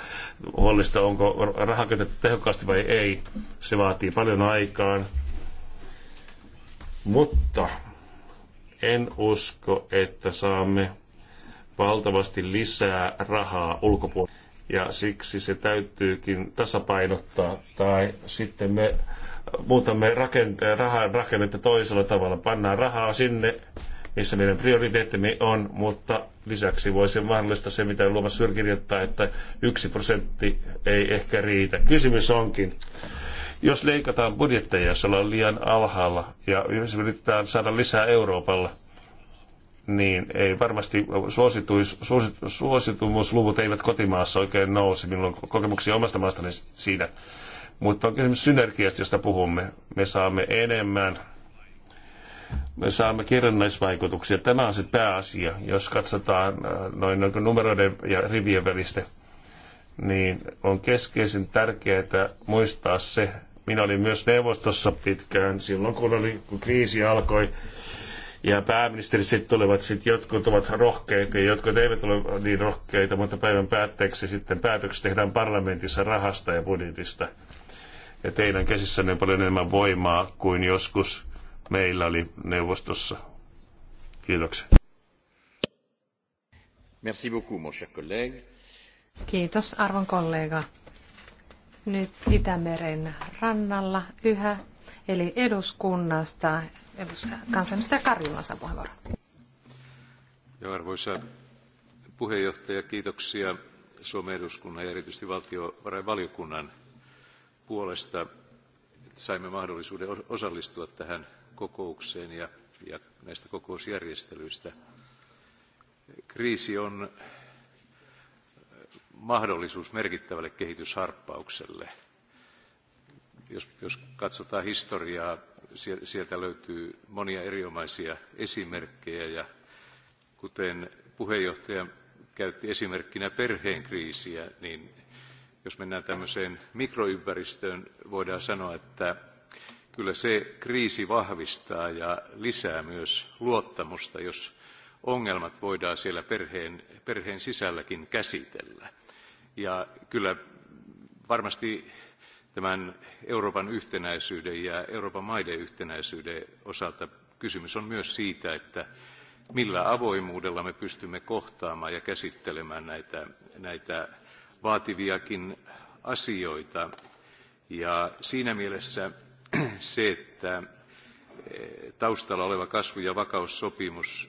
huolista, onko raha käytetty tehokkaasti vai ei. Se vaatii paljon aikaa. Mutta en usko, että saamme valtavasti lisää rahaa ulkopuolelle. Ja siksi se täytyykin tasapainottaa. Tai sitten me muutamme rakente- rahan rakennetta toisella tavalla. Pannaan rahaa sinne, missä meidän prioriteettimme on, mutta lisäksi voisi mahdollistaa se, mitä Luomas Syr kirjoittaa, että yksi prosentti ei ehkä riitä. Kysymys onkin, jos leikataan budjetteja, jos ollaan liian alhaalla ja jos yritetään saada lisää Euroopalla, niin ei varmasti suosituimmuusluvut eivät kotimaassa oikein nouse. Minulla on kokemuksia omasta maastani siitä. Mutta on kysymys synergiasta, josta puhumme. Me saamme enemmän, me saamme kerrannaisvaikutuksia. Tämä on se pääasia, jos katsotaan äh, noin numeroiden ja rivien välistä niin on keskeisen tärkeää muistaa se, minä olin myös neuvostossa pitkään silloin, kun, oli, kun kriisi alkoi. Ja pääministerit sitten olivat, sit jotkut ovat rohkeita ja jotkut eivät ole niin rohkeita, mutta päivän päätteeksi sitten päätökset tehdään parlamentissa rahasta ja budjetista ja teidän käsissänne paljon enemmän voimaa kuin joskus meillä oli neuvostossa. Kiitoksia. Merci beaucoup, mon cher collègue. Kiitos, arvon kollega. Nyt Itämeren rannalla yhä, eli eduskunnasta, kansanedustaja Karjulan saa puheenvuoron. arvoisa puheenjohtaja, kiitoksia Suomen eduskunnan ja erityisesti valtiovarainvaliokunnan puolesta, saimme mahdollisuuden osallistua tähän kokoukseen ja, ja näistä kokousjärjestelyistä. Kriisi on eh, mahdollisuus merkittävälle kehitysharppaukselle. Jos, jos katsotaan historiaa, sieltä löytyy monia erinomaisia esimerkkejä ja kuten puheenjohtaja käytti esimerkkinä perheen kriisiä, niin jos mennään tämmöiseen mikroympäristöön, voidaan sanoa, että kyllä se kriisi vahvistaa ja lisää myös luottamusta, jos ongelmat voidaan siellä perheen, perheen sisälläkin käsitellä. Ja kyllä varmasti tämän Euroopan yhtenäisyyden ja Euroopan maiden yhtenäisyyden osalta kysymys on myös siitä, että millä avoimuudella me pystymme kohtaamaan ja käsittelemään näitä, näitä vaativiakin asioita. Ja siinä mielessä se, että eh, taustalla oleva kasvu- ja vakaussopimus,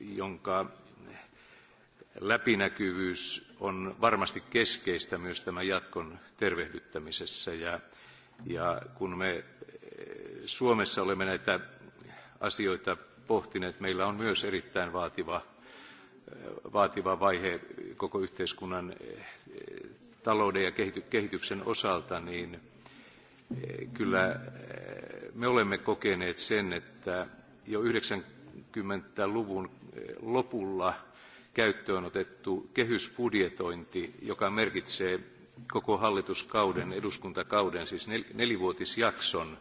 jonka eh, läpinäkyvyys on varmasti keskeistä myös tämän jatkon tervehdyttämisessä. Ja, ja kun me eh, Suomessa olemme näitä asioita pohtineet, meillä on myös erittäin vaativa vaativa vaihe koko yhteiskunnan eh, talouden ja kehityksen osalta, niin eh, kyllä eh, me olemme kokeneet sen, että jo 90-luvun lopulla käyttöön otettu kehysbudjetointi, joka merkitsee koko hallituskauden, eduskuntakauden, siis nelivuotisjakson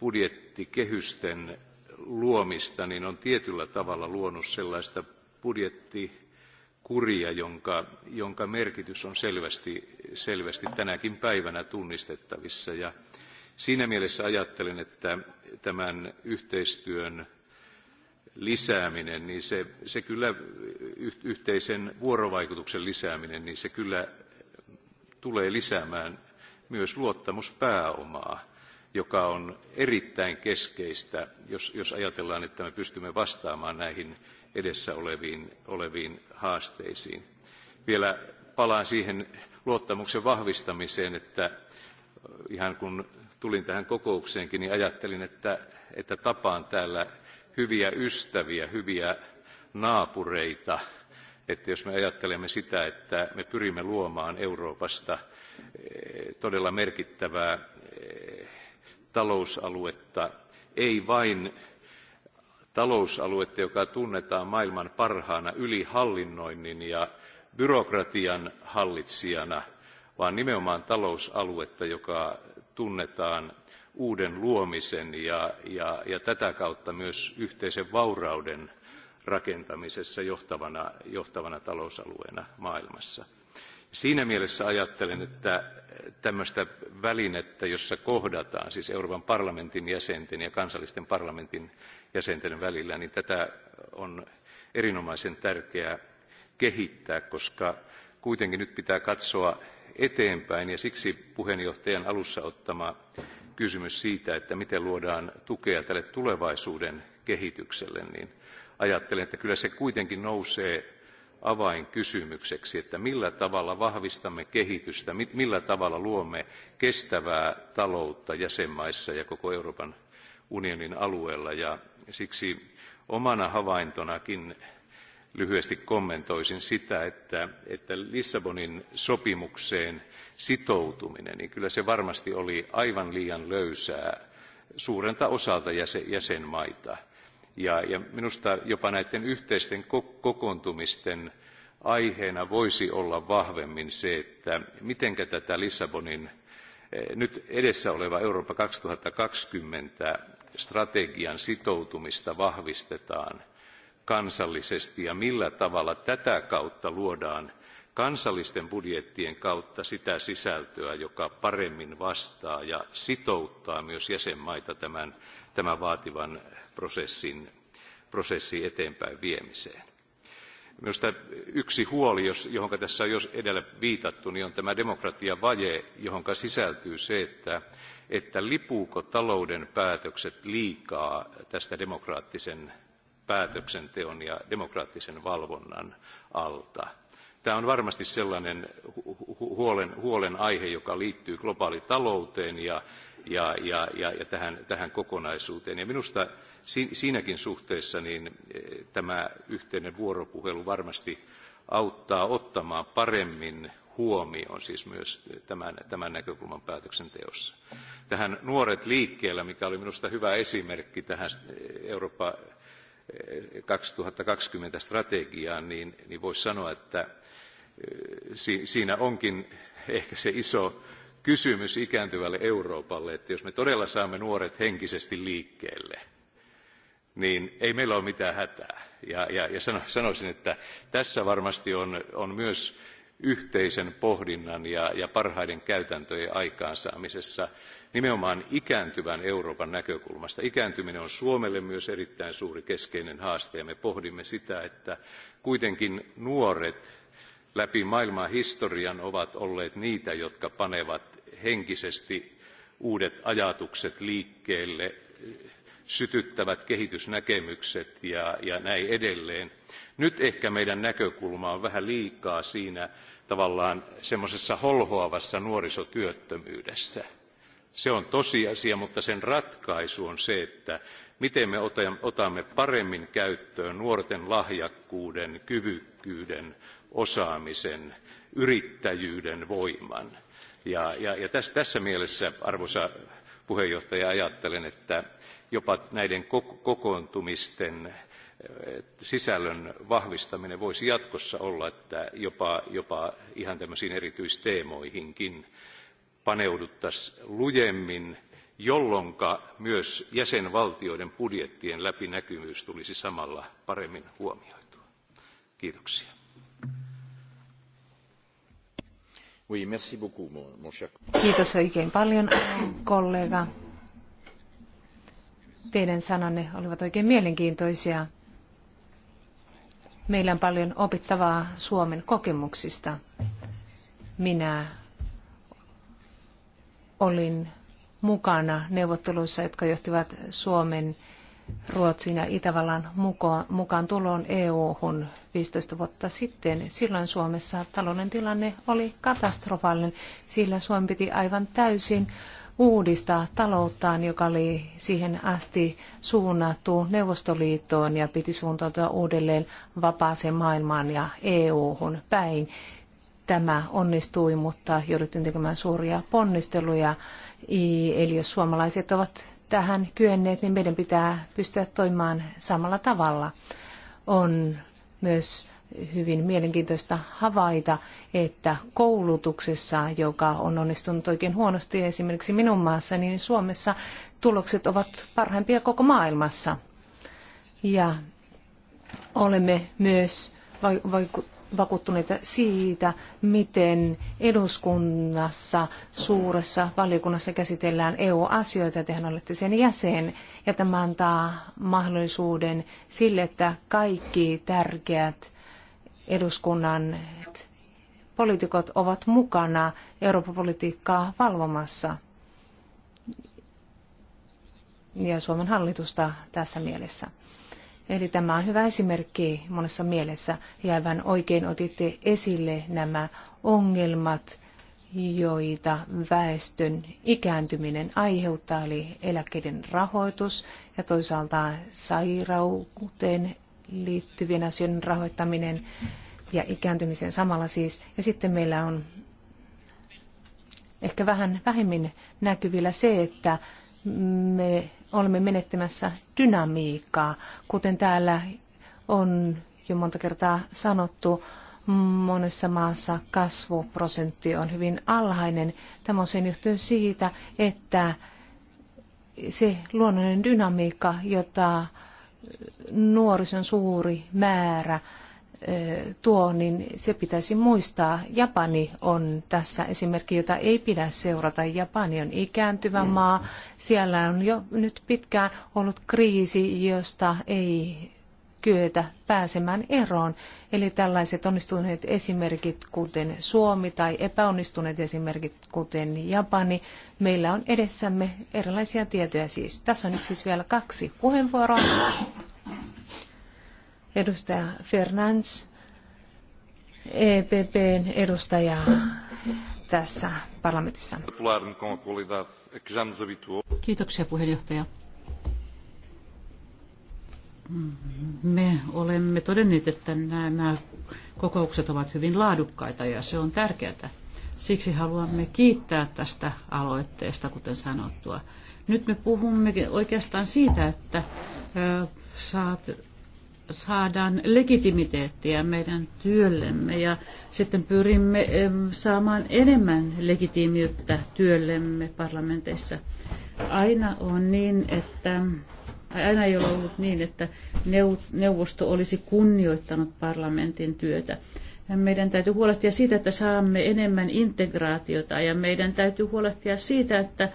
budjettikehysten luomista, niin on tietyllä tavalla luonut sellaista budjettikuria, jonka, jonka merkitys on selvästi, selvästi tänäkin päivänä tunnistettavissa. Ja siinä mielessä ajattelen, että tämän yhteistyön lisääminen, niin se, se kyllä yhteisen vuorovaikutuksen lisääminen, niin se kyllä tulee lisäämään myös luottamuspääomaa joka on erittäin keskeistä, jos, jos ajatellaan, että me pystymme vastaamaan näihin edessä oleviin, oleviin haasteisiin. Vielä palaan siihen luottamuksen vahvistamiseen, että ihan kun tulin tähän kokoukseenkin, niin ajattelin, että, että tapaan täällä hyviä ystäviä, hyviä naapureita, että jos me ajattelemme sitä, että me pyrimme luomaan Euroopasta e, todella merkittävää e, talousaluetta, ei vain talousaluetta, joka tunnetaan maailman parhaana ylihallinnoinnin ja byrokratian hallitsijana, vaan nimenomaan talousaluetta, joka tunnetaan uuden luomisen ja, ja, ja tätä kautta myös yhteisen vaurauden rakentamisessa johtavana, johtavana talousalueena maailmassa. Siinä mielessä ajattelen, että tämmöistä välinettä, jossa kohdataan siis Euroopan parlamentin jäsenten ja kansallisten parlamentin jäsenten välillä, niin tätä on erinomaisen tärkeää kehittää, koska kuitenkin nyt pitää katsoa eteenpäin ja siksi puheenjohtajan alussa ottama kysymys siitä, että miten luodaan tukea tälle tulevaisuuden kehitykselle, niin ajattelen, että kyllä se kuitenkin nousee avainkysymykseksi, että millä tavalla vahvistamme kehitystä, millä tavalla luomme kestävää taloutta jäsenmaissa ja koko Euroopan unionin alueella. Ja siksi omana havaintonakin lyhyesti kommentoisin sitä, että, että Lissabonin sopimukseen sitoutuminen, niin kyllä se varmasti oli aivan liian löysää suurelta osalta jäsen, jäsenmaita ja, minusta jopa näiden yhteisten kokoontumisten aiheena voisi olla vahvemmin se, että miten tätä Lissabonin eh, nyt edessä oleva Eurooppa 2020 strategian sitoutumista vahvistetaan kansallisesti ja millä tavalla tätä kautta luodaan kansallisten budjettien kautta sitä sisältöä, joka paremmin vastaa ja sitouttaa myös jäsenmaita tämän, tämän vaativan prosessin, prosessin eteenpäin viemiseen. Minusta yksi huoli, johon tässä on jo edellä viitattu, niin on tämä demokratiavaje, johon sisältyy se, että, että lipuuko talouden päätökset liikaa tästä demokraattisen päätöksenteon ja demokraattisen valvonnan alta. Tämä on varmasti sellainen huolen, huolenaihe, joka liittyy globaalitalouteen ja, ja, ja, ja, ja tähän, tähän kokonaisuuteen. Ja minusta si, siinäkin suhteessa niin e, tämä yhteinen vuoropuhelu varmasti auttaa ottamaan paremmin huomioon siis myös tämän, tämän näkökulman päätöksenteossa. Tähän nuoret liikkeellä, mikä oli minusta hyvä esimerkki tähän e, Eurooppa 2020 e, strategiaan, niin, niin voisi sanoa, että si, siinä onkin ehkä se iso kysymys ikääntyvälle Euroopalle, että jos me todella saamme nuoret henkisesti liikkeelle, niin ei meillä ole mitään hätää. Ja, ja, ja sano, sanoisin, että tässä varmasti on, on myös yhteisen pohdinnan ja, ja parhaiden käytäntöjen aikaansaamisessa nimenomaan ikääntyvän Euroopan näkökulmasta. Ikääntyminen on Suomelle myös erittäin suuri keskeinen haaste ja me pohdimme sitä, että kuitenkin nuoret läpi maailman historian ovat olleet niitä, jotka panevat henkisesti uudet ajatukset liikkeelle, sytyttävät kehitysnäkemykset ja, ja näin edelleen. Nyt ehkä meidän näkökulma on vähän liikaa siinä tavallaan semmoisessa holhoavassa nuorisotyöttömyydessä. Se on tosiasia, mutta sen ratkaisu on se, että miten me otamme paremmin käyttöön nuorten lahjakkuuden, kyvykkyyden, osaamisen, yrittäjyyden voiman. Ja, ja, ja tässä, tässä mielessä, arvoisa puheenjohtaja, ajattelen, että jopa näiden kokoontumisten eh, sisällön vahvistaminen voisi jatkossa olla, että jopa, jopa ihan tämmöisiin erityisteemoihinkin paneuduttaisiin lujemmin, jolloin myös jäsenvaltioiden budjettien läpinäkyvyys tulisi samalla paremmin huomioitua. Kiitoksia. Oui, merci beaucoup, mon cher. Kiitos oikein paljon, kollega. Teidän sananne olivat oikein mielenkiintoisia. Meillä on paljon opittavaa Suomen kokemuksista. Minä olin mukana neuvotteluissa, jotka johtivat Suomen Ruotsin ja Itävallan mukaan, mukaan tuloon EU-hun 15 vuotta sitten. Silloin Suomessa talouden tilanne oli katastrofaalinen, sillä Suomi piti aivan täysin uudistaa talouttaan, joka oli siihen asti suunnattu Neuvostoliittoon ja piti suuntautua uudelleen vapaaseen maailmaan ja EU-hun päin. Tämä onnistui, mutta jouduttiin tekemään suuria ponnisteluja. Eli jos suomalaiset ovat tähän kyenneet, niin meidän pitää pystyä toimimaan samalla tavalla. On myös hyvin mielenkiintoista havaita, että koulutuksessa, joka on onnistunut oikein huonosti esimerkiksi minun maassa, niin Suomessa tulokset ovat parhaimpia koko maailmassa. Ja olemme myös vakuuttuneita siitä, miten eduskunnassa, suuressa valiokunnassa käsitellään EU-asioita, ja tehän olette sen jäsen, ja tämä antaa mahdollisuuden sille, että kaikki tärkeät eduskunnan poliitikot ovat mukana Euroopan politiikkaa valvomassa ja Suomen hallitusta tässä mielessä. Eli tämä on hyvä esimerkki monessa mielessä. Ja oikein otitte esille nämä ongelmat, joita väestön ikääntyminen aiheuttaa, eli eläkkeiden rahoitus ja toisaalta sairauteen liittyvien asioiden rahoittaminen ja ikääntymisen samalla siis. Ja sitten meillä on ehkä vähän vähemmin näkyvillä se, että me olemme menettämässä dynamiikkaa. Kuten täällä on jo monta kertaa sanottu, monessa maassa kasvuprosentti on hyvin alhainen. Tämä on sen johtuu siitä, että se luonnollinen dynamiikka, jota nuorison suuri määrä tuo, niin se pitäisi muistaa. Japani on tässä esimerkki, jota ei pidä seurata. Japani on ikääntyvä maa. Siellä on jo nyt pitkään ollut kriisi, josta ei kyetä pääsemään eroon. Eli tällaiset onnistuneet esimerkit, kuten Suomi, tai epäonnistuneet esimerkit, kuten Japani, meillä on edessämme erilaisia tietoja siis. Tässä on nyt siis vielä kaksi puheenvuoroa edustaja Fernandes, EPPn edustaja tässä parlamentissa. E, Kiitoksia puheenjohtaja. Me olemme todenneet, että nämä kokoukset ovat hyvin laadukkaita ja se on tärkeää. Siksi haluamme kiittää tästä aloitteesta, kuten sanottua. Nyt me puhumme oikeastaan siitä, että saat saadaan legitimiteettiä meidän työllemme ja sitten pyrimme saamaan enemmän legitiimiyttä työllemme parlamenteissa. Aina on niin, että aina ei ole ollut niin, että neuvosto olisi kunnioittanut parlamentin työtä. meidän täytyy huolehtia siitä, että saamme enemmän integraatiota ja meidän täytyy huolehtia siitä, että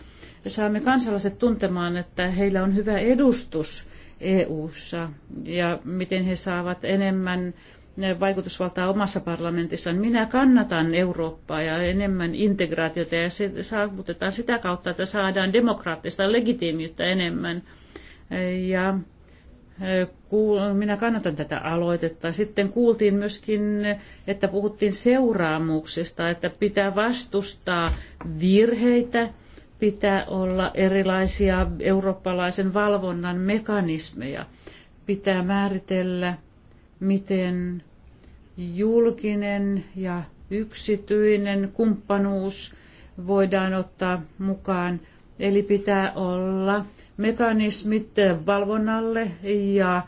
saamme kansalaiset tuntemaan, että heillä on hyvä edustus EU:ssa ja miten he saavat enemmän vaikutusvaltaa omassa parlamentissaan. Minä kannatan Eurooppaa ja enemmän integraatiota ja se saavutetaan sitä kautta, että saadaan demokraattista legitiimiyttä enemmän. Ja e, minä kannatan tätä aloitetta. Sitten kuultiin myöskin, että puhuttiin seuraamuksista, että pitää vastustaa virheitä Pitää olla erilaisia eurooppalaisen valvonnan mekanismeja. Pitää määritellä, miten julkinen ja yksityinen kumppanuus voidaan ottaa mukaan. Eli pitää olla mekanismit valvonnalle ja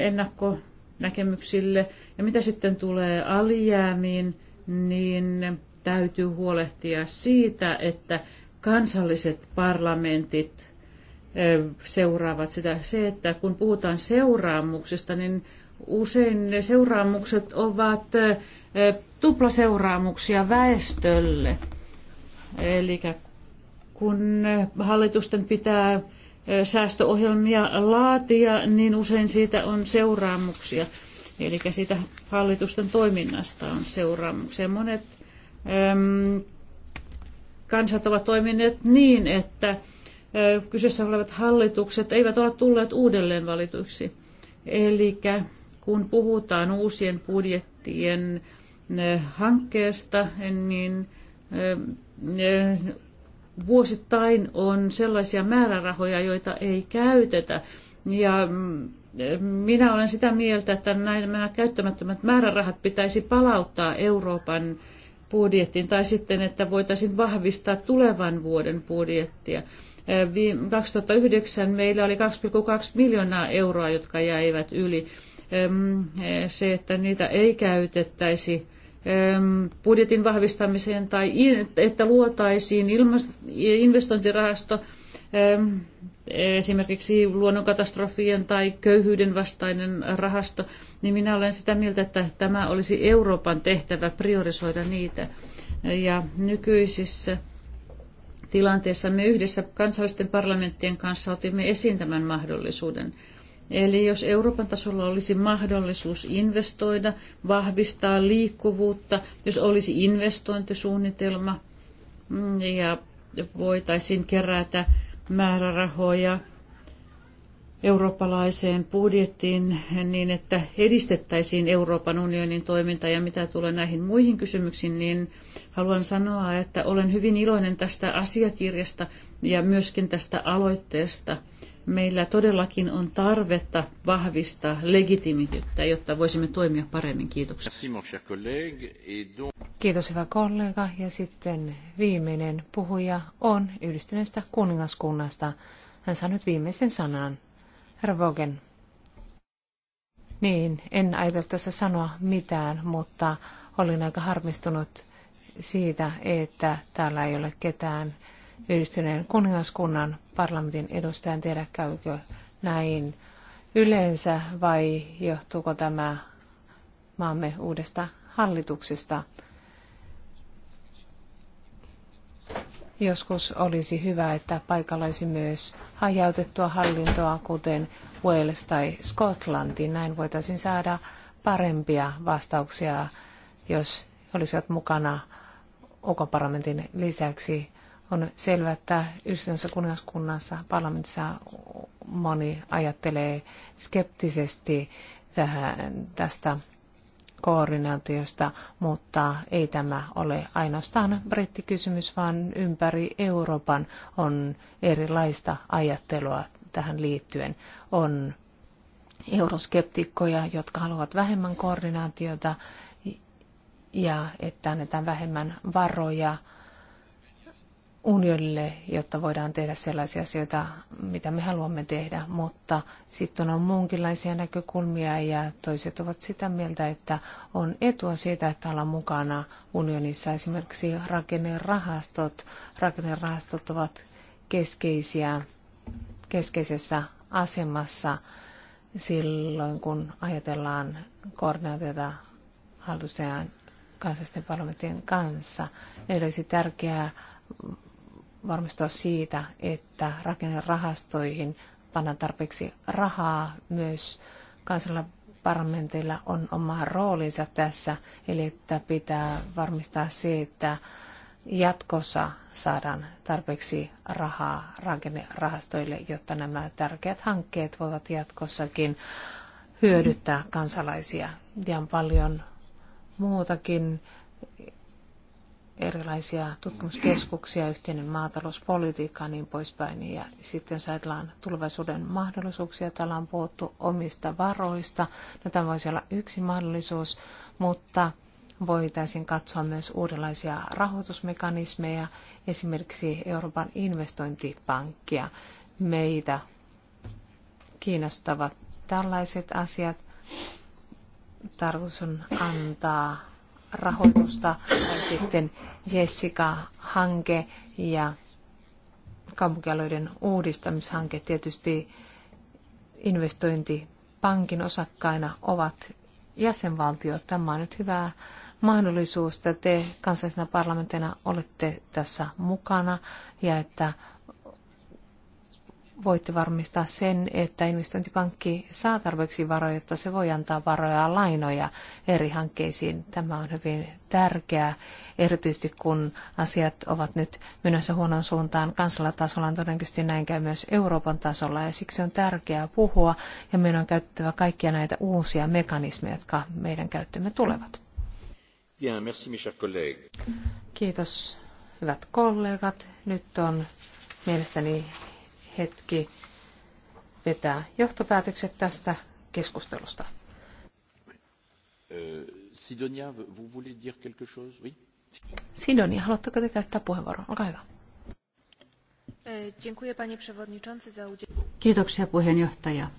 ennakkonäkemyksille. Ja mitä sitten tulee alijäämiin, niin täytyy huolehtia siitä, että kansalliset parlamentit seuraavat sitä. Se, että kun puhutaan seuraamuksesta, niin usein ne seuraamukset ovat tuplaseuraamuksia väestölle. Eli kun hallitusten pitää säästöohjelmia laatia, niin usein siitä on seuraamuksia. Eli siitä hallitusten toiminnasta on seuraamuksia. Monet kansat ovat toimineet niin, että kyseessä olevat hallitukset eivät ole tulleet uudelleen valituiksi. Eli kun puhutaan uusien budjettien hankkeesta, niin vuosittain on sellaisia määrärahoja, joita ei käytetä. Ja minä olen sitä mieltä, että nämä käyttämättömät määrärahat pitäisi palauttaa Euroopan budjetin, tai sitten, että voitaisiin vahvistaa tulevan vuoden budjettia. 2009 meillä oli 2,2 miljoonaa euroa, jotka jäivät yli. E, se, että niitä ei käytettäisi budjetin vahvistamiseen tai että luotaisiin investointirahasto esimerkiksi luonnonkatastrofien tai köyhyyden vastainen rahasto, niin minä olen sitä mieltä, että tämä olisi Euroopan tehtävä priorisoida niitä. Ja nykyisissä tilanteessa me yhdessä kansallisten parlamenttien kanssa otimme esiin tämän mahdollisuuden. Eli jos Euroopan tasolla olisi mahdollisuus investoida, vahvistaa liikkuvuutta, jos olisi investointisuunnitelma mm, ja voitaisiin kerätä määrärahoja eurooppalaiseen budjettiin niin, että edistettäisiin Euroopan unionin toimintaa ja mitä tulee näihin muihin kysymyksiin, niin haluan sanoa, että olen hyvin iloinen tästä asiakirjasta ja myöskin tästä aloitteesta – meillä todellakin on tarvetta vahvistaa legitimityttä, jotta voisimme toimia paremmin. Kiitoksia. Kiitos hyvä kollega. Ja sitten viimeinen puhuja on yhdistyneestä kuningaskunnasta. Hän saa nyt viimeisen sanan. Herra Vogen. Niin, en ajatellut tässä sanoa mitään, mutta olin aika harmistunut siitä, että täällä ei ole ketään yhdistyneen kuningaskunnan parlamentin edustajan. Tiedä, käykö näin yleensä vai johtuuko tämä maamme uudesta hallituksesta. Joskus olisi hyvä, että paikalla olisi myös hajautettua hallintoa, kuten Wales tai Skotlanti. Näin voitaisiin saada parempia vastauksia, jos olisivat mukana ulkoparlamentin lisäksi on selvä, että yhdessä kuningaskunnassa parlamentissa moni ajattelee skeptisesti tähän, tästä koordinaatiosta, mutta ei tämä ole ainoastaan brittikysymys, vaan ympäri Euroopan on erilaista ajattelua tähän liittyen. On euroskeptikkoja, jotka haluavat vähemmän koordinaatiota ja että annetaan vähemmän varoja – unionille, jotta voidaan tehdä sellaisia asioita, mitä me haluamme tehdä, mutta sitten on muunkinlaisia näkökulmia ja toiset ovat sitä mieltä, että on etua siitä, että ollaan mukana unionissa. Esimerkiksi rakennerahastot, rakennerahastot ovat keskeisiä, keskeisessä asemassa silloin, kun ajatellaan koordinaatiota hallitusten ja kansallisten parlamenttien kanssa. Eli olisi tärkeää varmistua siitä, että rakennerahastoihin pannaan tarpeeksi rahaa. Myös kansalla parlamenteilla on oma roolinsa tässä, eli että pitää varmistaa se, että jatkossa saadaan tarpeeksi rahaa rakennerahastoille, jotta nämä tärkeät hankkeet voivat jatkossakin hyödyttää kansalaisia. Ja on paljon muutakin erilaisia tutkimuskeskuksia, yhteinen maatalouspolitiikka ja niin poispäin. Ja sitten jos ajatellaan tulevaisuuden mahdollisuuksia, täällä on puhuttu omista varoista. No, tämä voisi olla yksi mahdollisuus, mutta voitaisiin katsoa myös uudenlaisia rahoitusmekanismeja, esimerkiksi Euroopan investointipankkia. Meitä kiinnostavat tällaiset asiat. Tarkoitus on antaa rahoitusta tai sitten Jessica-hanke ja kaupunkialueiden uudistamishanke tietysti investointipankin osakkaina ovat jäsenvaltiot. Tämä on nyt hyvä mahdollisuus, että te kansallisena parlamenttina olette tässä mukana ja että voitte varmistaa sen, että investointipankki saa tarpeeksi varoja, jotta se voi antaa varoja lainoja eri hankkeisiin. Tämä on hyvin tärkeää, erityisesti kun asiat ovat nyt menossa huonon suuntaan kansalatasolla, on todennäköisesti näin käy myös Euroopan tasolla, ja siksi on tärkeää puhua, ja meidän on käytettävä kaikkia näitä uusia mekanismeja, jotka meidän käyttöömme tulevat. Bien, merci, Kiitos, hyvät kollegat. Nyt on mielestäni hetki vetää johtopäätökset tästä keskustelusta. Euh, Sidonia, vous voulez dire quelque chose? Oui? Sidonia, haluatteko te käyttää puheenvuoron? Olkaa hyvä. Eh, Kiitoksia puheenjohtaja.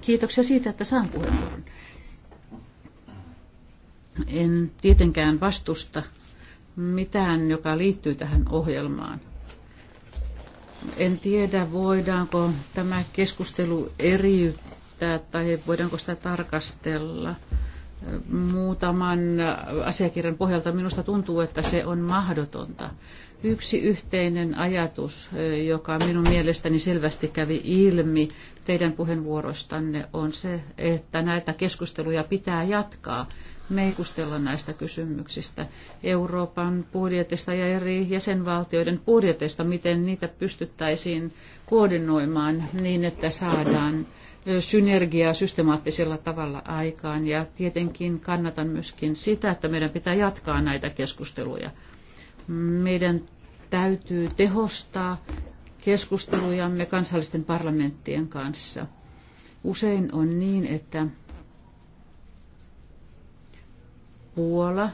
Kiitoksia siitä, että saan puheenvuoron. En tietenkään vastusta mitään, joka liittyy tähän ohjelmaan – en tiedä, voidaanko tämä keskustelu eriyttää tai voidaanko sitä tarkastella muutaman asiakirjan pohjalta minusta tuntuu, että se on mahdotonta. Yksi yhteinen ajatus, joka minun mielestäni selvästi kävi ilmi teidän puheenvuorostanne, on se, että näitä keskusteluja pitää jatkaa meikustella näistä kysymyksistä, Euroopan budjetista ja eri jäsenvaltioiden budjeteista, miten niitä pystyttäisiin koordinoimaan niin, että saadaan synergiaa systemaattisella tavalla aikaan. Ja tietenkin kannatan myöskin sitä, että meidän pitää jatkaa näitä keskusteluja. Meidän täytyy tehostaa keskustelujamme kansallisten parlamenttien kanssa. Usein on niin, että Puola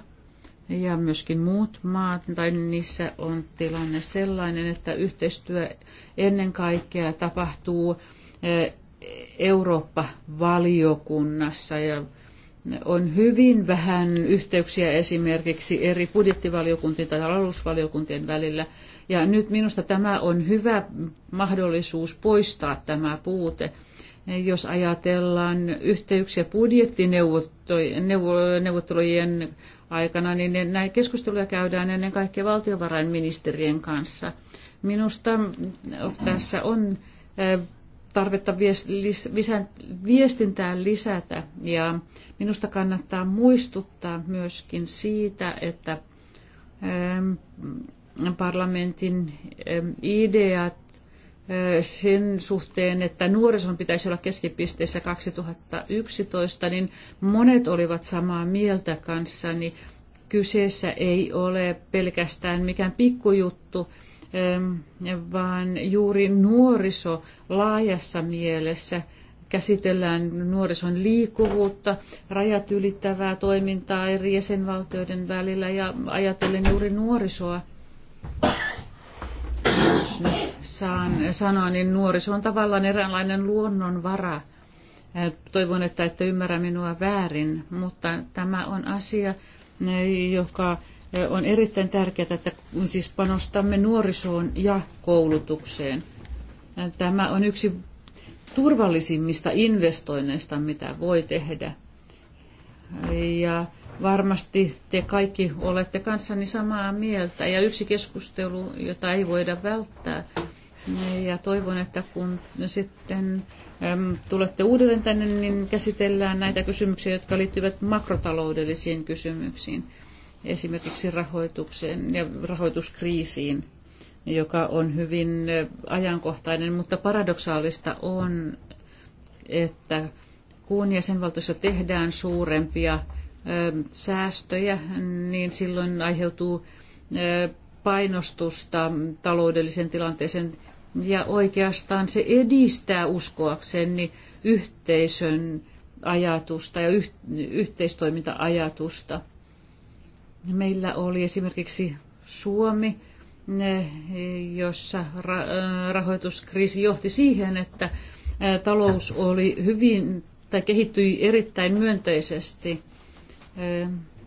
ja myöskin muut maat, tai niissä on tilanne sellainen, että yhteistyö ennen kaikkea tapahtuu eh, Eurooppa-valiokunnassa ja on hyvin vähän yhteyksiä esimerkiksi eri budjettivaliokuntien tai alusvaliokuntien välillä. Ja nyt minusta tämä on hyvä mahdollisuus poistaa tämä puute jos ajatellaan yhteyksiä budjettineuvottelujen aikana, niin näitä keskusteluja käydään ennen kaikkea valtiovarainministerien kanssa. Minusta tässä on tarvetta viestintään lisätä ja minusta kannattaa muistuttaa myöskin siitä, että parlamentin ideat sen suhteen, että nuorison pitäisi olla keskipisteessä 2011, niin monet olivat samaa mieltä kanssani. Kyseessä ei ole pelkästään mikään pikkujuttu, ähm, vaan juuri nuoriso laajassa mielessä käsitellään nuorison liikkuvuutta, rajat ylittävää toimintaa eri jäsenvaltioiden välillä ja ajatellen juuri nuorisoa jos nyt saan sanoa, niin nuoriso on tavallaan eräänlainen luonnonvara. Toivon, että ette ymmärrä minua väärin, mutta tämä on asia, joka on erittäin tärkeää, että siis panostamme nuorisoon ja koulutukseen. Tämä on yksi turvallisimmista investoinneista, mitä voi tehdä. Ja Varmasti te kaikki olette kanssani samaa mieltä ja yksi keskustelu, jota ei voida välttää. Ja toivon, että kun sitten tulette uudelleen tänne, niin käsitellään näitä kysymyksiä, jotka liittyvät makrotaloudellisiin kysymyksiin, esimerkiksi rahoitukseen ja rahoituskriisiin, joka on hyvin ajankohtainen, mutta paradoksaalista on, että kun jäsenvaltiossa tehdään suurempia säästöjä, niin silloin aiheutuu painostusta taloudellisen tilanteeseen. Ja oikeastaan se edistää uskoakseni yhteisön ajatusta ja yh- yhteistoiminta-ajatusta. Meillä oli esimerkiksi Suomi, jossa ra- rahoituskriisi johti siihen, että talous oli hyvin tai kehittyi erittäin myönteisesti –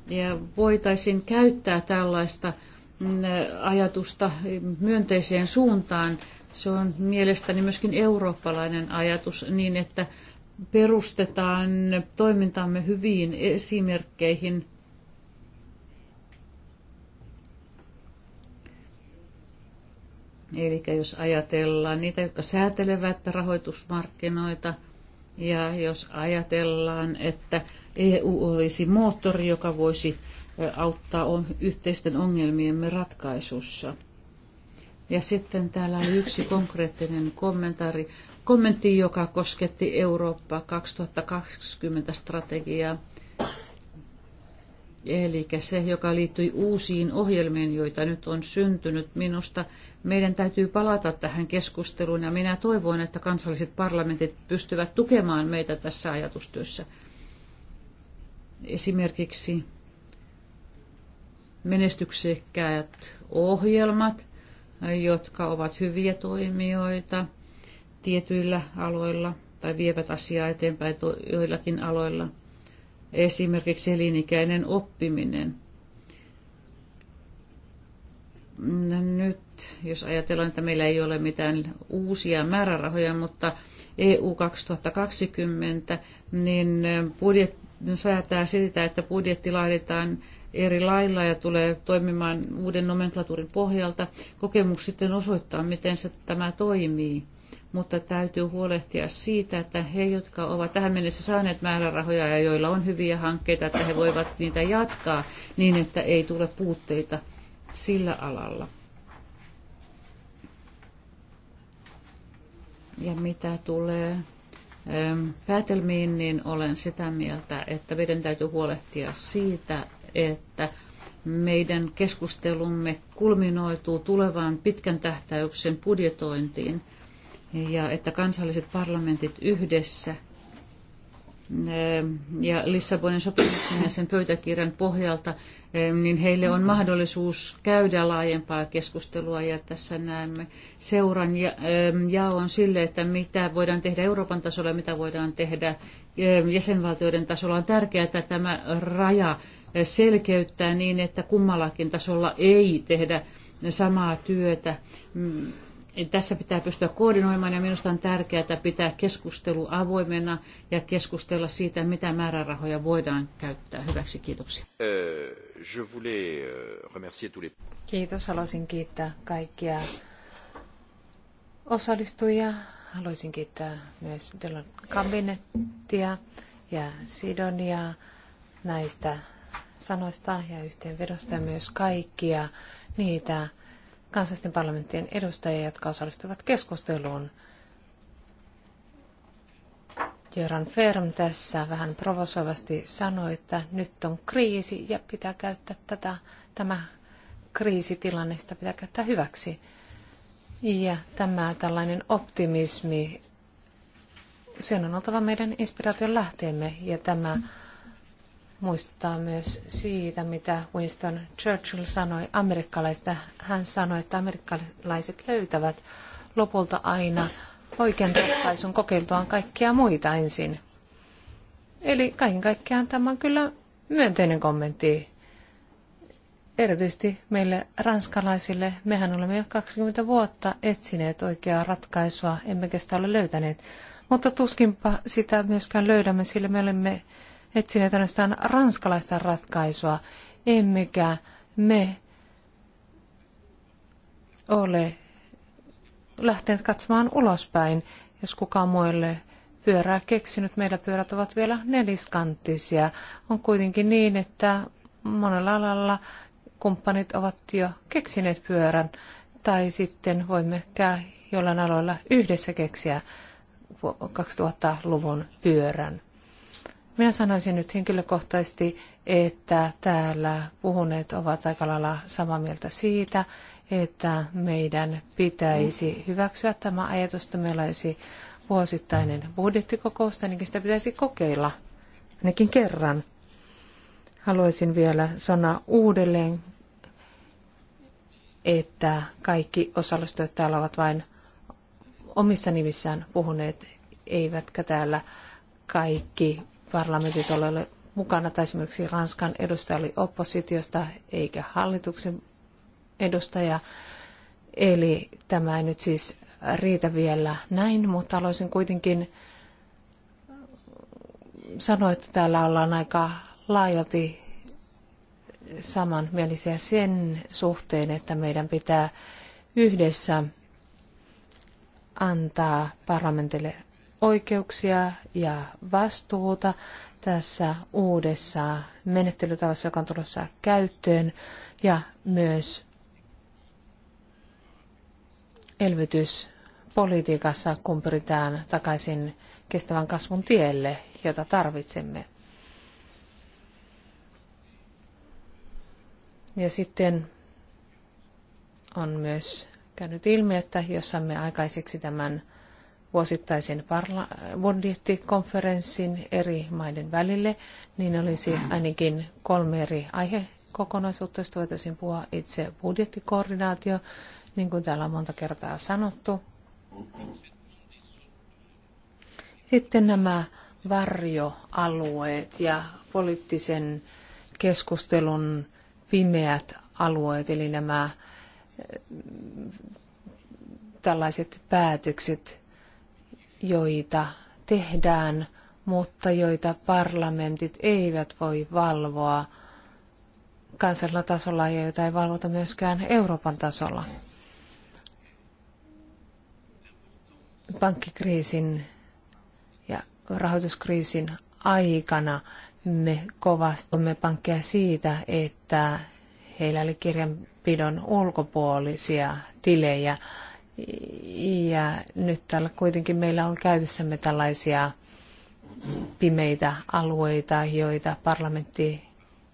ja voitaisiin käyttää tällaista mm, ajatusta myönteiseen suuntaan. Se on mielestäni myöskin eurooppalainen ajatus niin, että perustetaan toimintamme hyviin esimerkkeihin. Eli jos ajatellaan niitä, jotka säätelevät rahoitusmarkkinoita, ja jos ajatellaan, että EU olisi moottori, joka voisi auttaa yhteisten ongelmiemme ratkaisussa. Ja sitten täällä oli yksi konkreettinen kommentaari, kommentti, joka kosketti Eurooppa 2020 strategiaa. Eli se, joka liittyi uusiin ohjelmiin, joita nyt on syntynyt minusta, meidän täytyy palata tähän keskusteluun ja minä toivon, että kansalliset parlamentit pystyvät tukemaan meitä tässä ajatustyössä esimerkiksi menestyksekkäät ohjelmat, jotka ovat hyviä toimijoita tietyillä aloilla tai vievät asiaa eteenpäin joillakin aloilla. Esimerkiksi elinikäinen oppiminen. No nyt, jos ajatellaan, että meillä ei ole mitään uusia määrärahoja, mutta EU 2020, niin budjet, säätää sitä, että budjetti laaditaan eri lailla ja tulee toimimaan uuden nomenklatuurin pohjalta. Kokemus sitten osoittaa, miten se, tämä toimii. Mutta täytyy huolehtia siitä, että he, jotka ovat tähän mennessä saaneet määrärahoja ja joilla on hyviä hankkeita, että he voivat niitä jatkaa niin, että ei tule puutteita sillä alalla. Ja mitä tulee päätelmiin, niin olen sitä mieltä, että meidän täytyy huolehtia siitä, että meidän keskustelumme kulminoituu tulevaan pitkän tähtäyksen budjetointiin ja että kansalliset parlamentit yhdessä ja Lissabonin sopimuksen ja sen pöytäkirjan pohjalta niin heille on mahdollisuus käydä laajempaa keskustelua ja tässä näemme seuran ja, jaon sille, että mitä voidaan tehdä Euroopan tasolla ja mitä voidaan tehdä jäsenvaltioiden tasolla. On tärkeää, että tämä raja selkeyttää niin, että kummallakin tasolla ei tehdä samaa työtä. Mm, niin tässä pitää pystyä koordinoimaan ja minusta on tärkeää pitää keskustelu avoimena ja keskustella siitä, mitä määrärahoja voidaan käyttää hyväksi. Kiitoksia. Euh, euh, Kiitos. Haluaisin kiittää kaikkia osallistujia. Haluaisin kiittää myös Delon kabinettia ja Sidonia näistä sanoista ja yhteenvedosta ja myös kaikkia niitä kansallisten parlamenttien edustajia, jotka osallistuvat keskusteluun. Jöran Ferm tässä vähän provosoivasti sanoi, että nyt on kriisi ja pitää käyttää tätä, tämä kriisitilanne, sitä pitää käyttää hyväksi. Ja tämä tällainen optimismi, sen on oltava meidän inspiraation lähteemme ja tämä mm muistuttaa myös siitä, mitä Winston Churchill sanoi amerikkalaista. Hän sanoi, että amerikkalaiset löytävät lopulta aina oikean ratkaisun kokeiltuaan kaikkia muita ensin. Eli kaiken kaikkiaan tämä on kyllä myönteinen kommentti. Erityisesti meille ranskalaisille, mehän olemme jo 20 vuotta etsineet oikeaa ratkaisua, emmekä sitä ole löytäneet. Mutta tuskinpa sitä myöskään löydämme, sillä me olemme etsineet ainoastaan ranskalaista ratkaisua, emmekä me ole lähteneet katsomaan ulospäin, jos kukaan muille pyörää keksinyt. Meillä pyörät ovat vielä neliskanttisia. On kuitenkin niin, että monella alalla kumppanit ovat jo keksineet pyörän, tai sitten voimme jollain aloilla yhdessä keksiä 2000-luvun pyörän. Minä sanoisin nyt henkilökohtaisesti, että täällä puhuneet ovat aika lailla samaa mieltä siitä, että meidän pitäisi hyväksyä tämä ajatus, että meillä olisi vuosittainen budjettikokous, ainakin sitä pitäisi kokeilla ainakin kerran. Haluaisin vielä sanoa uudelleen, että kaikki osallistujat täällä ovat vain omissa nimissään puhuneet, eivätkä täällä kaikki parlamentit ole mukana, tai esimerkiksi Ranskan edustaja oli oppositiosta eikä hallituksen edustaja. Eli tämä ei nyt siis riitä vielä näin, mutta haluaisin kuitenkin sanoa, että täällä ollaan aika laajalti samanmielisiä sen suhteen, että meidän pitää yhdessä antaa parlamentille oikeuksia ja vastuuta tässä uudessa menettelytavassa, joka on tulossa käyttöön, ja myös elvytyspolitiikassa, kun pyritään takaisin kestävän kasvun tielle, jota tarvitsemme. Ja sitten on myös käynyt ilmi, että jos saamme aikaiseksi tämän vuosittaisen parla- budjettikonferenssin eri maiden välille, niin olisi ainakin kolme eri aihekokonaisuutta, joista voitaisiin puhua itse budjettikoordinaatio, niin kuin täällä on monta kertaa sanottu. Sitten nämä varjoalueet ja poliittisen keskustelun pimeät alueet, eli nämä eh, tällaiset päätökset, joita tehdään, mutta joita parlamentit eivät voi valvoa kansallisella tasolla ja joita ei valvota myöskään Euroopan tasolla. Pankkikriisin ja rahoituskriisin aikana me kovastumme pankkeja siitä, että heillä oli kirjanpidon ulkopuolisia tilejä ja nyt täällä kuitenkin meillä on käytössämme tällaisia pimeitä alueita, joita parlamentti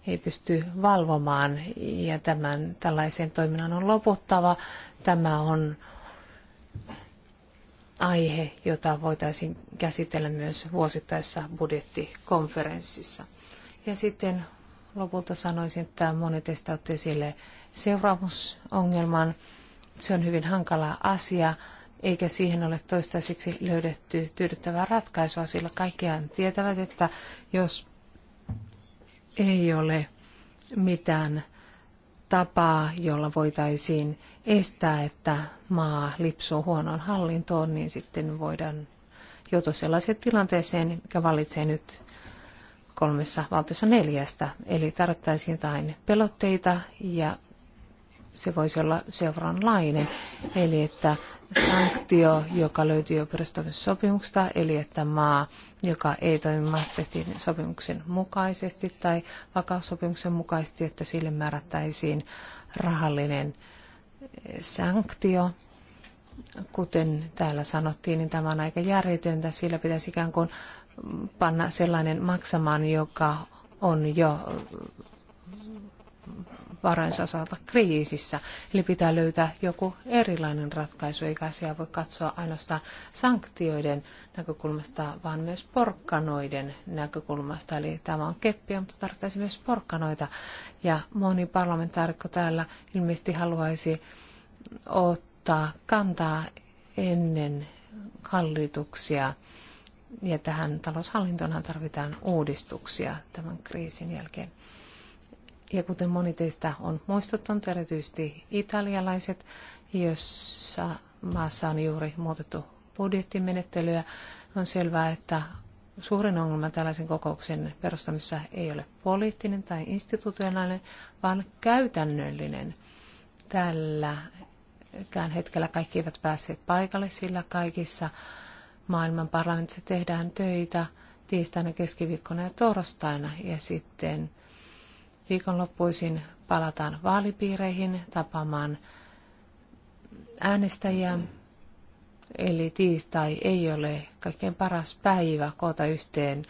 ei pysty valvomaan ja tämän tällaisen toiminnan on loputtava. Tämä on aihe, jota voitaisiin käsitellä myös vuosittaisessa budjettikonferenssissa. Ja sitten lopulta sanoisin, että moni teistä otti esille seuraamusongelman. Se on hyvin hankala asia, eikä siihen ole toistaiseksi löydetty tyydyttävää ratkaisua, sillä kaikkiaan tietävät, että jos ei ole mitään tapaa, jolla voitaisiin estää, että maa lipsuu huonoon hallintoon, niin sitten voidaan joutua sellaiseen tilanteeseen, mikä vallitsee nyt kolmessa valtiossa neljästä. Eli tarvittaisiin jotain pelotteita ja se voisi olla seuranlainen. Eli että sanktio, joka löytyy jo sopimuksesta, eli että maa, joka ei toimi Maastrichtin sopimuksen mukaisesti tai vakaussopimuksen mukaisesti, että sille määrättäisiin rahallinen eh, sanktio. Kuten täällä sanottiin, niin tämä on aika järjetöntä. Sillä pitäisi ikään kuin panna sellainen maksamaan, joka on jo mm, varainsa osalta kriisissä. Eli pitää löytää joku erilainen ratkaisu, eikä asiaa voi katsoa ainoastaan sanktioiden näkökulmasta, vaan myös porkkanoiden näkökulmasta. Eli tämä on keppiä, mutta tarvittaisi myös porkkanoita. Ja moni parlamentaarikko täällä ilmeisesti haluaisi ottaa kantaa ennen hallituksia. Ja tähän taloushallintoonhan tarvitaan uudistuksia tämän kriisin jälkeen. Ja kuten moni teistä on muistuttanut, erityisesti italialaiset, jossa maassa on juuri muutettu budjettimenettelyä, on selvää, että suurin ongelma tällaisen kokouksen perustamisessa ei ole poliittinen tai institutionaalinen, vaan käytännöllinen. Tälläkään hetkellä kaikki eivät päässeet paikalle, sillä kaikissa maailman parlamentissa tehdään töitä tiistaina, keskiviikkona ja torstaina ja sitten viikonloppuisin palataan vaalipiireihin tapaamaan äänestäjiä. Eli tiistai ei ole kaikkein paras päivä koota yhteen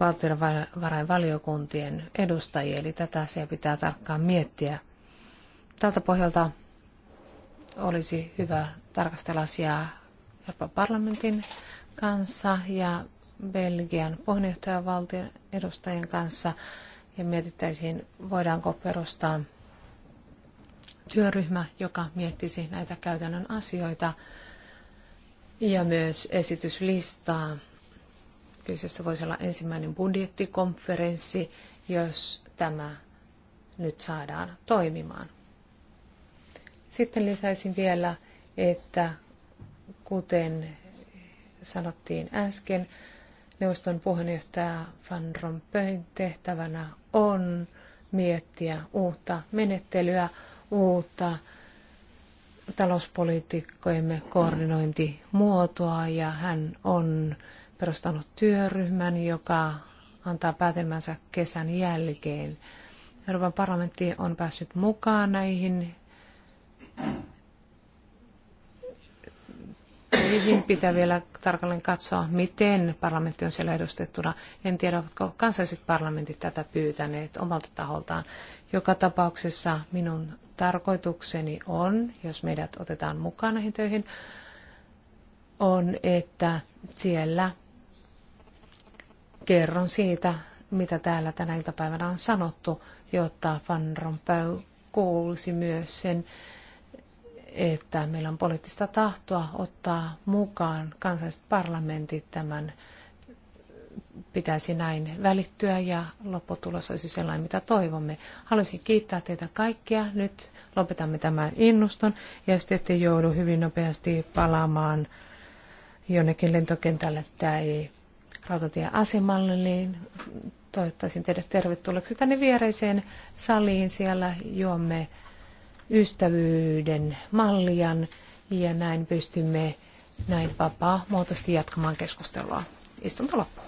valtiovarainvaliokuntien edustajia, eli tätä asiaa pitää tarkkaan miettiä. Tältä pohjalta olisi hyvä tarkastella asiaa Euroopan parlamentin kanssa ja Belgian puheenjohtajavaltion edustajien kanssa ja mietittäisiin, voidaanko perustaa työryhmä, joka miettisi näitä käytännön asioita ja myös esityslistaa. Kyseessä voisi olla ensimmäinen budjettikonferenssi, jos tämä nyt saadaan toimimaan. Sitten lisäisin vielä, että kuten sanottiin äsken, neuvoston puheenjohtaja Van Rompuyn tehtävänä on miettiä uutta menettelyä, uutta talouspolitiikkojemme koordinointimuotoa ja hän on perustanut työryhmän, joka antaa päätelmänsä kesän jälkeen. Euroopan parlamentti on päässyt mukaan näihin Kuitenkin pitää vielä tarkalleen katsoa, miten parlamentti on siellä edustettuna. En tiedä, ovatko kansalliset parlamentit tätä pyytäneet omalta taholtaan. Joka tapauksessa minun tarkoitukseni on, jos meidät otetaan mukaan näihin töihin, on, että siellä kerron siitä, mitä täällä tänä iltapäivänä on sanottu, jotta Van Rompuy kuulisi myös sen, että meillä on poliittista tahtoa ottaa mukaan kansalliset parlamentit tämän pitäisi näin välittyä ja lopputulos olisi sellainen, mitä toivomme. Haluaisin kiittää teitä kaikkia. Nyt lopetamme tämän innoston ja jos te ette joudu hyvin nopeasti palaamaan jonnekin lentokentälle tai rautatieasemalle, niin toivottaisin teidät tervetulleeksi tänne viereiseen saliin. Siellä juomme ystävyyden mallian ja näin pystymme näin vapaa-muotoisesti jatkamaan keskustelua. Istunto loppuu.